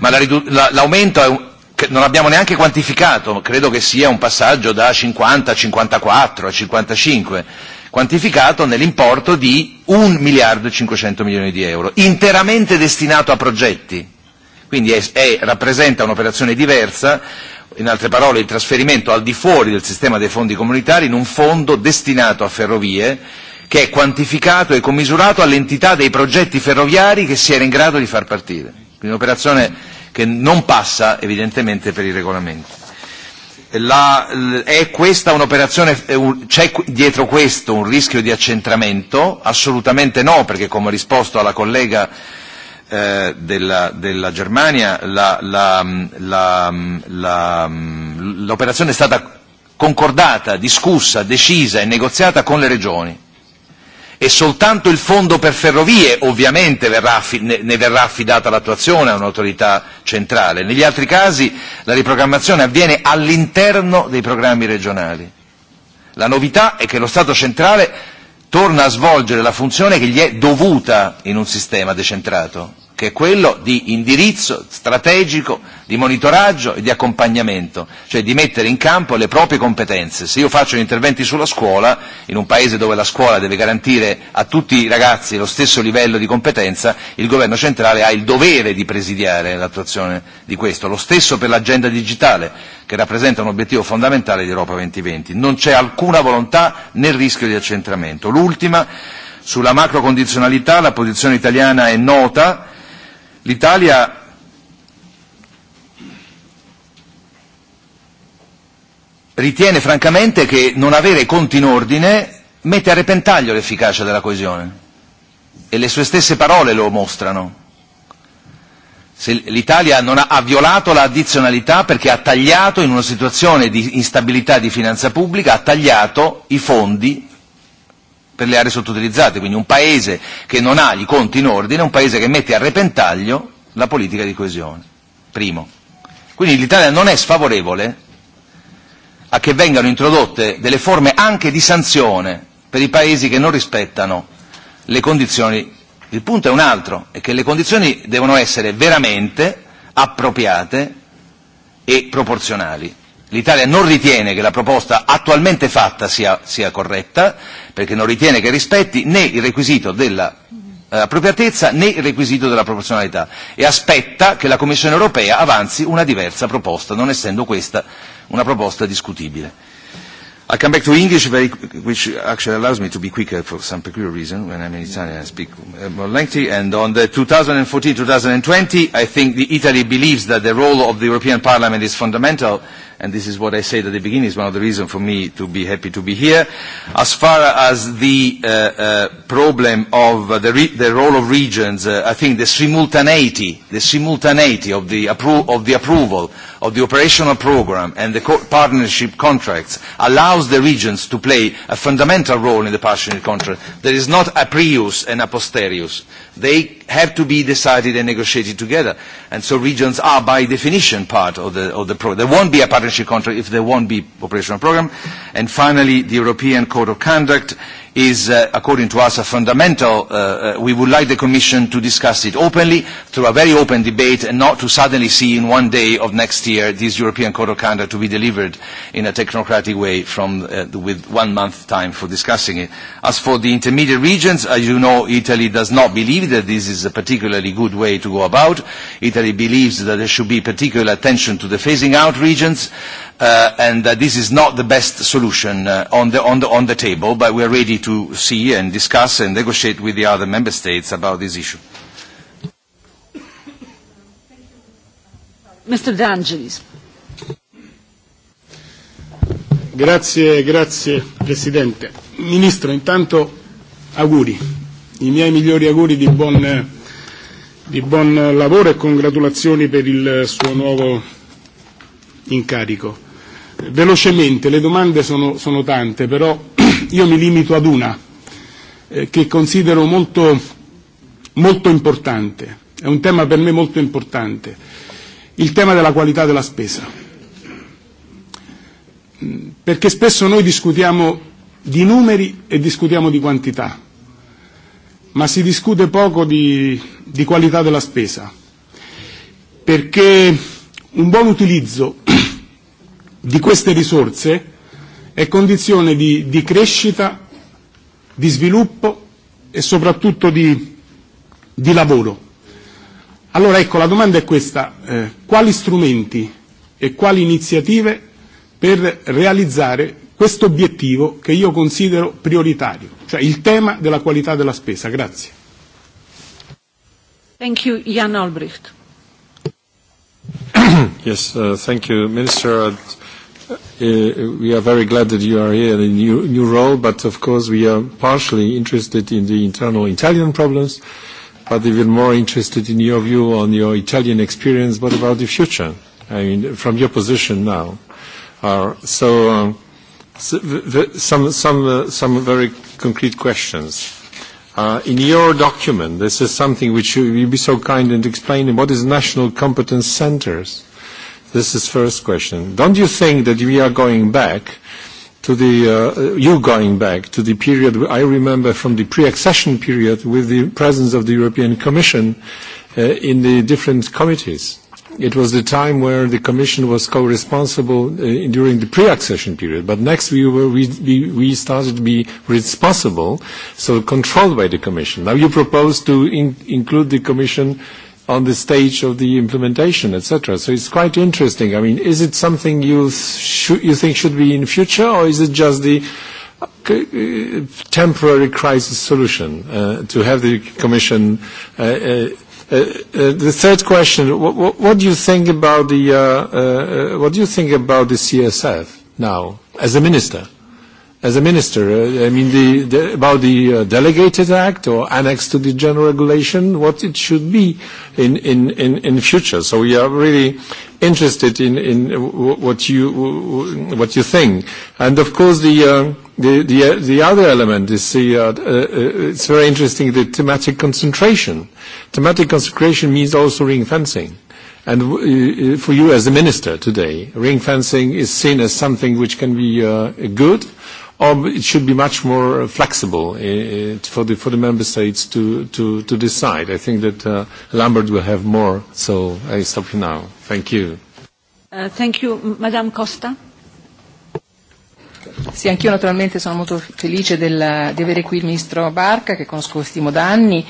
ma la la, l'aumento è un, che non abbiamo neanche quantificato, credo che sia un passaggio da 50 a 54 a 55, quantificato nell'importo di 1 miliardo e 500 milioni di euro, interamente destinato a progetti quindi è, è, rappresenta un'operazione diversa, in altre parole il trasferimento al di fuori del sistema dei fondi comunitari in un fondo destinato a ferrovie che è quantificato e commisurato all'entità dei progetti ferroviari che si era in grado di far partire. Quindi un'operazione che non passa evidentemente per i regolamenti. La, è questa un'operazione, c'è dietro questo un rischio di accentramento? Assolutamente no, perché come ho risposto alla collega eh, della, della Germania la, la, la, la, l'operazione è stata concordata, discussa, decisa e negoziata con le regioni e soltanto il fondo per ferrovie ovviamente verrà, ne verrà affidata l'attuazione a un'autorità centrale. Negli altri casi la riprogrammazione avviene all'interno dei programmi regionali. La novità è che lo Stato centrale torna a svolgere la funzione che gli è dovuta in un sistema decentrato, che è quello di indirizzo strategico, di monitoraggio e di accompagnamento, cioè di mettere in campo le proprie competenze. Se io faccio interventi sulla scuola, in un paese dove la scuola deve garantire a tutti i ragazzi lo stesso livello di competenza, il governo centrale ha il dovere di presidiare l'attuazione di questo. Lo stesso per l'agenda digitale, che rappresenta un obiettivo fondamentale di Europa 2020. Non c'è alcuna volontà nel rischio di accentramento. L'ultima, sulla macrocondizionalità la posizione italiana è nota, L'Italia ritiene francamente che non avere conti in ordine mette a repentaglio l'efficacia della coesione e le sue stesse parole lo mostrano. L'Italia non ha, ha violato la addizionalità perché ha tagliato in una situazione di instabilità di finanza pubblica, ha tagliato i fondi per le aree sottoutilizzate, quindi un paese che non ha i conti in ordine, un paese che mette a repentaglio la politica di coesione. Primo. Quindi l'Italia non è sfavorevole a che vengano introdotte delle forme anche di sanzione per i paesi che non rispettano le condizioni. Il punto è un altro, è che le condizioni devono essere veramente appropriate e proporzionali. L'Italia non ritiene che la proposta attualmente fatta sia, sia corretta, perché non ritiene che rispetti né il requisito della eh, appropriatezza né il requisito della proporzionalità e aspetta che la Commissione europea avanzi una diversa proposta, non essendo questa una proposta discutibile. I come back to English, very, which actually allows me to be quicker for some peculiar reason. When I'm in Italian, I speak uh, more lengthy. And on the 2014-2020, I think the Italy believes that the role of the European Parliament is fundamental and this is what I said at the beginning, is one of the reasons for me to be happy to be here. As far as the uh, uh, problem of uh, the, re the role of regions, uh, I think the simultaneity, the simultaneity of the, appro of the approval of the operational program and the co partnership contracts allows the regions to play a fundamental role in the partnership contract. There is not a prius and a posterius. They have to be decided and negotiated together. And so regions are by definition part of the, of the program. There won't be a partnership contract if there won't be operational program. And finally, the European Code of Conduct is, uh, according to us, a fundamental. Uh, uh, we would like the Commission to discuss it openly, through a very open debate, and not to suddenly see in one day of next year this European Code of Conduct to be delivered in a technocratic way from, uh, with one month time for discussing it. As for the intermediate regions, as you know, Italy does not believe that this is a particularly good way to go about. Italy believes that there should be particular attention to the phasing out regions uh, and uh, this is not the best solution uh, on, the, on, the, on the table, but we are ready to see and discuss and negotiate with the other member states about this issue. Mr. D'Angelis. Grazie, grazie Presidente. Ministro, intanto auguri, i miei migliori auguri di buon, di buon lavoro e congratulazioni per il suo nuovo incarico. Velocemente, le domande sono, sono tante, però *clears throat* io mi limito ad una eh, che considero molto, molto importante, è un tema per me molto importante, il tema della qualità della spesa. Mm, perché spesso noi discutiamo di numeri e discutiamo di quantità, ma si discute poco di, di qualità della spesa, perché un buon utilizzo *clears throat* di queste risorse è condizione di, di crescita, di sviluppo e soprattutto di, di lavoro. Allora ecco, la domanda è questa, eh, quali strumenti e quali iniziative per realizzare questo obiettivo che io considero prioritario, cioè il tema della qualità della spesa. Grazie. Thank you, Jan Albrecht. yes, uh, thank you, Minister. Uh, we are very glad that you are here in a new, new role, but of course we are partially interested in the internal Italian problems, but even more interested in your view on your Italian experience. What about the future? I mean, from your position now. Uh, so, um, so some, some, uh, some very concrete questions. Uh, in your document, this is something which you, would be so kind and explain what is national competence centers This is first question. Don't you think that we are going back to the, uh, you going back to the period I remember from the pre-accession period with the presence of the European Commission uh, in the different committees? It was the time where the Commission was co-responsible uh, during the pre-accession period, but next we, were, we, we, we started to be responsible, so controlled by the Commission. Now you propose to in, include the Commission on the stage of the implementation, etc. So it's quite interesting. I mean, is it something you, sh- you think should be in future, or is it just the uh, temporary crisis solution uh, to have the Commission? Uh, uh, uh, uh, the third question: what, wh- what do you think about the uh, uh, uh what do you think about the CSF now as a minister? as a minister? Uh, I mean, the, the, about the uh, delegated act or annex to the general regulation, what it should be in, in, in, in future. So we are really interested in, in what, you, what you think. And of course, the, uh, the, the, uh, the other element is the, uh, uh, it's very interesting, the thematic concentration. Thematic concentration means also ring fencing. And uh, for you as a minister today, ring fencing is seen as something which can be uh, good, or it should be much more uh, flexible uh, uh, for, the, for the member states to, to, to decide. I think that uh, Lambert will have more, so I stop you now. Thank you. Uh, thank you. Madame Costa. Sì, anch'io naturalmente sono molto felice del, di avere qui il Ministro Barca, che conosco stimo da anni,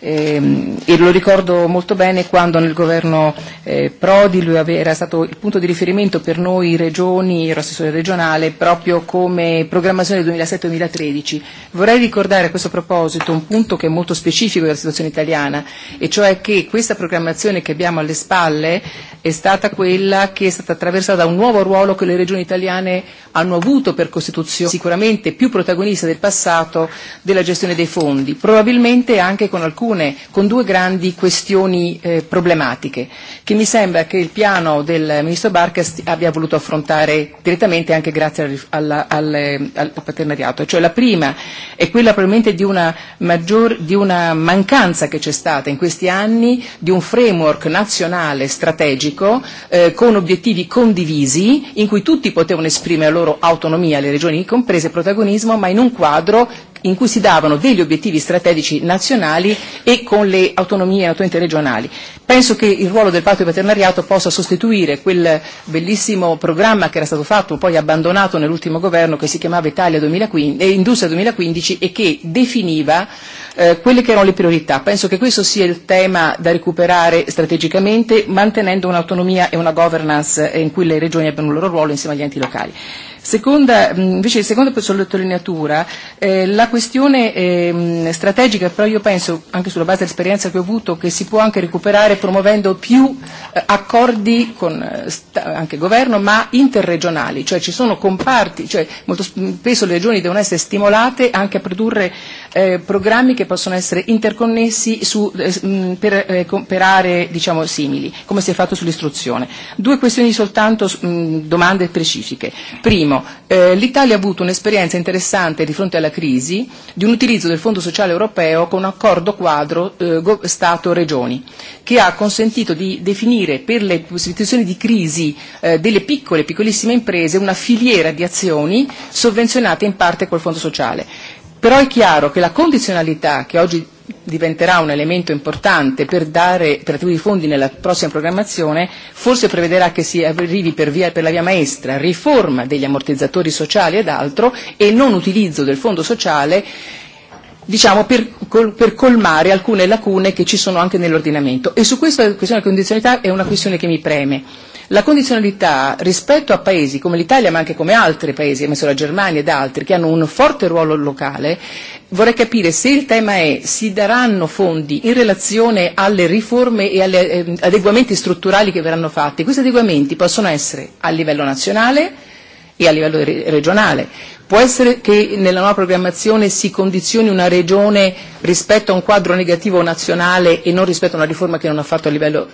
Eh, e lo ricordo molto bene quando nel governo eh, Prodi lui aveva, era stato il punto di riferimento per noi regioni, ero assessore regionale, proprio come programmazione del 2007-2013. Vorrei ricordare a questo proposito un punto che è molto specifico della situazione italiana, e cioè che questa programmazione che abbiamo alle spalle è stata quella che è stata attraversata da un nuovo ruolo che le regioni italiane hanno avuto per Costituzione, sicuramente più protagonista del passato della gestione dei fondi, probabilmente anche con, alcune, con due grandi questioni eh, problematiche, che mi sembra che il piano del Ministro Barca abbia voluto affrontare direttamente anche grazie alla, al, al partenariato. Cioè la prima è quella probabilmente di una, maggior, di una mancanza che c'è stata in questi anni di un framework nazionale strategico politico eh, con obiettivi condivisi in cui tutti potevano esprimere la loro autonomia, le regioni comprese, protagonismo, ma in un quadro in cui si davano degli obiettivi strategici nazionali e con le autonomie e autoente regionali. Penso che il ruolo del patto di paternariato possa sostituire quel bellissimo programma che era stato fatto, poi abbandonato nell'ultimo governo, che si chiamava Italia 2015, eh, Industria 2015 e che definiva eh, quelle che erano le priorità. Penso che questo sia il tema da recuperare strategicamente, mantenendo un'autonomia e una governance eh, in cui le regioni abbiano il loro ruolo insieme agli enti locali. Seconda, invece, seconda sottolineatura, eh, la questione eh, strategica, però io penso, anche sulla base dell'esperienza che ho avuto, che si può anche recuperare promuovendo più eh, accordi con eh, anche il governo, ma interregionali, cioè ci sono comparti, cioè molto spesso le regioni devono essere stimolate anche a produrre eh, programmi che possono essere interconnessi su, eh, mm, per, eh, per aree diciamo, simili, come si è fatto sull'istruzione. Due questioni soltanto, mh, mm, domande specifiche. Primo, eh, l'Italia ha avuto un'esperienza interessante di fronte alla crisi di un utilizzo del Fondo Sociale Europeo con un accordo quadro eh, Stato-Regioni, che ha consentito di definire per le situazioni di crisi eh, delle piccole e piccolissime imprese una filiera di azioni sovvenzionate in parte col Fondo Sociale. Però è chiaro che la condizionalità, che oggi diventerà un elemento importante per, dare, per attribuire i fondi nella prossima programmazione, forse prevederà che si arrivi per, via, per la via maestra riforma degli ammortizzatori sociali ed altro e non utilizzo del fondo sociale diciamo, per, col, per colmare alcune lacune che ci sono anche nell'ordinamento. E su questa questione della condizionalità è una questione che mi preme la condizionalità rispetto a paesi come l'Italia ma anche come altri paesi, come la Germania ed altri, che hanno un forte ruolo locale, vorrei capire se il tema è si daranno fondi in relazione alle riforme e agli eh, adeguamenti strutturali che verranno fatti. Questi adeguamenti possono essere a livello nazionale, e a livello re- regionale. Può essere che nella nuova programmazione si condizioni una regione rispetto a un quadro negativo nazionale e non rispetto a una riforma che non ha fatto a livello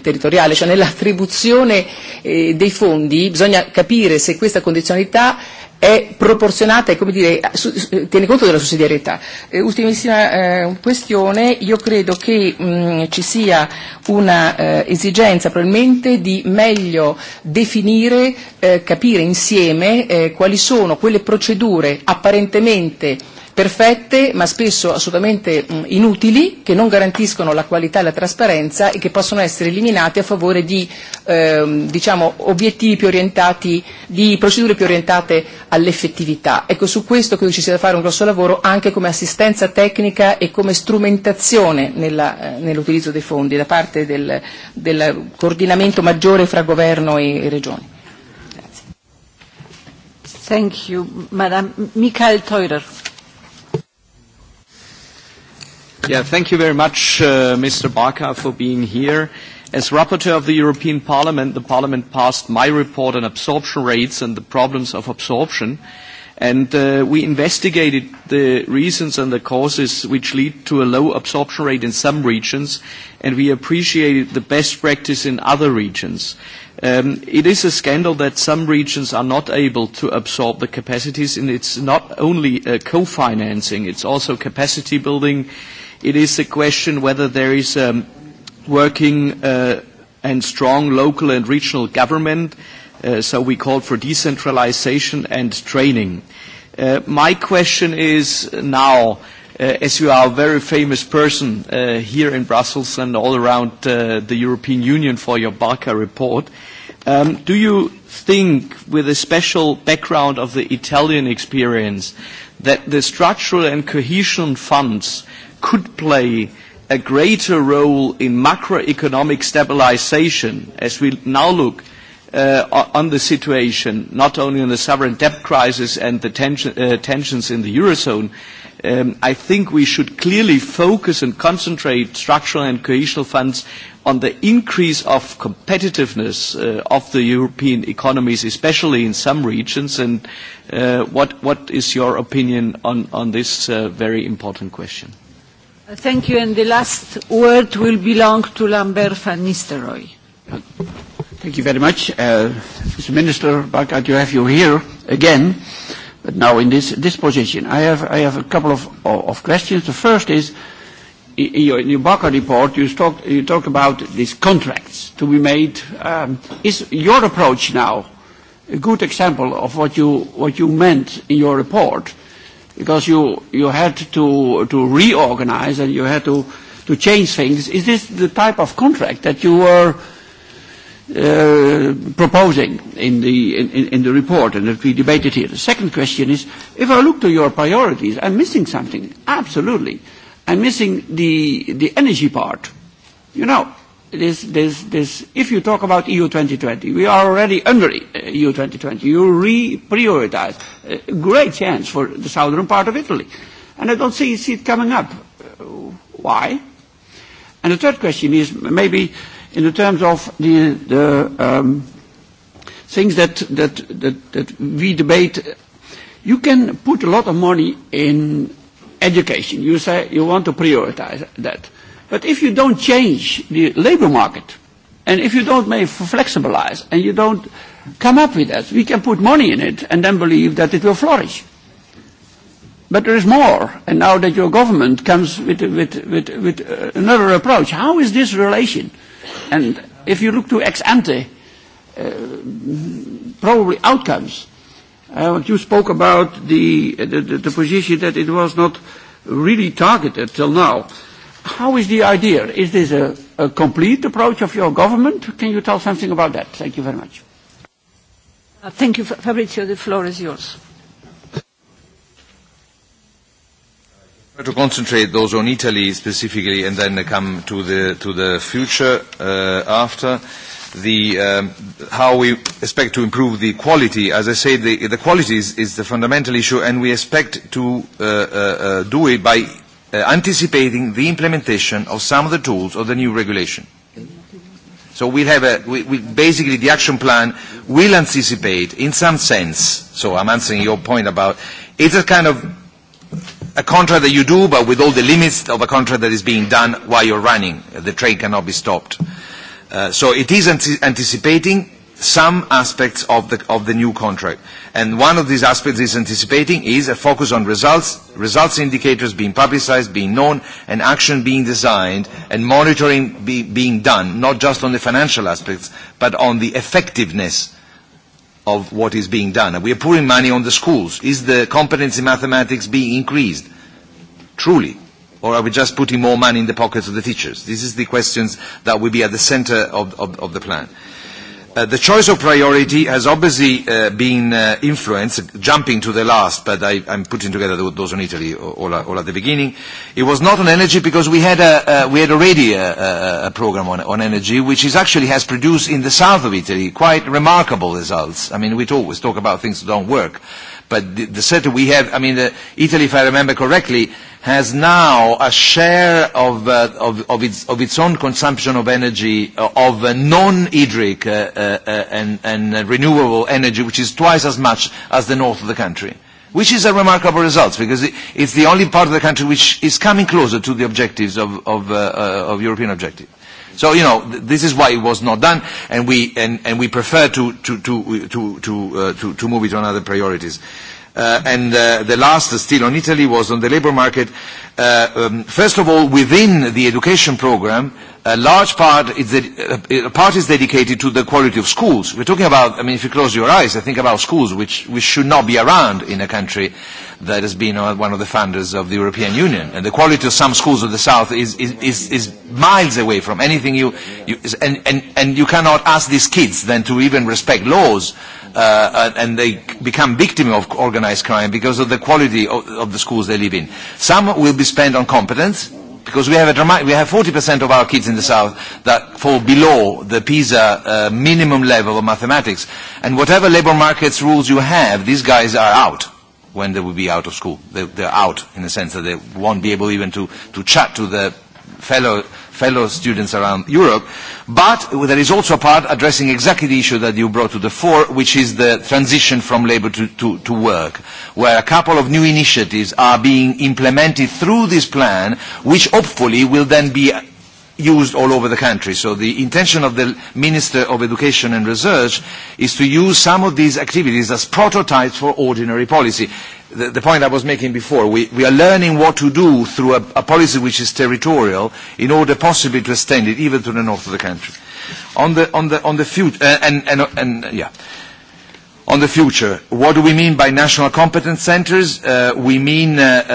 territoriale, cioè nell'attribuzione eh, dei fondi bisogna capire se questa condizionalità è proporzionata e come dire, su, su, tiene conto della sussidiarietà. Eh, ultimissima eh, questione, io credo che mh, ci sia una eh, esigenza probabilmente di meglio definire, eh, capire insieme eh, quali sono quelle procedure apparentemente eh, perfette ma spesso assolutamente mh, inutili, che non garantiscono la qualità e la trasparenza e che possono essere eliminate a favore di ehm, diciamo, obiettivi più orientati, di procedure più orientate all'effettività. Ecco, su questo credo ci sia da fare un grosso lavoro anche come assistenza tecnica e come strumentazione nella, eh, nell'utilizzo dei fondi da parte del, del coordinamento maggiore fra governo e, e regioni. Thank you. Madam Michael Teurer. Yeah, thank you very much, uh, Mr. Barker, for being here. As rapporteur of the European Parliament, the Parliament passed my report on absorption rates and the problems of absorption. And uh, we investigated the reasons and the causes which lead to a low absorption rate in some regions, and we appreciated the best practice in other regions. Um, it is a scandal that some regions are not able to absorb the capacities, and it's not only uh, co-financing, it's also capacity building, It is a question whether there is a um, working uh, and strong local and regional government. Uh, so we called for decentralization and training. Uh, my question is now, uh, as you are a very famous person uh, here in Brussels and all around uh, the European Union for your Barca report, um, do you think, with a special background of the Italian experience, that the structural and cohesion funds could play a greater role in macroeconomic stabilization as we now look uh, on the situation, not only on the sovereign debt crisis and the tension, uh, tensions in the Eurozone, um, I think we should clearly focus and concentrate structural and cohesional funds on the increase of competitiveness uh, of the European economies, especially in some regions. And uh, what, what is your opinion on, on this uh, very important question? Thank you, and the last word will belong to Lambert van Nistelrooy. Thank you very much. Uh, Mr. Minister Baghdad, you have you here again, but now in this, this position. I have, I have a couple of, of questions. The first is, in your, in your BACA report, you talked, you talked about these contracts to be made. Um, is your approach now a good example of what you, what you meant in your report? because you, you had to, to reorganize and you had to, to change things. Is this the type of contract that you were uh, proposing in the, in, in the report and that we debated here? The second question is, if I look to your priorities, I'm missing something, absolutely. I'm missing the, the energy part. You know, this, this, this, if you talk about EU 2020, we are already under EU 2020. You re-prioritize. Uh, great chance for the southern part of Italy. And I don't see, see it coming up. Uh, why? And the third question is maybe in the terms of the, the um, things that, that, that, that we debate. You can put a lot of money in education. You say you want to prioritize that. But if you don't change the labor market, and if you don't make flexibilize, and you don't come up with that, we can put money in it and then believe that it will flourish. But there is more, and now that your government comes with, with, with, with another approach, how is this relation? And if you look to ex ante, uh, probably outcomes. Uh, you spoke about the, the, the position that it was not really targeted till now how is the idea? Is this a, a complete approach of your government? Can you tell something about that? Thank you very much. Uh, thank you, Fabrizio. The floor is yours. to concentrate those on Italy specifically, and then come to the to the future uh, after the um, how we expect to improve the quality. As I said, the, the quality is, is the fundamental issue, and we expect to uh, uh, uh do it by uh, anticipating the implementation of some of the tools of the new regulation. So we'll have a, we, we basically the action plan will anticipate in some sense, so I'm answering your point about, it's a kind of a contract that you do, but with all the limits of a contract that is being done while you're running. The train cannot be stopped. Uh, so it is anti anticipating some aspects of the, of the new contract. And one of these aspects is anticipating is a focus on results, results indicators being publicized, being known, and action being designed, and monitoring be, being done, not just on the financial aspects, but on the effectiveness of what is being done. And we are pouring money on the schools. Is the competence in mathematics being increased? Truly. Or are we just putting more money in the pockets of the teachers? This is the questions that will be at the center of, of, of the plan. Uh, Uh, the choice of priority has obviously uh, been uh, influenced, jumping to the last, but I, I'm putting together those on Italy all, all at the beginning. It was not on energy because we had, a, uh, we had already a, a, a program on, on energy, which is actually has produced in the south of Italy quite remarkable results. I mean, we always talk about things that don't work. Uh, But the, the certainly we have, I mean, the, Italy, if I remember correctly, has now a share of, uh, of, of, its, of its own consumption of energy, uh, of uh, non-hydric uh, uh, uh and, and uh, renewable energy, which is twice as much as the north of the country which is a remarkable result because it's the only part of the country which is coming closer to the objectives of, of, uh, uh, of European objective. So, you know, th this is why it was not done, and we, and, and we prefer to, to, to, to, to, uh, to, to move it on other priorities. Uh, and uh, the last, still on Italy, was on the labour market. Uh, um, first of all, within the education programme, a large part is a, uh, a part is dedicated to the quality of schools. We're talking about, I mean, if you close your eyes, I think about schools which, which should not be around in a country that has been uh, one of the founders of the European Union. And the quality of some schools of the South is, is, is, is miles away from anything you, you and, and, and you cannot ask these kids then to even respect laws uh, and they become victims of organized crime because of the quality of, of the schools they live in. Some will be spent on competence, because we have a dramatic, we have 40% of our kids in the south that fall below the PISA uh, minimum level of mathematics, and whatever labour markets rules you have, these guys are out when they will be out of school. They, they're out in the sense that they won't be able even to, to chat to the fellow fellow students around Europe. But there is also a part addressing exactly the issue that you brought to the fore, which is the transition from labour to, to, to work, where a couple of new initiatives are being implemented through this plan, which hopefully will then be used all over the country. So the intention of the Minister of Education and Research is to use some of these activities as prototypes for ordinary policy the, the point I was making before, we, we are learning what to do through a, a policy which is territorial in order possibly to extend it even to the north of the country. On the, on the, on the future, uh, and, and, and, yeah. On the future, what do we mean by national competence centres? Uh, we mean, uh, uh,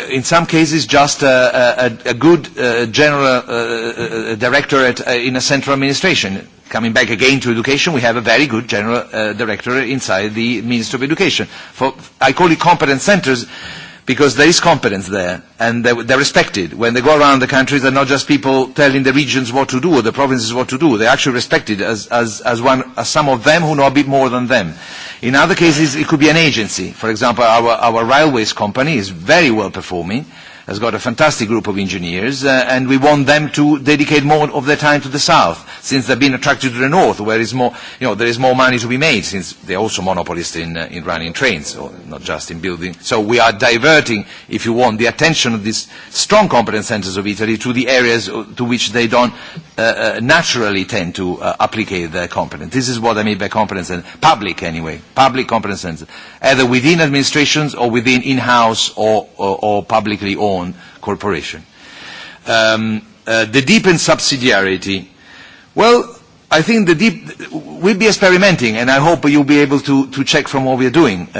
uh, in some cases, just a, uh, uh, a, a good general uh, in a central administration. Coming back again to education, we have a very good general director inside the Ministry of Education. For, I call it competence centres because there is competence there, and they're, they're respected. When they go around the countries, they're not just people telling the regions what to do or the provinces what to do. They're actually respected as, as, as, one, as some of them who know a bit more than them. In other cases, it could be an agency. For example, our, our railways company is very well performing has got a fantastic group of engineers, uh, and we want them to dedicate more of their time to the south, since they've been attracted to the north, where is more, you know, there is more money to be made, since they're also monopolists in, uh, in running trains, or not just in building. So we are diverting, if you want, the attention of these strong competence centres of Italy to the areas uh, to which they don't uh, uh, naturally tend to uh, apply their competence. This is what I mean by competence, and public anyway, public competence centres, either within administrations or within in-house or, or, or publicly owned own corporation. Um, uh, the deep in subsidiarity. Well, I think the deep, we'll be experimenting, and I hope you'll be able to, to check from what we're doing. Uh,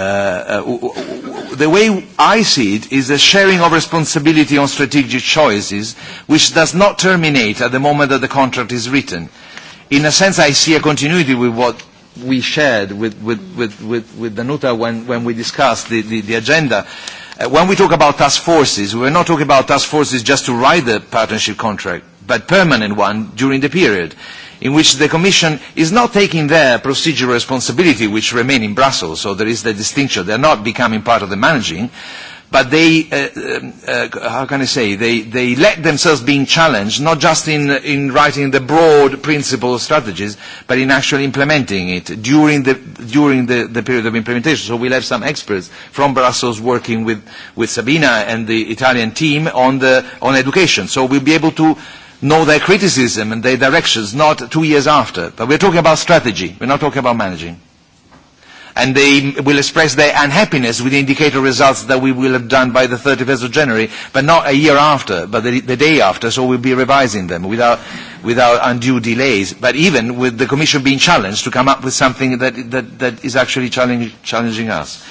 uh, the way I see it is a sharing of responsibility on strategic choices, which does not terminate at the moment that the contract is written. In a sense, I see a continuity with what we shared with, with, with, with, with Danuta when, when we discussed the, the, the agenda. Uh, Uh, when we talk about task forces, we're not talking about task forces just to write the partnership contract, but permanent one during the period in which the Commission is not taking their procedural responsibility, which remain in Brussels, so there is the distinction. They are not becoming part of the managing, but they, uh, uh, uh, how can I say, they, they let themselves being challenged, not just in, in writing the broad principle strategies, but in actually implementing it during, the, during the, the period of implementation. So we'll have some experts from Brussels working with, with Sabina and the Italian team on, the, on education. So we'll be able to know their criticism and their directions, not two years after. But we're talking about strategy. We're not talking about managing and they will express their unhappiness with the indicator results that we will have done by the 31st of January, but not a year after, but the, the day after, so we'll be revising them without, without undue delays, but even with the Commission being challenged to come up with something that, that, that is actually challenge, challenging us.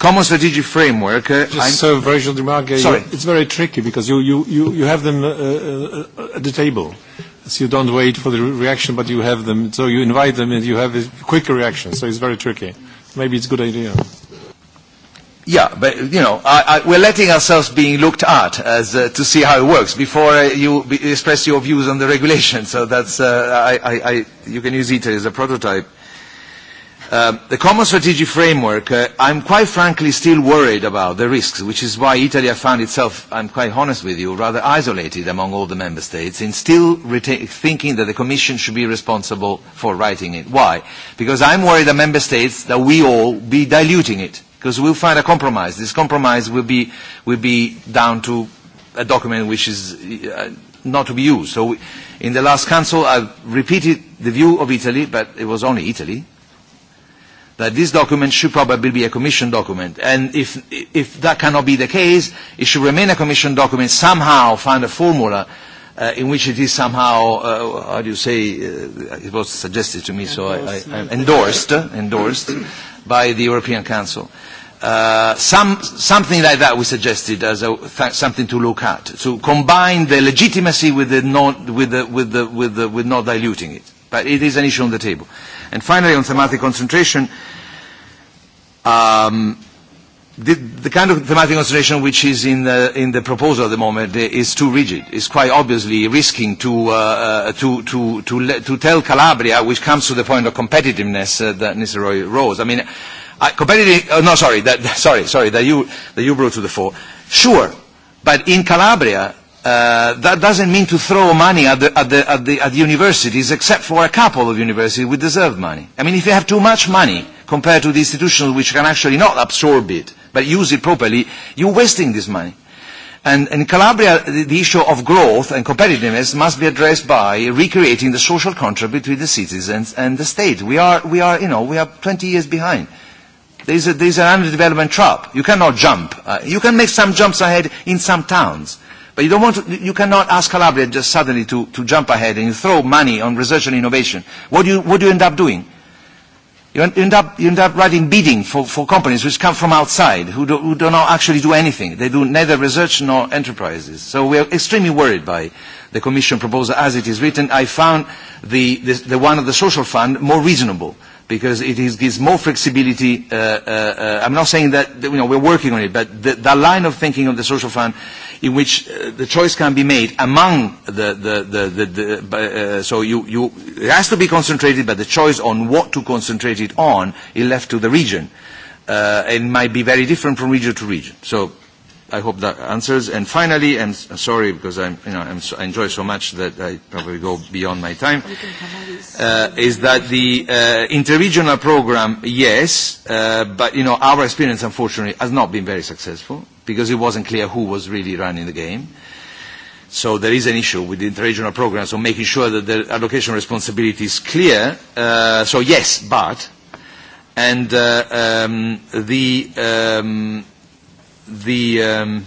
Common strategic framework. Uh, Just I'm so, Virgil Demarque, sorry. You, it's very tricky because you, you, you, you have them uh, uh, at the table. So you don't wait for the re reaction, but you have them. So you invite them and you have a quicker reaction. So it's very tricky maybe it's a good idea. Yeah, but you know, I, I, we're letting ourselves being looked at as uh, to see how it works before uh, you express your views on the regulation. So that's uh, I, I, I, you can use it as a prototype. Uh, the common strategic framework, uh, I'm quite frankly still worried about the risks, which is why Italy found itself, I'm quite honest with you, rather isolated among all the member states in still thinking that the Commission should be responsible for writing it. Why? Because I'm worried that member states, that we all, be diluting it, because we'll find a compromise. This compromise will be, will be down to a document which is uh, not to be used. So we, in the last Council, I've repeated the view of Italy, but it was only Italy, that this document should probably be a Commission document. And if, if that cannot be the case, it should remain a Commission document, somehow find a formula uh, in which it is somehow, uh, how do you say, uh, it was suggested to me, so I, I, I endorsed, endorsed uh, by the European Council. Uh, some, something like that we suggested as a, th something to look at, to combine the legitimacy with, the not, with, the, with, the, with, the, with not diluting it. But it is an issue on the table. Uh, And finally, on thematic concentration, um, the, the kind of thematic concentration which is in the, in the proposal at the moment eh, is too rigid. It's quite obviously risking to, uh, uh to, to, to, to tell Calabria, which comes to the point of competitiveness uh, that Mr. Roy rose. I mean, I, competitive, uh, no, sorry, that, *laughs* sorry, sorry, that you, that you brought to the fore. Sure, but in Calabria, Uh, that doesn't mean to throw money at the, at, the, at, the, at the universities, except for a couple of universities which deserve money. I mean, if you have too much money compared to the institutions which can actually not absorb it, but use it properly, you're wasting this money. And in Calabria, the, the issue of growth and competitiveness must be addressed by recreating the social contract between the citizens and the state. We are, we are you know, we are 20 years behind. There is, a, there is an underdevelopment trap. You cannot jump. Uh, you can make some jumps ahead in some towns But you, don't want to, you cannot ask Calabria just suddenly to, to jump ahead and you throw money on research and innovation. What do you, what do you end up doing? You end up, you end up writing bidding for, for companies which come from outside, who do, who do not actually do anything. They do neither research nor enterprises. So we are extremely worried by the Commission proposal as it is written. I found the, the, the one of the social fund more reasonable because it is, gives more flexibility. Uh, uh, uh, I'm not saying that, you know, we're working on it, but the, the line of thinking of the social fund in which uh, the choice can be made among the, the, the, the, the uh, uh so you, you, it has to be concentrated, but the choice on what to concentrate it on is left to the region. Uh, and might be very different from region to region. So I hope that answers. And finally, and sorry because I'm, you know, I'm so, I enjoy so much that I probably go beyond my time, uh, is that the uh, interregional program, yes, uh, but you know, our experience, unfortunately, has not been very successful because it wasn't clear who was really running the game. So there is an issue with the interregional program, so making sure that the allocation responsibility is clear. Uh, so yes, but, and uh, um, the... Um, the um,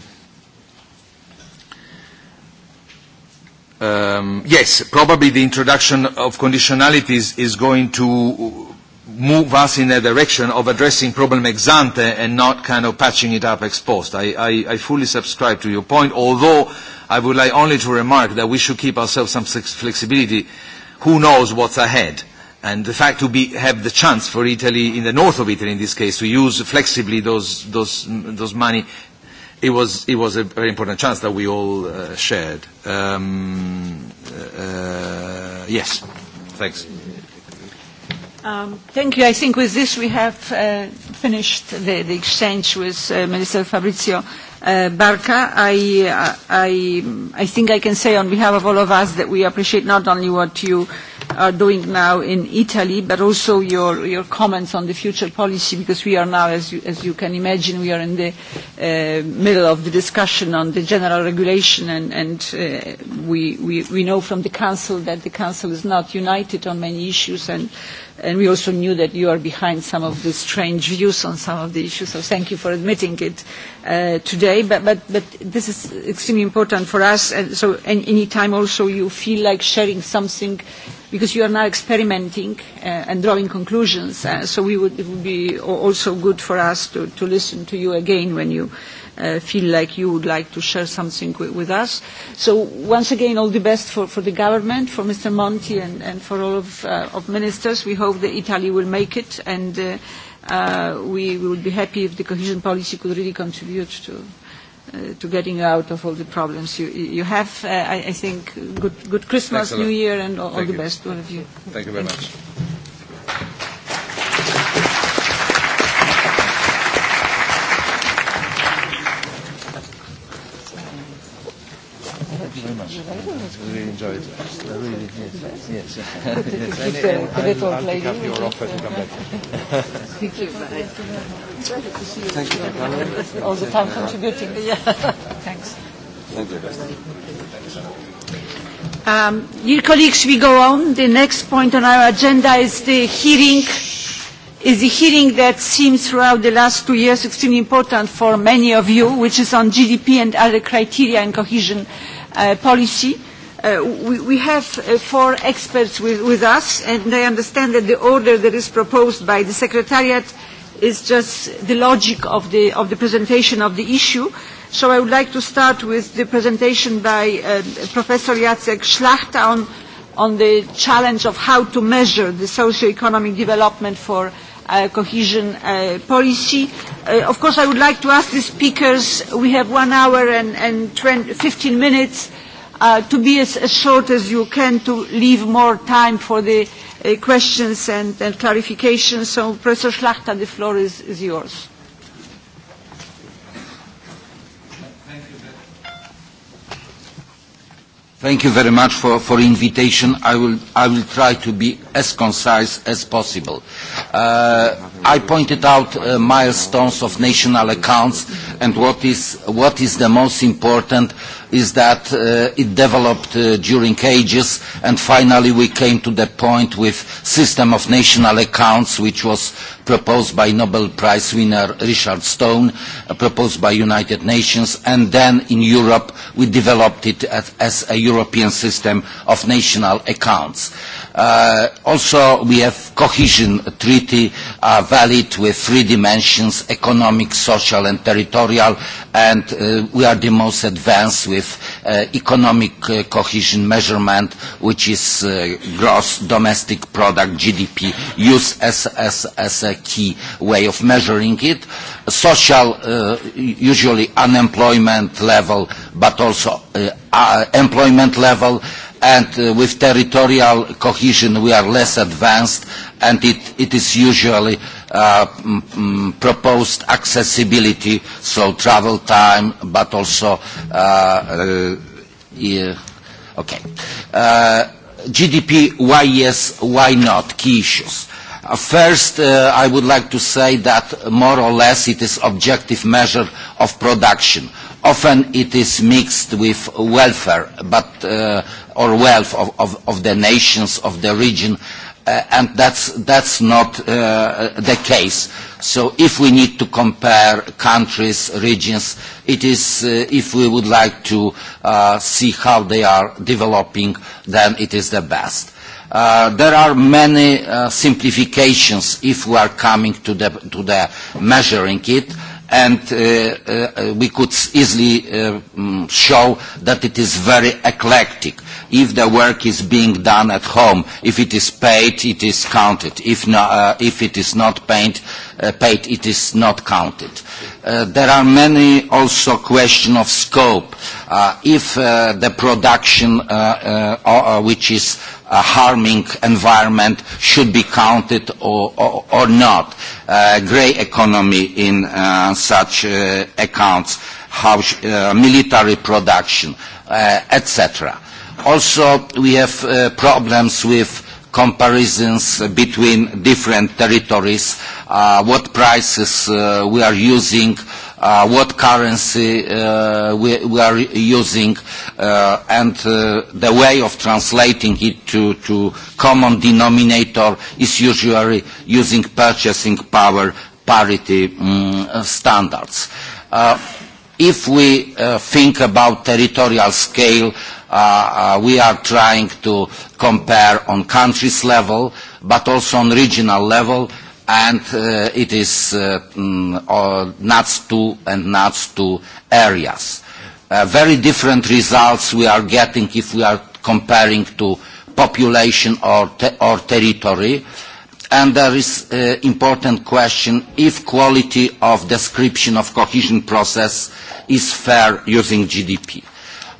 um, yes, probably the introduction of conditionalities is going to move us in a direction of addressing problem ex ante and not kind of patching it up ex post. I, I, I fully subscribe to your point, although I would like only to remark that we should keep ourselves some flexibility. Who knows what's ahead? and the fact to be, have the chance for Italy, in the north of Italy in this case, to use flexibly those, those, those money, it was, it was a very important chance that we all uh, shared. Um, uh, uh yes, thanks. Um, thank you. I think with this we have uh, finished the, the exchange with uh, Minister Fabrizio. Uh, Barca, I, uh, I, I think I can say on behalf of all of us that we appreciate not only what you are doing now in Italy, but also your, your comments on the future policy, because we are now, as you, as you can imagine, we are in the uh, middle of the discussion on the general regulation, and, and uh, we, we, we know from the Council that the Council is not united on many issues, and and we also knew that you are behind some of the strange views on some of the issues, so thank you for admitting it uh, today. But, but, but this is extremely important for us, and so any time also you feel like sharing something, because you are now experimenting uh, and drawing conclusions, uh, so we would, it would be also good for us to, to listen to you again when you uh, feel like you would like to share something with us. So once again, all the best for, for the government, for Mr. Monti and, and for all of, uh, of ministers. We hope that Italy will make it, and uh, uh, we would be happy if the cohesion policy could really contribute to, Uh, to getting out of all the problems you, you have. Uh, I, I think good, good Christmas, New Year, and all, all the best to all of you. Thank you very Thank much. You. very much. I really enjoyed it. I really did. Yes. Yes. yes. And, and, and I'll pick up your offer to come back. Thank you. Thank you. All the time contributing. Yeah. Thanks. Thank you. Um, dear colleagues, we go on. The next point on our agenda is the hearing is a hearing that seems throughout the last two years extremely important for many of you, which is on GDP and other criteria and cohesion Uh, policy. Uh, we, we have uh, four experts with, with us, and I understand that the order that is proposed by the Secretariat is just the logic of the, of the presentation of the issue. So I would like to start with the presentation by uh, Professor Jacek Schlachta on, on the challenge of how to measure the socio-economic development for uh, Uh, cohesion uh, policy. Uh, of course, I would like to ask the speakers, we have one hour and, and 20, 15 minutes, uh, to be as, as short as you can to leave more time for the uh, questions and, and clarifications. So, Professor Schlachter, the floor is, is yours. Thank you very much for, for invitation. I will, I will try to be as concise as possible. Uh, I pointed out uh, milestones of national accounts and what is, what is the most important is that uh, it developed uh, during ages and finally we came to the point with system of national accounts which was proposed by Nobel Prize winner Richard Stone, uh, proposed by United Nations, and then in Europe we developed it as, as a European system of national accounts. Uh, also, we have cohesion treaty uh, valid with three dimensions, economic, social and territorial, and uh, we are the most advanced with uh, economic uh, cohesion measurement, which is uh, gross domestic product, GDP, used as, as, as a a key way of measuring it. Social, uh, usually unemployment level, but also uh, uh, employment level, and uh, with territorial cohesion we are less advanced, and it, it is usually uh, mm, proposed accessibility, so travel time, but also uh, uh, okay. Uh, GDP, why yes, why not, key issues. Uh, first, uh, I would like to say that more or less it is objective measure of production. Often it is mixed with welfare but, uh, or wealth of, of, of the nations, of the region, uh, and that's, that's not uh, the case. So if we need to compare countries, regions, it is, uh, if we would like to uh, see how they are developing, then it is the best. Uh, there are many uh, simplifications if we are coming to the, to the measuring it and uh, uh, we could easily uh, mm, show that it is very eclectic. If the work is being done at home, if it is paid, it is counted. If, no, uh, if it is not paid, uh, paid, it is not counted. Uh, there are many also question of scope. Uh, if uh, the production uh, uh, uh, which is uh, harming environment should be counted or, or, or not. Uh, grey economy in uh, such uh, accounts, how sh uh, military production, uh, etc. Also, we have uh, problems with comparisons between different territories, uh, what prices uh, we are using, uh, uh, what currency uh, we, we are using uh, and uh, the way of translating it to, to common denominator is usually using purchasing power parity um, standards. Uh, if we uh, think about territorial scale, uh, uh, we are trying to compare on countries level, but also on regional level and uh, it is uh, um, NUTS 2 and NUTS 2 areas. Uh, very different results we are getting if we are comparing to population or, te or territory. And there is uh, important question if quality of description of cohesion process is fair using GDP.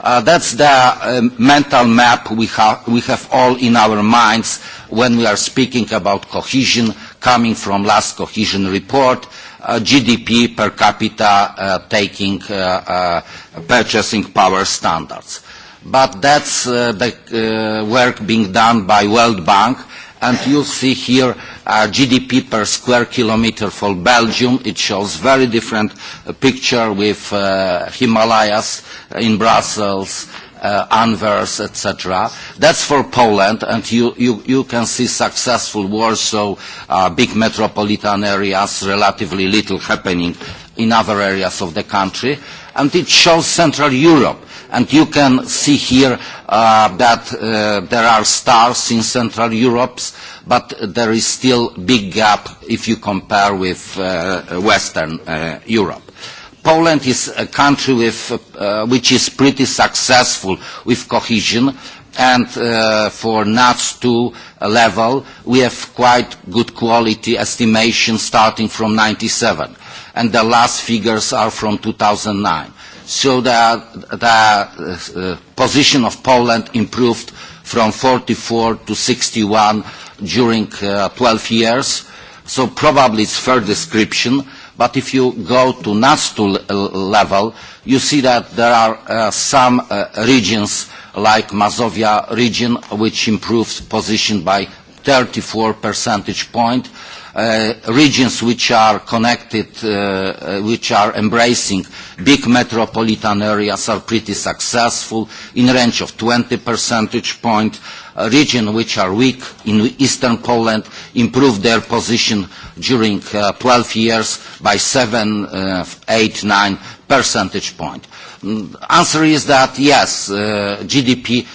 Uh, that's the uh, mental map we, ha we have all in our minds when we are speaking about cohesion, coming from last cohesion report, uh, GDP per capita uh, taking uh, uh, purchasing power standards. But that's uh, the uh, work being done by World Bank and you see here uh, GDP per square kilometer for Belgium. It shows very different uh, picture with uh, Himalayas in Brussels, uh, Anvers, etc. That's for Poland, and you, you, you can see successful Warsaw, uh, big metropolitan areas, relatively little happening in other areas of the country. And it shows Central Europe. And you can see here uh, that uh, there are stars in Central Europe, but there is still big gap if you compare with uh, Western uh, Europe. Uh, Poland is a country with, uh, which is pretty successful with cohesion and uh, for NATS 2 level we have quite good quality estimation starting from 97 and the last figures are from 2009. So the, the uh, position of Poland improved from 44 to 61 during uh, 12 years. So probably it's fair description But if you go to NASTU level, you see that there are uh, some uh, regions like Mazovia region which improved position by 34 percentage point. Uh, regions which are connected, uh, uh, which are embracing big metropolitan areas are pretty successful in range of 20 percentage point. Uh, region which are weak in eastern Poland improved their position during uh, 12 years by 7, uh, 8, 9 percentage point. Mm, answer is that yes, uh, GDP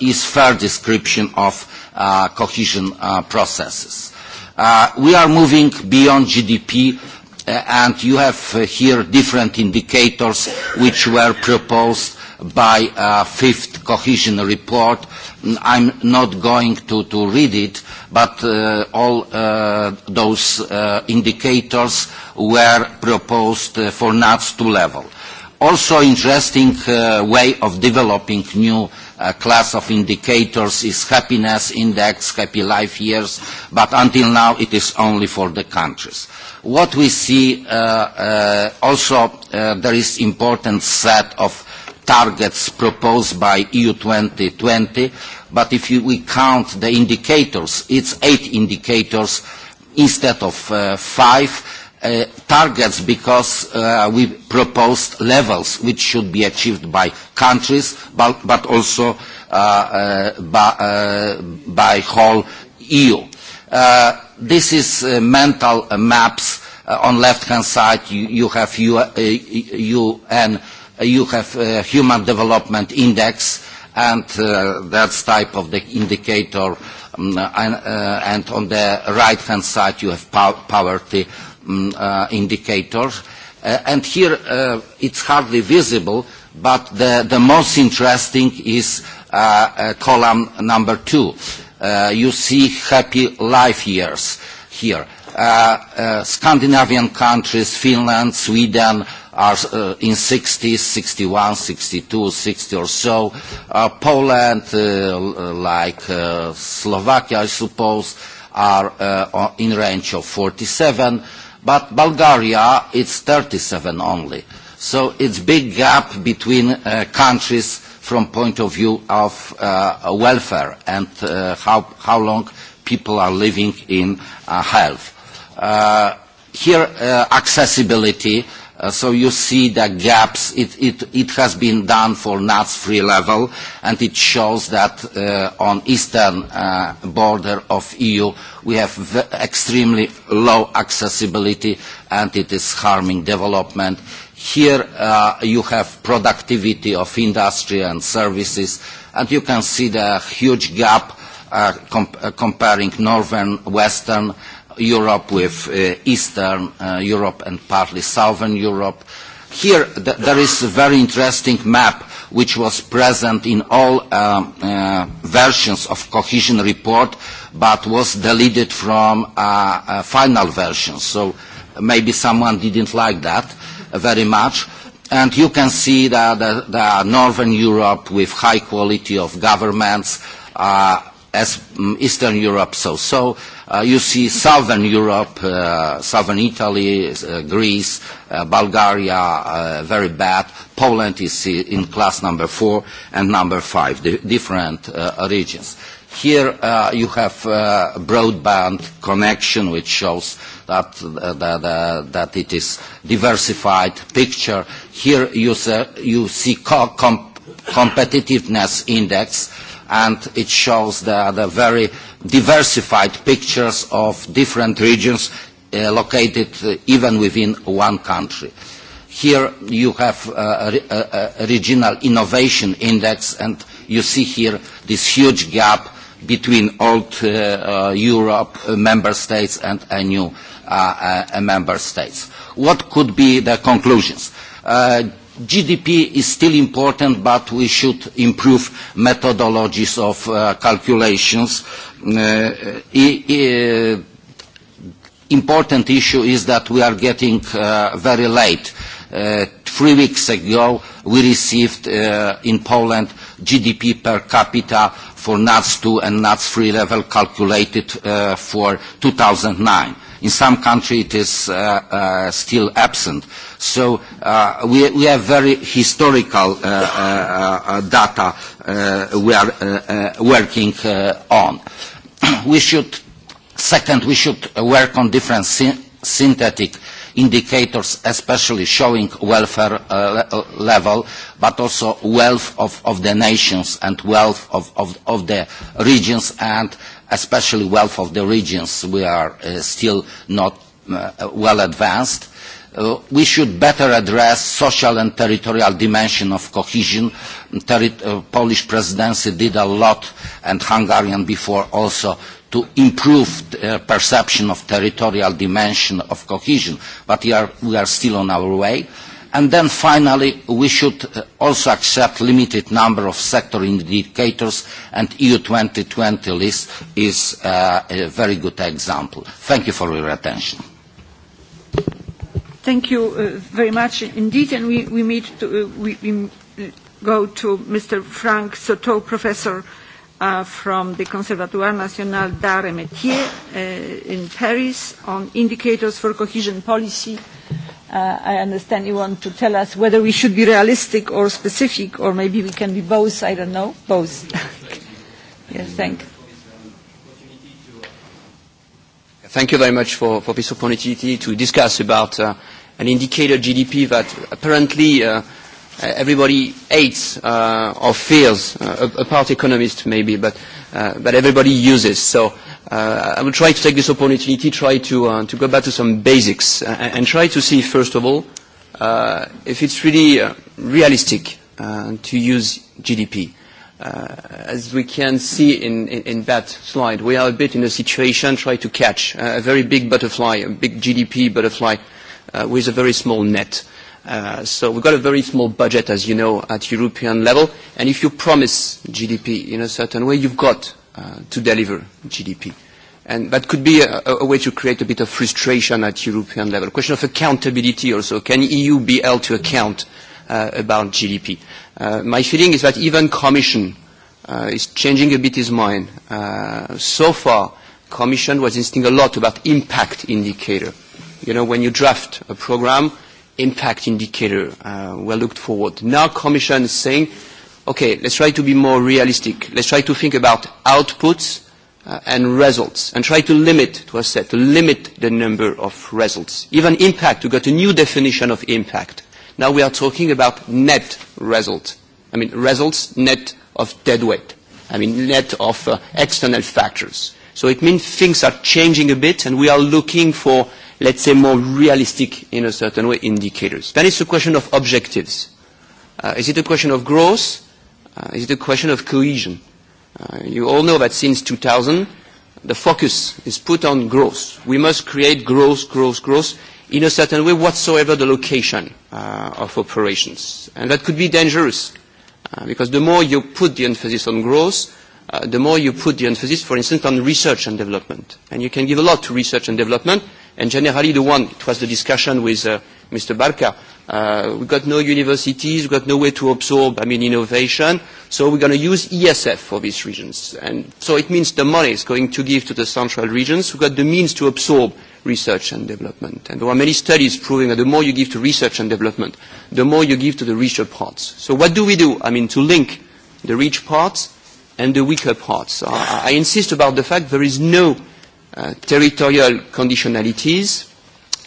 is fair description of uh, cohesion uh, processes. Uh, we are moving beyond GDP uh, and you have uh, here different indicators which were proposed by a fifth cohesion report. Mm, I'm not going to, to read it, but uh, all uh, those uh, indicators were proposed uh, for NATS to level. Also interesting uh, way of developing new uh, class of indicators is happiness index, happy life years, but until now it is only for the countries. What we see uh, uh, also uh, there is important set of targets proposed by EU 2020, but if you, we count the indicators, it's eight indicators instead of uh, five, Uh, targets because uh, we proposed levels which should be achieved by countries but, but also uh, uh, by, uh, by whole EU. Uh, this is uh, mental uh, maps. Uh, on left-hand side you, you have U, uh, UN, uh, you have uh, Human Development Index, and uh, that's type of the indicator. Um, and, uh, and on the right-hand side you have po poverty Mm, uh, indicators. Uh, and here uh, it's hardly visible, but the, the most interesting is uh, uh, column number two. Uh, you see happy life years here. Uh, uh, Scandinavian countries, Finland, Sweden, are uh, in 60s, 61, 62, 60 or so. Uh, Poland, uh, like uh, Slovakia, I suppose, are uh, in range of 47 but Bulgaria it's 37 only. So it's big gap between uh, countries from point of view of uh, welfare and uh, how, how long people are living in uh, health. Uh, here, uh, accessibility, Uh, so you see the gaps. It, it, it has been done for nuts-free level, and it shows that uh, on eastern uh, border of EU we have extremely low accessibility, and it is harming development. Here uh, you have productivity of industry and services, and you can see the huge gap uh, comp uh, comparing northern, western, Europe with uh, Eastern uh, Europe and partly Southern Europe. Here th there is a very interesting map which was present in all um, uh, versions of cohesion report but was deleted from uh, uh, final version. So maybe someone didn't like that very much. And you can see that the, uh, the Northern Europe with high quality of governments, uh, as um, Eastern Europe so. So Uh, you see southern Europe, uh, southern Italy, uh, Greece, uh, Bulgaria, uh, very bad. Poland is in class number four and number five, the different uh, regions. Here uh, you have uh, broadband connection, which shows that, uh, that, uh, that it is diversified picture. Here you, you see co com competitiveness index, and it shows the, the very diversified pictures of different regions uh, located uh, even within one country. Here you have uh, a, a regional innovation index and you see here this huge gap between old uh, uh, Europe uh, member states and a new uh, uh, member states. What could be the conclusions? Uh, GDP is still important, but we should improve methodologies of uh, calculations. Uh, e, e, important issue is that we are getting uh, very late. Uh, three weeks ago, we received uh, in Poland GDP per capita for NATS 2 and NATS 3 level calculated uh, for 2009 In some countries it is uh, uh, still absent. So uh, we, we have very historical uh, uh, uh data uh, we are uh, uh, working uh, on. *clears throat* we should, second, we should work on different sy synthetic indicators, especially showing welfare uh, le level, but also wealth of, of the nations and wealth of, of, of the regions and uh, especially wealth of the regions, we are uh, still not uh, well advanced. Uh, we should better address social and territorial dimension of cohesion. Terri uh, Polish presidency did a lot, and Hungarian before also, to improve the uh, perception of territorial dimension of cohesion. But we are, we are still on our way. Uh, And then finally, we should uh, also accept limited number of sector indicators, and EU 2020 list is uh, a very good example. Thank you for your attention. Thank you uh, very much indeed, and we, we, meet to, uh, we, we go to Mr. Frank Soto, Professor from the Conservatoire National d'Art et Métiers uh, in Paris on indicators for cohesion policy. Uh, I understand you want to tell us whether we should be realistic or specific, or maybe we can be both, I don't know, both. *laughs* yes, thank you. Thank you very much for, for this opportunity to discuss about uh, an indicator GDP that apparently uh, everybody hates uh, or fears, uh, apart economists maybe, but, uh, but everybody uses. So uh, I will try to take this opportunity, try to, uh, to go back to some basics, uh, and try to see, first of all, uh, if it's really uh, realistic uh, to use GDP. Uh, as we can see in, in, in that slide, we are a bit in a situation trying to catch uh, a very big butterfly, a big GDP butterfly uh, with a very small net. Uh, Uh, so we've got a very small budget, as you know, at European level, and if you promise GDP in a certain way, you've got uh, to deliver GDP. And that could be a, a way to create a bit of frustration at European level. Question of accountability also. Can EU be held to account uh, about GDP? Uh, my feeling is that even Commission uh, is changing a bit his mind. Uh, so far, Commission was insisting a lot about impact indicator. You know, when you draft a program, impact indicator uh, were looked forward. Now Commission is saying, okay, let's try to be more realistic. Let's try to think about outputs uh, and results and try to limit, to a set, to limit the number of results. Even impact, we got a new definition of impact. Now we are talking about net result. I mean, results net of dead weight. I mean, net of uh, external factors. So it means things are changing a bit and we are looking for let's say, more realistic in a certain way indicators. Then it's a question of objectives. Uh, is it a question of growth? Uh, is it a question of cohesion? Uh, you all know that since 2000, the focus is put on growth. We must create growth, growth, growth in a certain way whatsoever the location uh, of operations. And that could be dangerous uh, because the more you put the emphasis on growth, uh, the more you put the emphasis, for instance, on research and development. And you can give a lot to research and development, And generally the one, it was the discussion with uh, Mr. Barca, uh, we've got no universities, we've got no way to absorb, I mean, innovation, so we're going to use ESF for these regions. And so it means the money is going to give to the central regions, we've got the means to absorb research and development. And there are many studies proving that the more you give to research and development, the more you give to the richer parts. So what do we do? I mean, to link the rich parts and the weaker parts. Uh, I insist about the fact there is no Uh, territorial conditionalities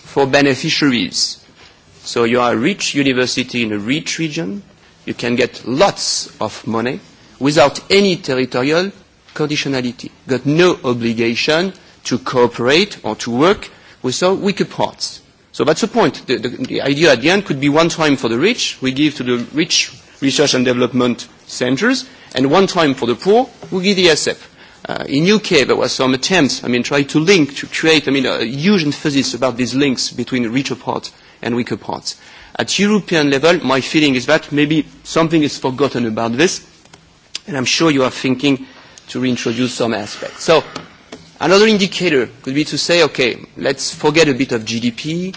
for beneficiaries. So you are a rich university in a rich region, you can get lots of money without any territorial conditionality, got no obligation to cooperate or to work with our weaker parts. So that's the point. The, the, the idea at the end could be one time for the rich, we give to the rich research and development centers, and one time for the poor, we give the SF. Uh, in UK, there were some attempts, I mean, try to link, to create, I mean, a huge emphasis about these links between richer parts and weaker parts. At European level, my feeling is that maybe something is forgotten about this, and I'm sure you are thinking to reintroduce some aspects. So, another indicator could be to say, okay, let's forget a bit of GDP,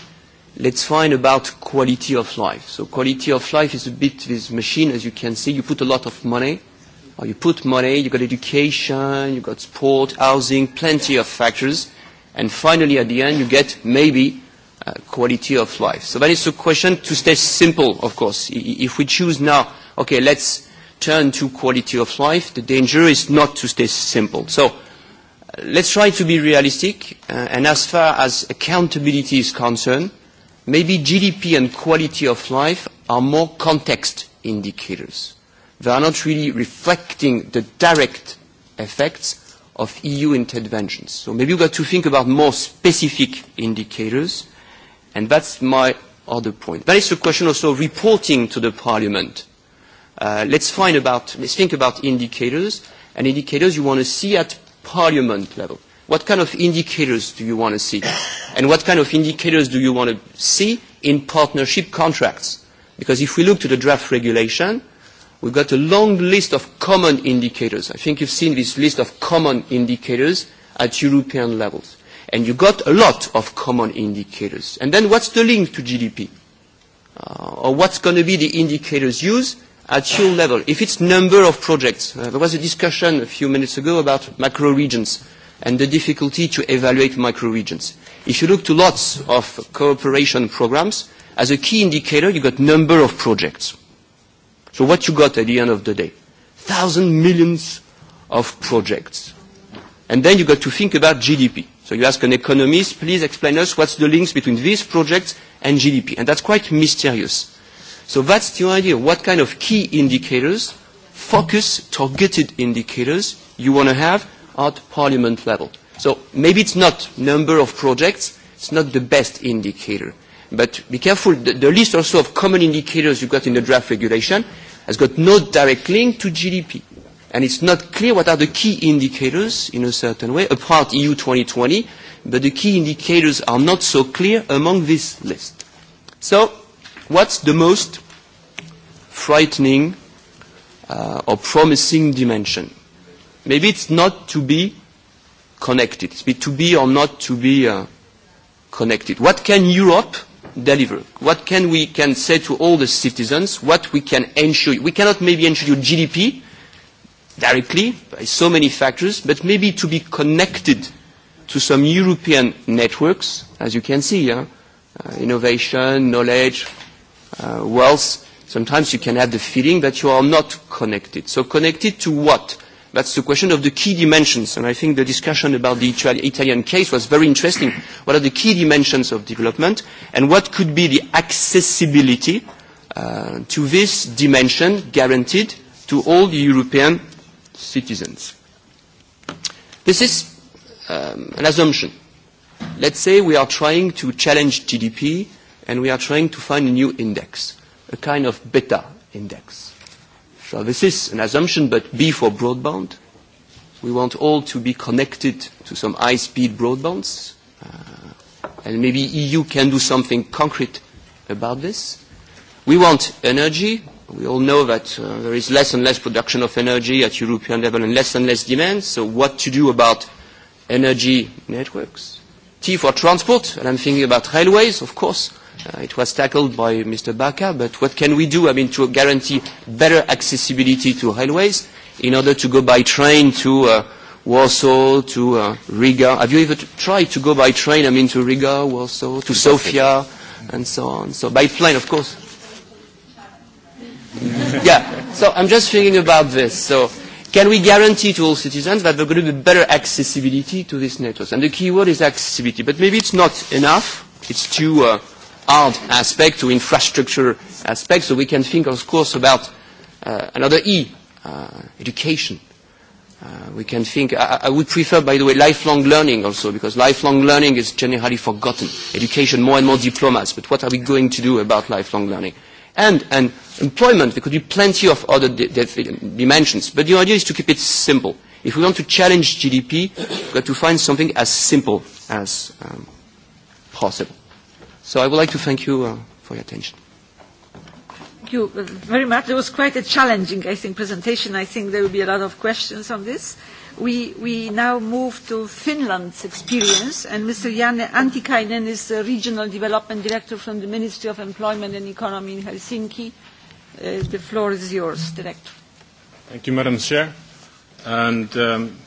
let's find about quality of life. So quality of life is a bit this machine, as you can see, you put a lot of money, Or you put money, you got education, you got sport, housing, plenty of factors. And finally, at the end, you get maybe uh, quality of life. So that is a question to stay simple, of course. If we choose now, okay, let's turn to quality of life, the danger is not to stay simple. So uh, let's try to be realistic. Uh, and as far as accountability is concerned, maybe GDP and quality of life are more context indicators they are not really reflecting the direct effects of EU interventions. So maybe you've got to think about more specific indicators, and that's my other point. That is a question also of reporting to the Parliament. Uh, let's, find about, let's think about indicators, and indicators you want to see at Parliament level. What kind of indicators do you want to see? And what kind of indicators do you want to see in partnership contracts? Because if we look to the draft regulation, We've got a long list of common indicators. I think you've seen this list of common indicators at European levels. And you got a lot of common indicators. And then what's the link to GDP? Uh, or what's going to be the indicators used at your level? If it's number of projects, uh, there was a discussion a few minutes ago about macro regions and the difficulty to evaluate macro regions. If you look to lots of cooperation programs, as a key indicator, you got number of projects. So what you got at the end of the day? Thousand millions of projects. And then you got to think about GDP. So you ask an economist, please explain us what's the links between these projects and GDP. And that's quite mysterious. So that's the idea. What kind of key indicators, focus, targeted indicators you want to have at parliament level. So maybe it's not number of projects, it's not the best indicator. But be careful, the, the list also of common indicators you got in the draft regulation has got no direct link to GDP. And it's not clear what are the key indicators in a certain way, apart EU 2020, but the key indicators are not so clear among this list. So, what's the most frightening uh, or promising dimension? Maybe it's not to be connected, it's to be or not to be uh, connected. What can Europe deliver? What can we can say to all the citizens? What we can ensure? We cannot maybe ensure GDP directly by so many factors, but maybe to be connected to some European networks, as you can see, yeah? uh, innovation, knowledge, uh, wealth. Sometimes you can have the feeling that you are not connected. So connected to what? That's the question of the key dimensions. And I think the discussion about the Italian case was very interesting. What are the key dimensions of development and what could be the accessibility uh, to this dimension guaranteed to all the European citizens? This is um, an assumption. Let's say we are trying to challenge GDP and we are trying to find a new index, a kind of beta index. So this is an assumption, but B for broadband. We want all to be connected to some high-speed broadbands. Uh, and maybe EU can do something concrete about this. We want energy. We all know that uh, there is less and less production of energy at European level and less and less demand. So what to do about energy networks? T for transport, and I'm thinking about railways, of course. Uh, it was tackled by Mr. Baca, but what can we do, I mean, to guarantee better accessibility to railways in order to go by train to uh, Warsaw, to uh, Riga? Have you ever tried to go by train, I mean, to Riga, Warsaw, to Sofia, and so on? So by plane, of course. yeah, so I'm just thinking about this. So can we guarantee to all citizens that going to be better accessibility to these networks? And the key word is accessibility, but maybe it's not enough. It's too... Uh, hard aspect to infrastructure aspects. So we can think, of course, about uh, another E, uh, education. Uh, we can think, I, I would prefer, by the way, lifelong learning also, because lifelong learning is generally forgotten. Education, more and more diplomas, but what are we going to do about lifelong learning? And, and employment, there could be plenty of other dimensions, but the idea is to keep it simple. If we want to challenge GDP, we've got to find something as simple as um, possible. So I would like to thank you uh, for your attention. Thank you uh, very much. It was quite a challenging, I think, presentation. I think there will be a lot of questions on this. We, we now move to Finland's experience, and Mr. Janne Antikainen is the Regional Development Director from the Ministry of Employment and Economy in Helsinki. Uh, the floor is yours, Director. Thank you, Madam Chair. And um,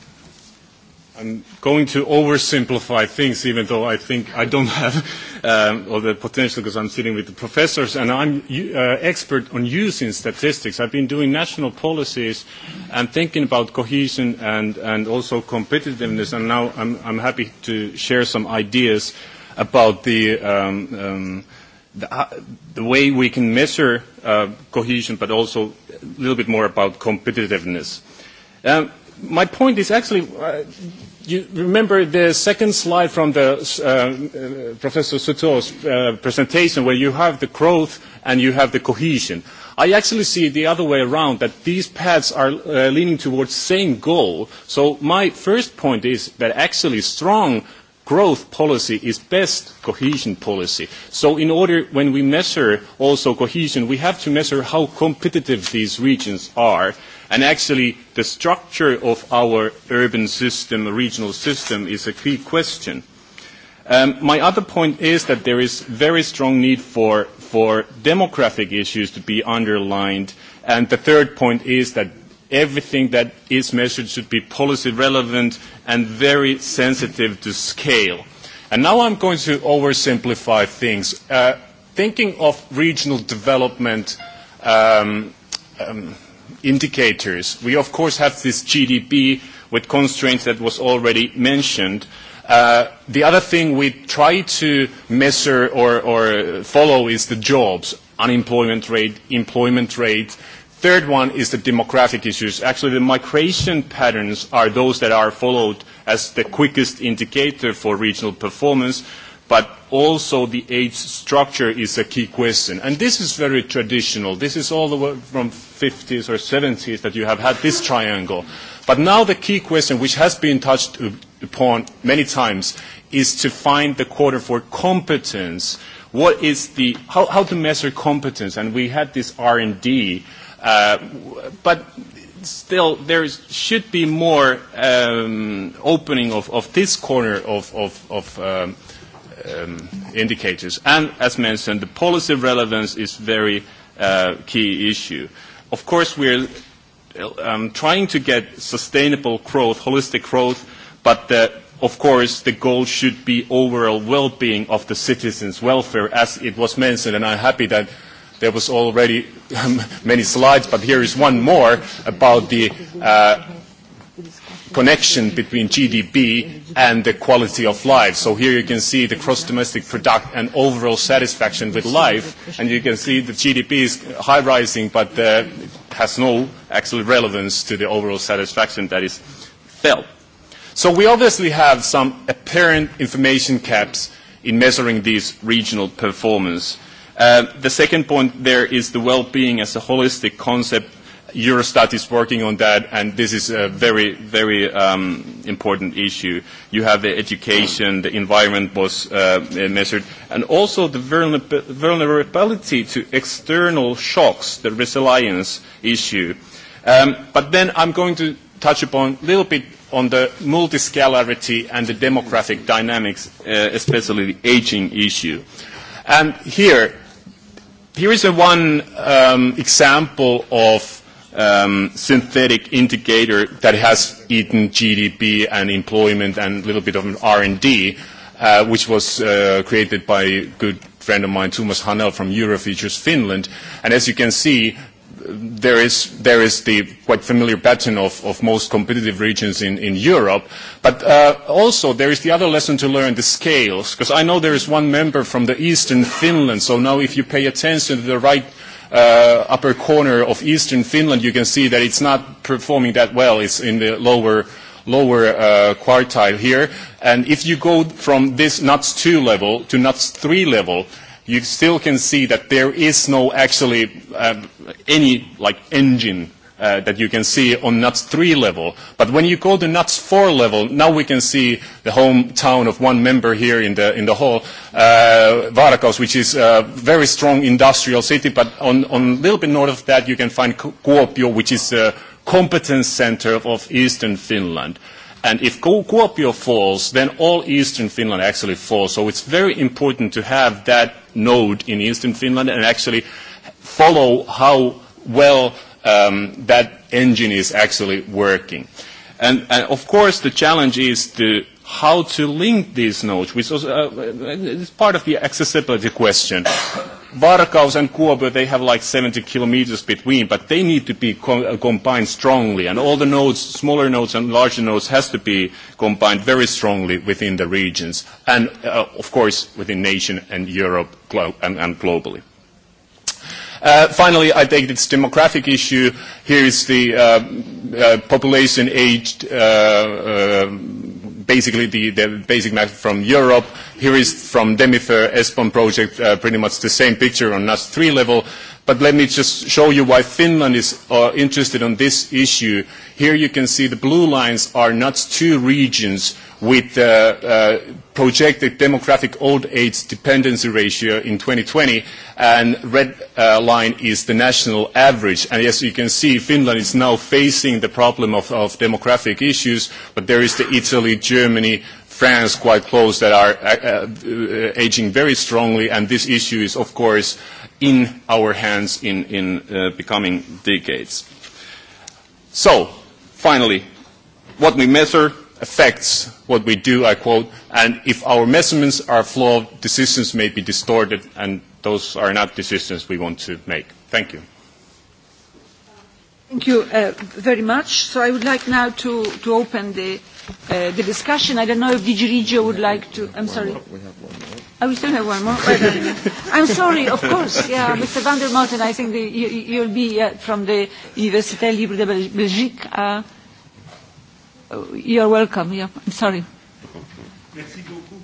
I'm going to oversimplify things, even though I think I don't *laughs* have um, all the potential because I'm sitting with the professors and I'm uh, expert on using statistics. I've been doing national policies and thinking about cohesion and, and also competitiveness, and now I'm, I'm happy to share some ideas about the, um, um, the, uh, the way we can measure uh, cohesion, but also a little bit more about competitiveness. Um, my point is actually, uh, you remember the second slide from the, uh, Professor Suto's uh, presentation where you have the growth and you have the cohesion. I actually see the other way around, that these paths are uh, leaning towards same goal. So my first point is that actually strong growth policy is best cohesion policy. So in order, when we measure also cohesion, we have to measure how competitive these regions are And actually, the structure of our urban system, regional system, is a key question. Um, my other point is that there is very strong need for, for demographic issues to be underlined. And the third point is that everything that is measured should be policy relevant and very sensitive to scale. And now I'm going to oversimplify things. Uh, thinking of regional development um, um, indicators. We, of course, have this GDP with constraints that was already mentioned. Uh, the other thing we try to measure or, or follow is the jobs, unemployment rate, employment rate. Third one is the demographic issues. Actually, the migration patterns are those that are followed as the quickest indicator for regional performance but also the age structure is a key question. And this is very traditional. This is all the way from 50s or 70s that you have had this triangle. But now the key question, which has been touched upon many times, is to find the quarter for competence. What is the, how, how to measure competence? And we had this R&D, uh, but still there is, should be more um, opening of, of this corner of, of, of um, um, indicators. And as mentioned, the policy relevance is very uh, key issue. Of course, we're um, trying to get sustainable growth, holistic growth, but the, of course, the goal should be overall well-being of the citizens' welfare, as it was mentioned, and I'm happy that there was already *laughs* many slides, but here is one more about the uh, connection between GDP and the quality of life. So here you can see the cross domestic product and overall satisfaction with life. And you can see the GDP is high rising, but uh, has no actual relevance to the overall satisfaction that is felt. So we obviously have some apparent information gaps in measuring these regional performance. Uh, the second point there is the well-being as a holistic concept Eurostat is working on that, and this is a very, very um, important issue. You have the education, the environment was uh, measured, and also the vulnerability to external shocks, the resilience issue. Um, but then I'm going to touch upon a little bit on the multiscalarity and the demographic dynamics, uh, especially the aging issue. And here, here is a one um, example of um, synthetic indicator that has eaten GDP and employment and a little bit of R&D, uh, which was uh, created by a good friend of mine, Thomas Hanel from Eurofeatures Finland. And as you can see, there is, there is the quite familiar pattern of, of most competitive regions in, in Europe. But uh, also there is the other lesson to learn, the scales, because I know there is one member from the eastern Finland, so now if you pay attention to the right – uh, upper corner of eastern Finland, you can see that it's not performing that well. It's in the lower lower uh, quartile here. And if you go from this NUTS 2 level to NUTS 3 level, you still can see that there is no actually um, any like engine Uh, that you can see on NUTS 3 level. But when you go to NUTS 4 level, now we can see the hometown of one member here in the, in the hall, uh, Varkaus, which is a very strong industrial city. But on a little bit north of that, you can find Kuopio, which is a competence center of eastern Finland. And if Kuopio falls, then all eastern Finland actually falls. So it's very important to have that node in eastern Finland and actually follow how well um, that engine is actually working. And, and of course, the challenge is to how to link these nodes, which is, uh, uh is part of the accessibility question. Varkaus and Kuopio, they have like 70 kilometers between, but they need to be co uh, combined strongly, and all the nodes, smaller nodes and larger nodes, has to be combined very strongly within the regions, and uh, of course within nation and Europe and, and globally. Uh, finally, I take this demographic issue. Here is the uh, uh, population aged, uh, uh, basically the, the basic map from Europe. Here is from Demifer, ESPON project, uh, pretty much the same picture on NAS 3 level. But let me just show you why Finland is uh, interested on this issue. Here you can see the blue lines are NUTS 2 regions with uh, uh, projected demographic old age dependency ratio in 2020, and red uh, line is the national average. And as you can see, Finland is now facing the problem of, of demographic issues, but there is the Italy, Germany, France quite close that are uh, uh, uh aging very strongly, and this issue is, of course, in our hands in, in uh, becoming decades. So, finally, what we measure affects what we do, I quote, and if our measurements are flawed, decisions may be distorted, and those are not decisions we want to make. Thank you. Thank you uh, very much. So I would like now to, to open the, uh, the discussion. I don't know if DigiRigio would would like to... I'm sorry. More. We have one more. Oh, we still have one more? I'm sorry, of course. Yeah, Mr. Van der Mouten, I think the, you, you'll be uh, from the Université Libre de Belgique. Uh, Uh, you're welcome. Yeah, I'm sorry. Merci beaucoup.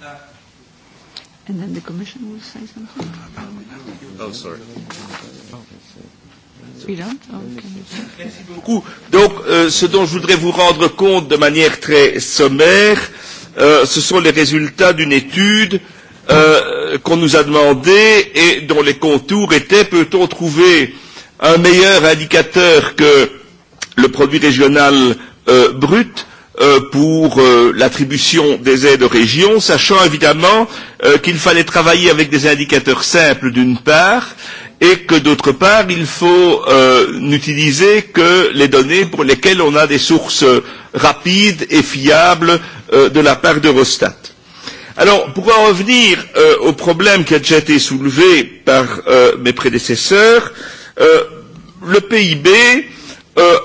Da. And then the commission will say something. Oh, sorry. Oh, Donc, euh, ce dont je voudrais vous rendre compte de manière très sommaire, euh, ce sont les résultats d'une étude euh, qu'on nous a demandé et dont les contours étaient peut-on trouver un meilleur indicateur que le produit régional euh, Euh, brut euh, pour euh, l'attribution des aides aux régions, sachant évidemment euh, qu'il fallait travailler avec des indicateurs simples d'une part et que d'autre part il faut euh, n'utiliser que les données pour lesquelles on a des sources rapides et fiables euh, de la part d'Eurostat. Alors, pour en revenir euh, au problème qui a déjà été soulevé par euh, mes prédécesseurs, euh, le PIB euh,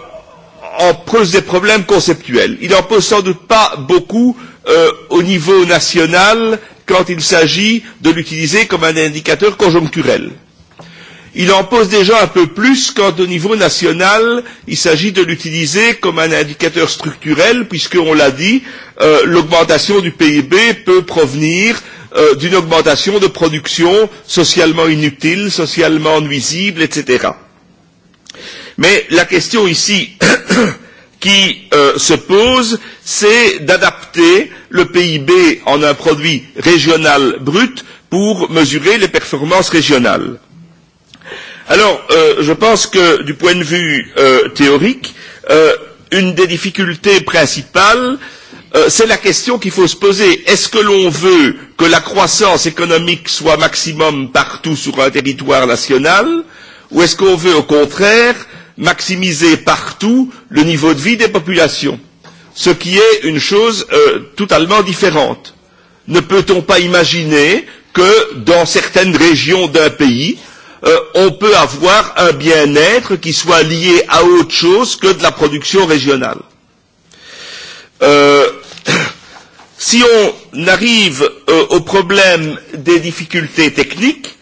en pose des problèmes conceptuels. Il n'en pose sans doute pas beaucoup euh, au niveau national quand il s'agit de l'utiliser comme un indicateur conjoncturel. Il en pose déjà un peu plus quand au niveau national, il s'agit de l'utiliser comme un indicateur structurel, puisqu'on l'a dit, euh, l'augmentation du PIB peut provenir euh, d'une augmentation de production socialement inutile, socialement nuisible, etc. Mais la question ici *clears throat* qui euh, se pose, c'est d'adapter le PIB en un produit régional brut pour mesurer les performances régionales. Alors, euh, je pense que du point de vue euh, théorique, euh, une des difficultés principales, euh, c'est la question qu'il faut se poser. Est-ce que l'on veut que la croissance économique soit maximum partout sur un territoire national ou est-ce qu'on veut au contraire euh, maximiser partout le niveau de vie des populations, ce qui est une chose euh, totalement différente. Ne peut-on pas imaginer que dans certaines régions d'un pays, euh, on peut avoir un bien-être qui soit lié à autre chose que de la production régionale euh, *coughs* Si on arrive euh, au problème des difficultés techniques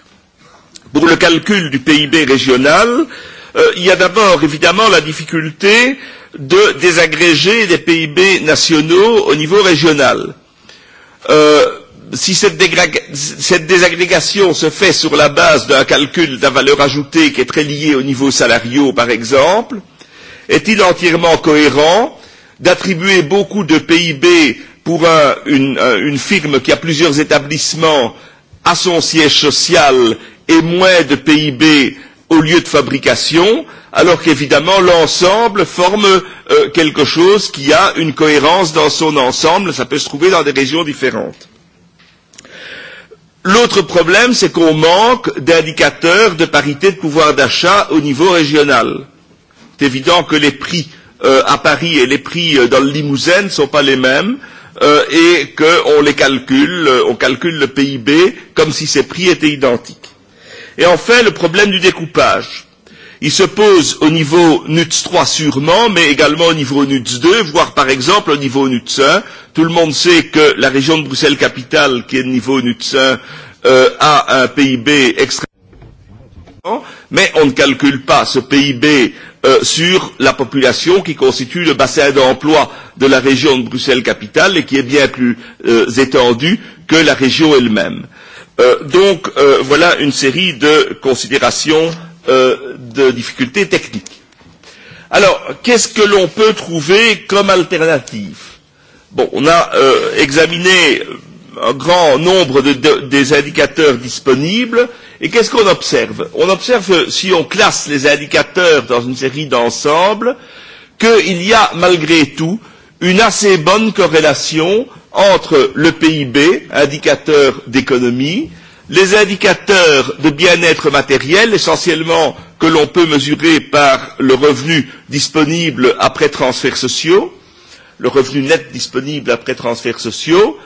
pour le calcul du PIB régional, euh, euh, il y a d'abord évidemment la difficulté de désagréger les PIB nationaux au niveau régional. Euh, si cette, cette désagrégation se fait sur la base d'un calcul de la valeur ajoutée qui est très lié au niveau salariaux, par exemple, est-il entièrement cohérent d'attribuer beaucoup de PIB pour un, une, euh, une firme qui a plusieurs établissements à son siège social et moins de PIB au lieu de fabrication, alors qu'évidemment l'ensemble forme euh, quelque chose qui a une cohérence dans son ensemble, ça peut se trouver dans des régions différentes. L'autre problème, c'est qu'on manque d'indicateurs de parité de pouvoir d'achat au niveau régional. C'est évident que les prix euh, à Paris et les prix euh, dans le Limousin ne sont pas les mêmes euh, et qu'on les calcule, euh, on calcule le PIB comme si ces prix étaient identiques. Et enfin, le problème du découpage. Il se pose au niveau NUTS 3 sûrement, mais également au niveau NUTS 2, voire par exemple au niveau NUTS 1. Tout le monde sait que la région de Bruxelles-Capitale, qui est au niveau NUTS 1, euh, a un PIB extrêmement, mais on ne calcule pas ce PIB euh, sur la population qui constitue le bassin d'emploi de la région de Bruxelles-Capitale et qui est bien plus euh, étendue que la région elle-même. Euh, donc euh, voilà une série de considérations euh, de difficultés techniques. Alors, qu'est-ce que l'on peut trouver comme alternative Bon, on a euh, examiné un grand nombre de, de, des indicateurs disponibles, et qu'est-ce qu'on observe On observe, que si on classe les indicateurs dans une série d'ensembles, qu'il y a malgré tout euh, une assez bonne corrélation entre le PIB, indicateur d'économie, les indicateurs de bien-être matériel, essentiellement que l'on peut mesurer par le revenu disponible après transferts sociaux, le revenu net disponible après transferts sociaux,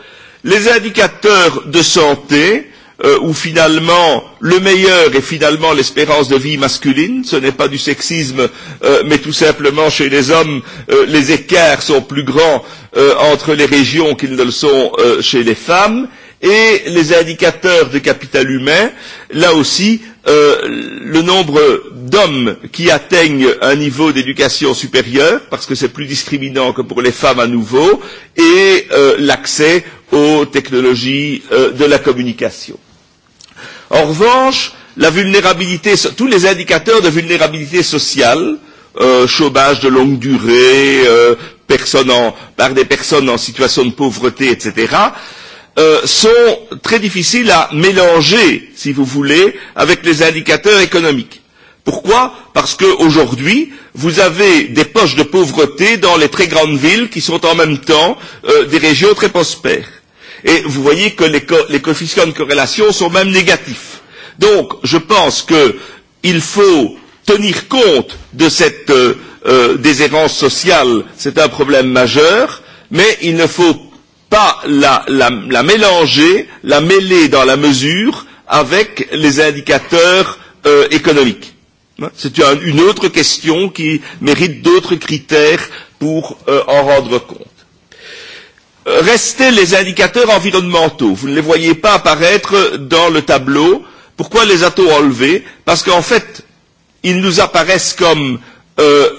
les indicateurs de santé, euh, où finalement le meilleur est finalement l'espérance de vie masculine, ce n'est pas du sexisme, euh, mais tout simplement chez les hommes, euh, les écarts sont plus grands euh, entre les régions qu'ils ne le sont euh, chez les femmes, et les indicateurs de capital humain, là aussi, euh, le nombre d'hommes qui atteignent un niveau d'éducation supérieure, parce que c'est plus discriminant que pour les femmes à nouveau, et euh, l'accès aux technologies euh, de la communication. En revanche, la vulnérabilité, tous les indicateurs de vulnérabilité sociale, euh, chômage de longue durée, euh, personnes en, par des personnes en situation de pauvreté, etc., euh, sont très difficiles à mélanger, si vous voulez, avec les indicateurs économiques. Pourquoi Parce qu'aujourd'hui, vous avez des poches de pauvreté dans les très grandes villes qui sont en même temps euh, des régions très prospères Et vous voyez que les, co les coefficients de corrélation sont même négatifs. Donc, je pense qu'il faut tenir compte de cette euh, euh, déshérence sociale, c'est un problème majeur, mais il ne faut pas la, la, la mélanger, la mêler dans la mesure avec les indicateurs euh, économiques. C'est une autre question qui mérite d'autres critères pour euh, en rendre compte restaient les indicateurs environnementaux. Vous ne les voyez pas apparaître dans le tableau. Pourquoi les a-t-on enlevés Parce qu'en fait, ils nous apparaissent comme euh,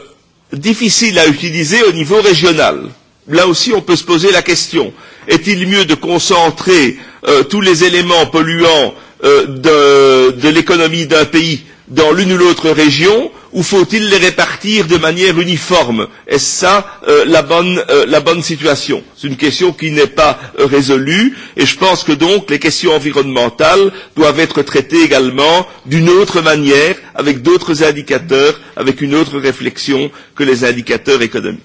difficiles à utiliser au niveau régional. Là aussi, on peut se poser la question. Est-il mieux de concentrer euh, tous les éléments polluants euh, de, de l'économie d'un pays dans l'une ou l'autre région ou faut-il les répartir de manière uniforme Est-ce ça euh, la, bonne, euh, la bonne situation C'est une question qui n'est pas euh, résolue et je pense que donc les questions environnementales doivent être traitées également d'une autre manière, avec d'autres indicateurs, avec une autre réflexion que les indicateurs économiques.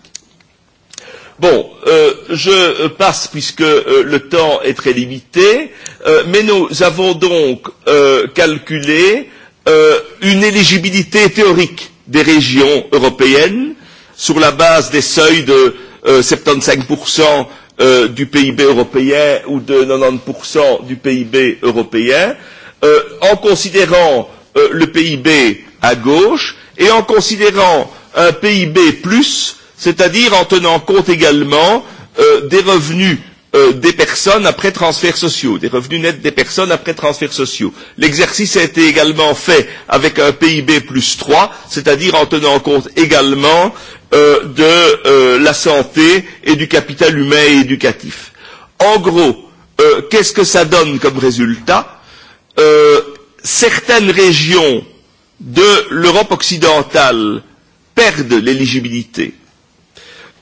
Bon, euh, je euh, passe puisque euh, le temps est très limité, euh, mais nous avons donc euh, calculé euh, euh, une éligibilité théorique des régions européennes sur la base des seuils de euh, 75% euh, du PIB européen ou de 90% du PIB européen, euh, en considérant euh, le PIB à gauche et en considérant un PIB plus, c'est-à-dire en tenant compte également euh, des revenus euh, des personnes après transferts sociaux, des revenus nets des personnes après transferts sociaux. L'exercice a été également fait avec un PIB plus 3, c'est-à-dire en tenant compte également euh, de euh, la santé et du capital humain et éducatif. En gros, euh, qu'est-ce que ça donne comme résultat euh, Certaines régions de l'Europe occidentale perdent l'éligibilité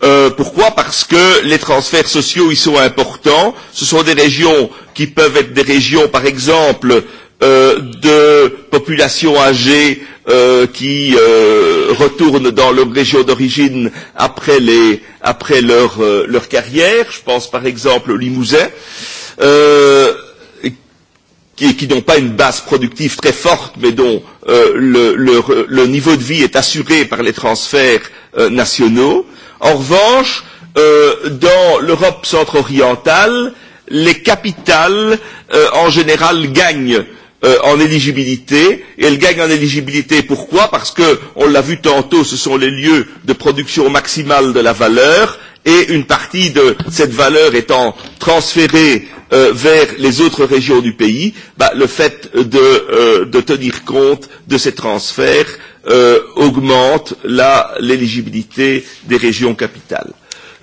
Euh, pourquoi Parce que les transferts sociaux y sont importants. Ce sont des régions qui peuvent être des régions, par exemple, euh, de populations âgées euh, qui euh, retournent dans leur région d'origine après, les, après leur, euh, leur carrière. Je pense par exemple au Limousin. Euh, qui, qui n'ont pas une base productive très forte, mais dont euh, le, le, le niveau de vie est assuré par les transferts euh, nationaux. En revanche, euh, dans l'Europe centre-orientale, les capitales, euh, en général, gagnent euh, en éligibilité. Et elles gagnent en éligibilité pourquoi Parce que, on l'a vu tantôt, ce sont les lieux de production maximale de la valeur et une partie de cette valeur étant transférée euh, vers les autres régions du pays, bah, le fait de, euh, de tenir compte de ces transferts euh, euh, augmente l'éligibilité des régions capitales.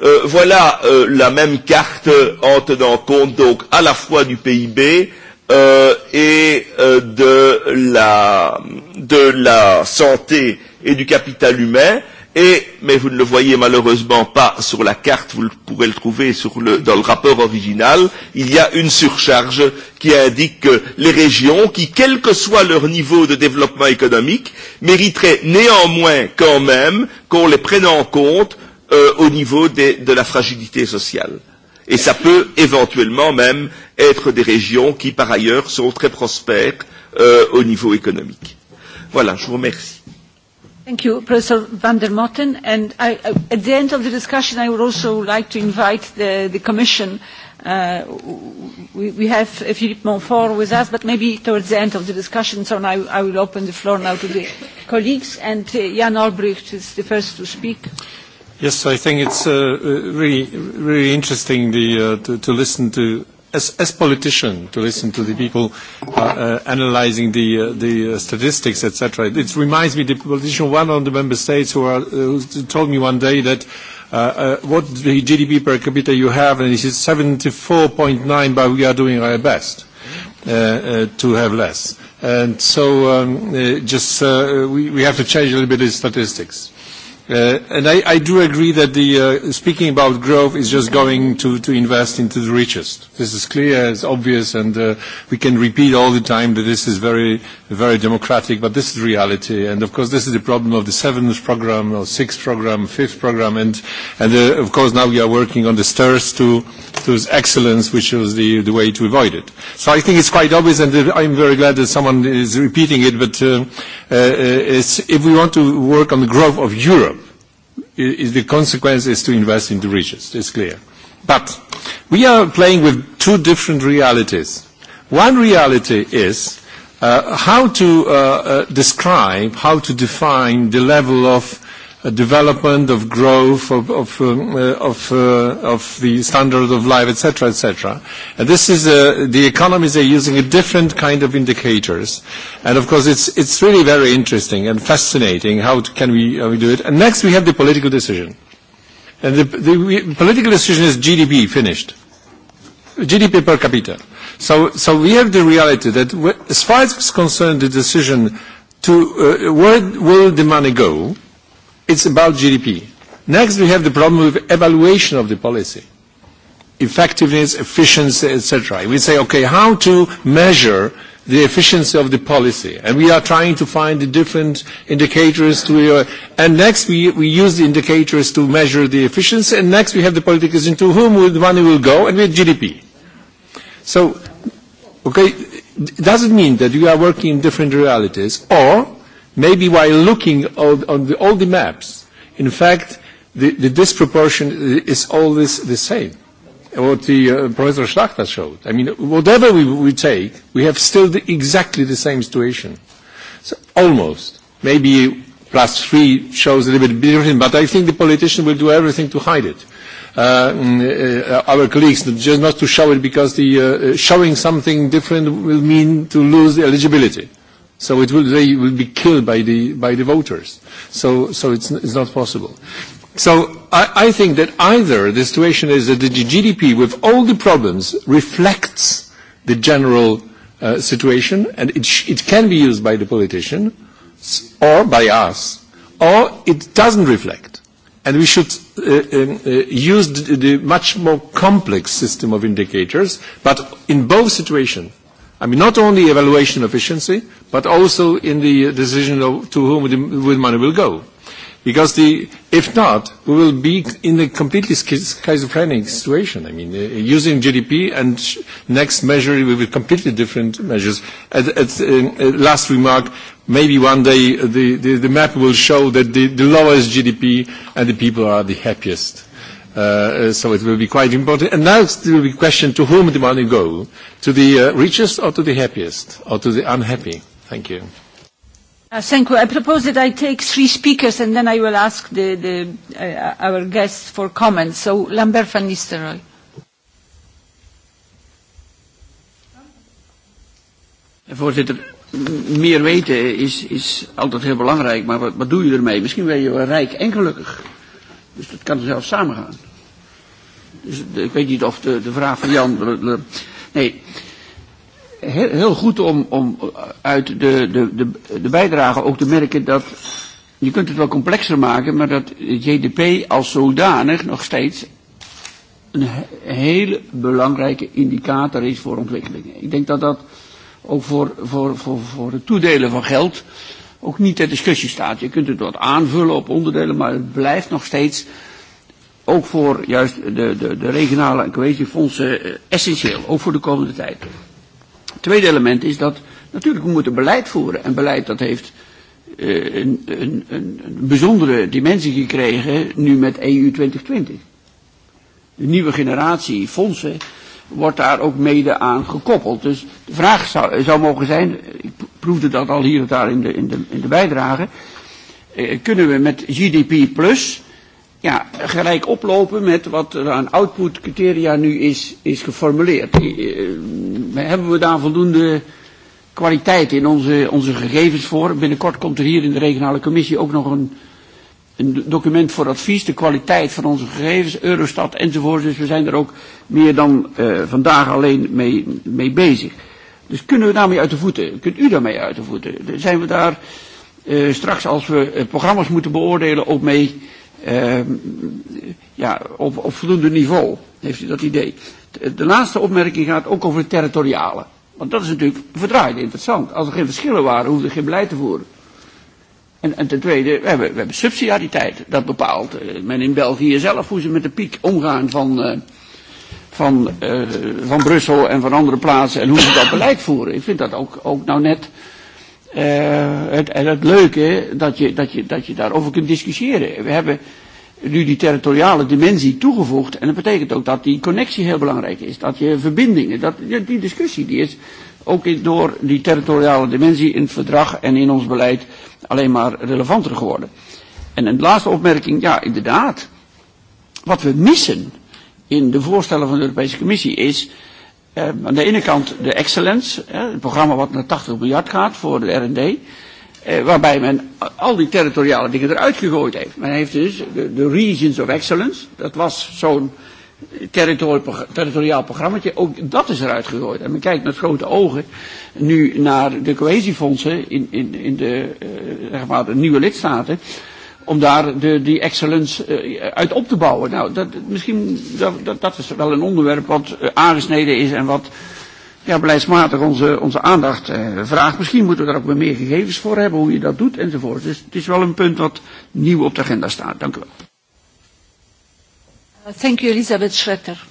Euh, voilà euh, la même carte en tenant compte donc à la fois du PIB euh, et euh, de, la, de la santé et du capital humain. Euh, et, mais vous ne le voyez malheureusement pas sur la carte, vous pourrez le trouver sur le, dans le rapport original, il y a une surcharge qui indique que les régions, qui, quel que soit leur niveau de développement économique, mériteraient néanmoins quand même qu'on les prenne en compte euh, au niveau des, de la fragilité sociale. Et ça peut éventuellement même être des régions qui, par ailleurs, sont très prospères euh, au niveau économique. Voilà, je vous remercie. Thank you, Professor van der Motten. And I, uh, at the end of the discussion, I would also like to invite the, the Commission. Uh, we, we have Philippe Montfort with us, but maybe towards the end of the discussion, so now I will open the floor now to the *laughs* colleagues. And uh, Jan Albrecht is the first to speak. Yes, I think it's uh, uh really, really interesting the, uh, to, to listen to as, as politician to listen to the people uh, uh, analyzing the, uh, the uh, statistics, etc. It reminds me, the politician, one of the member states who, are, uh, who told me one day that uh, uh, what the GDP per capita you have, and he said 74.9, but we are doing our best uh, uh, to have less. And so um, uh, just uh, we, we have to change a little bit the statistics. Uh, and I, I do agree that the uh, speaking about growth is just going to, to invest into the richest. This is clear, it's obvious, and uh, we can repeat all the time that this is very, very democratic, but this is reality. And of course, this is the problem of the seventh program, or sixth program, fifth program, and, and uh, of course now we are working on the stairs to, to excellence, which is the, the way to avoid it. So I think it's quite obvious, and uh, I'm very glad that someone is repeating it, but uh, uh, uh is if we want to work on the growth of Europe, is the consequence is to invest in the richest. It's clear. But we are playing with two different realities. One reality is uh, how to uh, uh, describe, how to define the level of development, of growth, of, of, um, uh, of, uh, of the standard of life, etc., etc. And this is uh, the economies are using a different kind of indicators, and of course it's it's really very interesting and fascinating. How can we, how we do it? And next we have the political decision, and the, the political decision is GDP finished, GDP per capita. So, so we have the reality that as far as it's concerned, the decision to uh, where will the money go it's about GDP. Next, we have the problem with evaluation of the policy, effectiveness, efficiency, etc. We say, okay, how to measure the efficiency of the policy. And we are trying to find the different indicators to, uh, and next we, we use the indicators to measure the efficiency, and next we have the politicians: into whom will the money will go, and we have GDP. So, okay, does it mean that we are working in different realities, or maybe while looking on, on the, all the maps, in fact, the, the disproportion is always the same. What the uh, Professor Schlachter showed. I mean, whatever we, we take, we have still the, exactly the same situation. So almost. Maybe plus three shows a little bit different, but I think the politician will do everything to hide it. Uh, mm, uh, our colleagues, just not to show it because the, uh, showing something different will mean to lose the eligibility. So it will, they will be killed by the, by the voters. So, so it's, it's not possible. So I, I think that either the situation is that the GDP, with all the problems, reflects the general uh, situation, and it, sh it can be used by the politician or by us, or it doesn't reflect. And we should uh, um, uh, use the, the much more complex system of indicators, but in both situations, I mean, not only evaluation efficiency, but also in the decision of to whom the, with money will go. Because the, if not, we will be in a completely schizophrenic situation. I mean, uh, using GDP and sh next measure will be completely different measures. At, at uh, last remark, maybe one day uh, the, the, the map will show that the, the lowest GDP and the people are the happiest. Uh, uh, so it will be quite important. And now it will be question to whom the money go, to the uh, richest or to the happiest or to the unhappy. Thank you. Uh, thank you. I propose that I take three speakers and then I will ask the, the, uh, our guests for comments. So Lambert van Nistelrooy. Voorzitter, meer weten is, is altijd heel belangrijk, maar wat, wat doe je ermee? Misschien ben je wel rijk en gelukkig. Dus dat kan zelfs samengaan. Dus de, ik weet niet of de, de vraag van Jan... nee, heel, goed om, om uit de, de, de, de bijdrage ook te merken dat... Je kunt het wel complexer maken, maar dat het JDP als zodanig nog steeds een hele belangrijke indicator is voor ontwikkelingen. Ik denk dat dat ook voor, voor, voor, voor het toedelen van geld ook niet ter discussie staat. Je kunt het wat aanvullen op onderdelen, maar het blijft nog steeds ook voor juist de, de, de regionale en cohesiefondsen eh, essentieel, ook voor de komende tijd. Het tweede element is dat natuurlijk we moeten beleid voeren. En beleid dat heeft uh, een, een, een bijzondere dimensie gekregen nu met EU 2020. De nieuwe generatie fondsen wordt daar ook mede aan gekoppeld. Dus de vraag zou, zou mogen zijn, ik proefde dat al hier en daar in de, in de, in de bijdrage, uh, kunnen we met GDP plus ja, gelijk oplopen met wat er aan criteria nu is, is geformuleerd. Uh, hebben we daar voldoende kwaliteit in onze, onze gegevens voor? Binnenkort komt er hier in de regionale commissie ook nog een, een document voor advies, de kwaliteit van onze gegevens, Eurostat enzovoort. Dus we zijn er ook meer dan uh, vandaag alleen mee, mee bezig. Dus kunnen we daarmee uit de voeten? Kunt u daarmee uit de voeten? Zijn we daar uh, straks als we uh, programma's moeten beoordelen ook mee uh, ja, op, op voldoende niveau. Heeft u dat idee? De, de laatste opmerking gaat ook over het territoriale. Want dat is natuurlijk verdraaid interessant. Als er geen verschillen waren, hoefde er geen beleid te voeren. En, en ten tweede, we hebben, we hebben subsidiariteit. Dat bepaalt uh, men in België zelf hoe ze met de piek omgaan van, uh, van, uh, van Brussel en van andere plaatsen. En hoe ze dat beleid voeren. Ik vind dat ook, ook nou net Uh, het, en het leuke dat je, dat, je, dat je daarover kunt discussiëren. We hebben nu die territoriale dimensie toegevoegd. En dat betekent ook dat die connectie heel belangrijk is. Dat je verbindingen, dat, die discussie die is ook in, door die territoriale dimensie in het verdrag en in ons beleid alleen maar relevanter geworden. En een laatste opmerking, ja inderdaad. Wat we missen in de voorstellen van de Europese Commissie is Eh, aan de ene kant de Excellence, eh, het programma wat naar 80 miljard gaat voor de R&D. Eh, waarbij men al die territoriale dingen eruit gegooid heeft. Men heeft dus de, de Regions of Excellence, dat was zo'n territori territoriaal programma, ook dat is eruit gegooid. En men kijkt met grote ogen nu naar de cohesiefondsen in, in, in de, uh, zeg maar de nieuwe lidstaten. Uh, om daar de, die excellence uh, uit op te bouwen. Nou, dat, misschien, dat, dat, dat is wel een onderwerp wat uh, aangesneden is en wat ja, beleidsmatig onze, onze aandacht uh, vraagt. Misschien moeten we daar ook weer meer gegevens voor hebben, hoe je dat doet enzovoort. Dus het is wel een punt wat nieuw op de agenda staat. Dank u wel. Uh, thank you, Elisabeth Schretter.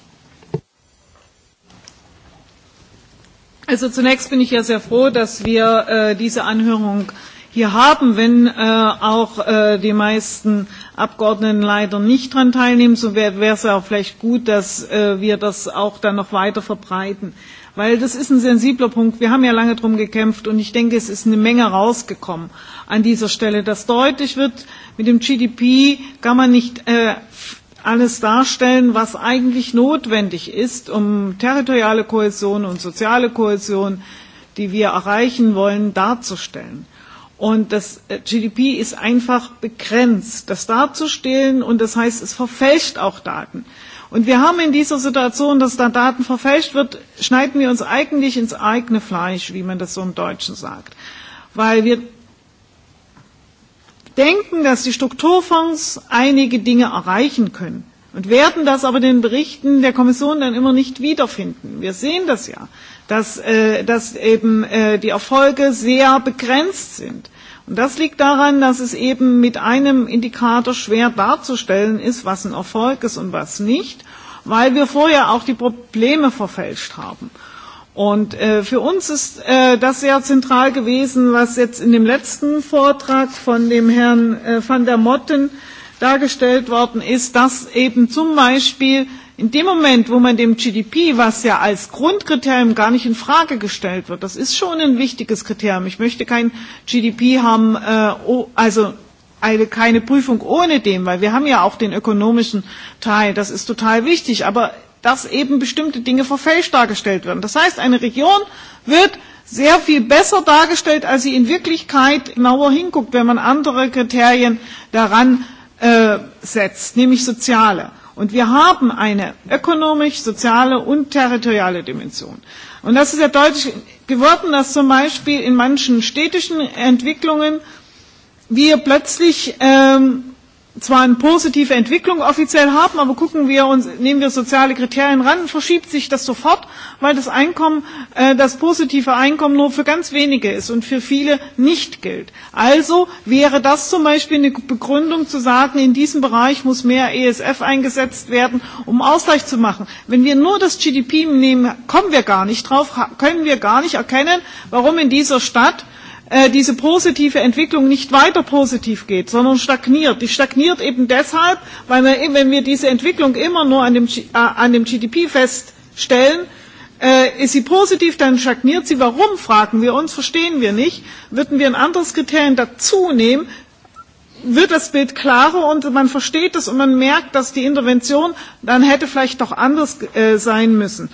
Also zunächst bin ich ja sehr froh, dass wir äh, diese Anhörung äh, hier haben, wenn äh, auch äh, die meisten Abgeordneten leider nicht daran teilnehmen, so wäre es auch vielleicht gut, dass äh, wir das auch dann noch weiter verbreiten. Weil das ist ein sensibler Punkt. Wir haben ja lange darum gekämpft und ich denke, es ist eine Menge rausgekommen an dieser Stelle, dass deutlich wird, mit dem GDP kann man nicht äh, alles darstellen, was eigentlich notwendig ist, um territoriale Kohäsion und soziale Kohäsion, die wir erreichen wollen, darzustellen. Und das äh, GDP ist einfach begrenzt, das darzustellen. Und das heißt, es verfälscht auch Daten. Und wir haben in dieser Situation, dass da Daten verfälscht wird, schneiden wir uns eigentlich ins eigene Fleisch, wie man das so im Deutschen sagt. Weil wir denken, dass die Strukturfonds einige Dinge erreichen können und werden das aber den Berichten der Kommission dann immer nicht wiederfinden. Wir sehen das ja dass, äh, dass eben äh, die Erfolge sehr begrenzt sind. Und das liegt daran, dass es eben mit einem Indikator schwer darzustellen ist, was ein Erfolg ist und was nicht, weil wir vorher auch die Probleme verfälscht haben. Und äh, für uns ist äh, das sehr zentral gewesen, was jetzt in dem letzten Vortrag von dem Herrn äh, van der Motten dargestellt worden ist, dass eben zum Beispiel In dem Moment, wo man dem GDP, was ja als Grundkriterium gar nicht in Frage gestellt wird, das ist schon ein wichtiges Kriterium. Ich möchte kein GDP haben, äh, oh, also eine, keine Prüfung ohne dem, weil wir haben ja auch den ökonomischen Teil, das ist total wichtig, aber dass eben bestimmte Dinge verfälscht dargestellt werden. Das heißt, eine Region wird sehr viel besser dargestellt, als sie in Wirklichkeit genauer hinguckt, wenn man andere Kriterien daran äh, setzt, nämlich soziale. Und wir haben eine ökonomisch, soziale und territoriale Dimension. Und das ist ja deutlich geworden, dass zum Beispiel in manchen städtischen Entwicklungen wir plötzlich ähm, zwar eine positive Entwicklung offiziell haben, aber gucken wir uns, nehmen wir soziale Kriterien ran, verschiebt sich das sofort, weil das Einkommen, äh, das positive Einkommen nur für ganz wenige ist und für viele nicht gilt. Also wäre das zum Beispiel eine Begründung zu sagen, in diesem Bereich muss mehr ESF eingesetzt werden, um Ausgleich zu machen. Wenn wir nur das GDP nehmen, kommen wir gar nicht drauf, können wir gar nicht erkennen, warum in dieser Stadt Äh, diese positive Entwicklung nicht weiter positiv geht, sondern stagniert. Die stagniert eben deshalb, weil wir, wenn wir diese Entwicklung immer nur an dem, äh, an dem GDP feststellen, äh, ist sie positiv, dann stagniert sie. Warum, fragen wir uns, verstehen wir nicht. Würden wir ein anderes Kriterium dazu nehmen, wird das Bild klarer und man versteht es und man merkt, dass die Intervention dann hätte vielleicht doch anders äh, sein müssen.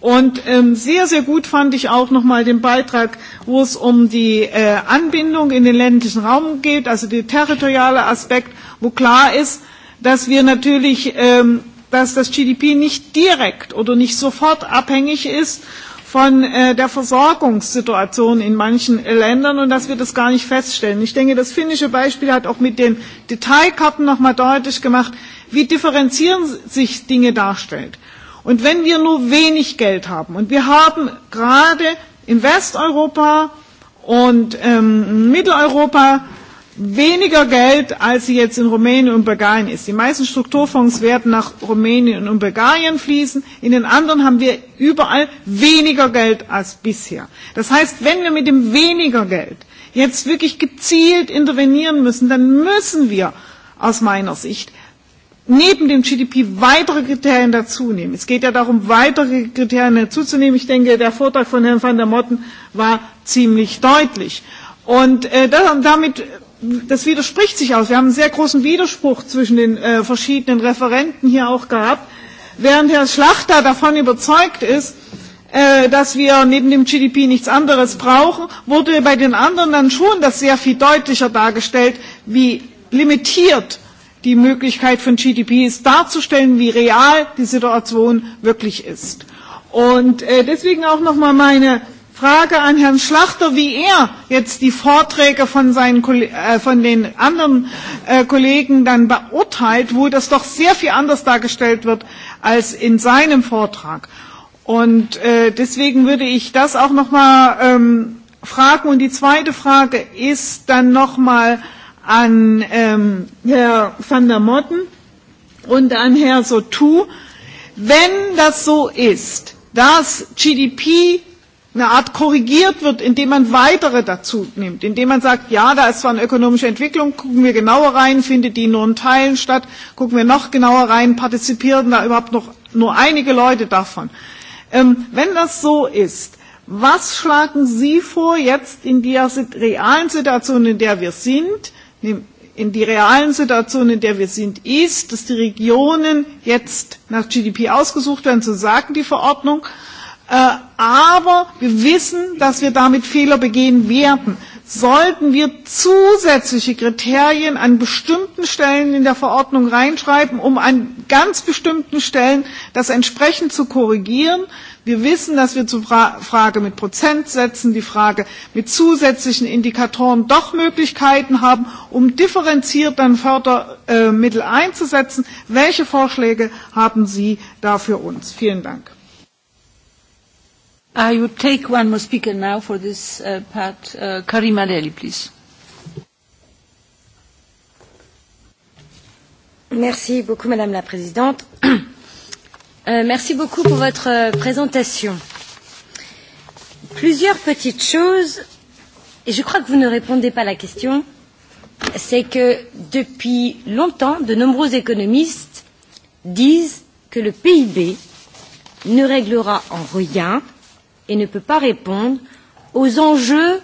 Und ähm, sehr, sehr gut fand ich auch nochmal den Beitrag, wo es um die äh, Anbindung in den ländlichen Raum geht, also der territoriale Aspekt, wo klar ist, dass wir natürlich, ähm, dass das GDP nicht direkt oder nicht sofort abhängig ist von äh, der Versorgungssituation in manchen äh, Ländern und dass wir das gar nicht feststellen. Ich denke, das finnische Beispiel hat auch mit den Detailkarten nochmal deutlich gemacht, wie differenzieren sich Dinge darstellt. Und wenn wir nur wenig Geld haben, und wir haben gerade in Westeuropa und ähm, Mitteleuropa weniger Geld, als sie jetzt in Rumänien und Bulgarien ist. Die meisten Strukturfonds werden nach Rumänien und Bulgarien fließen. In den anderen haben wir überall weniger Geld als bisher. Das heißt, wenn wir mit dem weniger Geld jetzt wirklich gezielt intervenieren müssen, dann müssen wir aus meiner Sicht neben dem GDP weitere Kriterien dazunehmen. Es geht ja darum, weitere Kriterien dazuzunehmen. Ich denke, der Vortrag von Herrn van der Motten war ziemlich deutlich. Und äh, das, damit, das widerspricht sich aus. Wir haben einen sehr großen Widerspruch zwischen den äh, verschiedenen Referenten hier auch gehabt, während Herr Schlachter davon überzeugt ist, äh, dass wir neben dem GDP nichts anderes brauchen, wurde bei den anderen dann schon das sehr viel deutlicher dargestellt, wie limitiert die Möglichkeit von GDP ist, darzustellen, wie real die Situation wirklich ist. Und äh, deswegen auch noch mal meine Frage an Herrn Schlachter, wie er jetzt die Vorträge von, seinen, äh, von den anderen äh, Kollegen dann beurteilt, wo das doch sehr viel anders dargestellt wird als in seinem Vortrag. Und deswegen würde ich das auch noch mal ähm, fragen. Und die zweite Frage ist dann noch mal, an ähm, Herr van der Motten und an Herr Sotou. Wenn das so ist, dass GDP eine Art korrigiert wird, indem man weitere dazu nimmt, indem man sagt, ja, da ist zwar eine ökonomische Entwicklung, gucken wir genauer rein, findet die nur in Teilen statt, gucken wir noch genauer rein, partizipieren da überhaupt noch nur einige Leute davon. Ähm, wenn das so ist, was schlagen Sie vor, jetzt in der realen Situation, in der wir sind, äh, in die realen Situation, in der wir sind, ist, dass die Regionen jetzt nach GDP ausgesucht werden, so sagen die Verordnung. Äh, aber wir wissen, dass wir damit Fehler begehen werden. Sollten wir zusätzliche Kriterien an bestimmten Stellen in der Verordnung reinschreiben, um an ganz bestimmten Stellen das entsprechend zu korrigieren, Wir wissen, dass wir zur Frage mit Prozentsätzen, die Frage mit zusätzlichen Indikatoren doch Möglichkeiten haben, um differenziert dann Fördermittel äh, einzusetzen. Welche Vorschläge haben Sie da für uns? Vielen Dank. I would take one more speaker now for this uh, part. Uh, Karima Deli, please. Merci beaucoup, Madame la Présidente. Euh, merci beaucoup pour votre euh, présentation. Plusieurs petites choses, et je crois que vous ne répondez pas à la question, c'est que depuis longtemps, de nombreux économistes disent que le PIB ne réglera en rien et ne peut pas répondre aux enjeux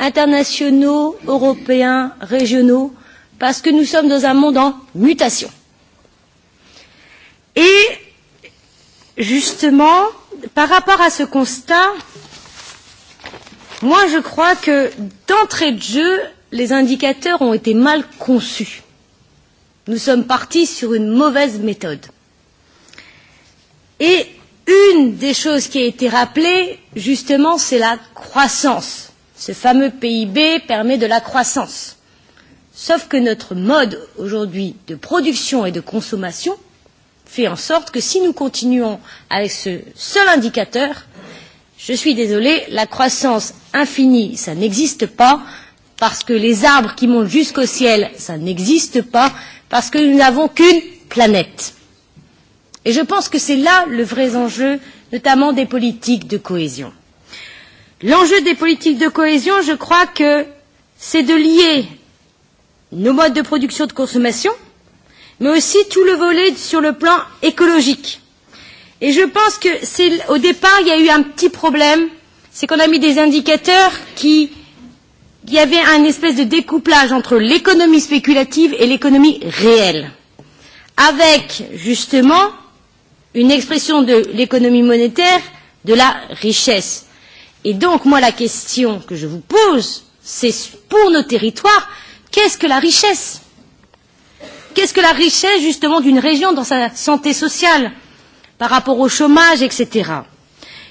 internationaux, européens, régionaux, parce que nous sommes dans un monde en mutation. Et justement, par rapport à ce constat, moi je crois que d'entrée de jeu, les indicateurs ont été mal conçus. Nous sommes partis sur une mauvaise méthode. Et une des choses qui a été rappelée, justement, c'est la croissance. Ce fameux PIB permet de la croissance. Sauf que notre mode aujourd'hui de production et de consommation fait en sorte que si nous continuons avec ce seul indicateur, je suis désolée, la croissance infinie, ça n'existe pas, parce que les arbres qui montent jusqu'au ciel, ça n'existe pas, parce que nous n'avons qu'une planète. Et je pense que c'est là le vrai enjeu, notamment des politiques de cohésion. L'enjeu des politiques de cohésion, je crois que c'est de lier nos modes de production de consommation, mais aussi tout le volet sur le plan écologique. Et je pense que c'est au départ il y a eu un petit problème, c'est qu'on a mis des indicateurs qui il y avait un espèce de découplage entre l'économie spéculative et l'économie réelle, avec justement une expression de l'économie monétaire de la richesse. Et donc moi la question que je vous pose, c'est pour nos territoires, qu'est-ce que la richesse Qu'est-ce que la richesse justement d'une région dans sa santé sociale par rapport au chômage, etc.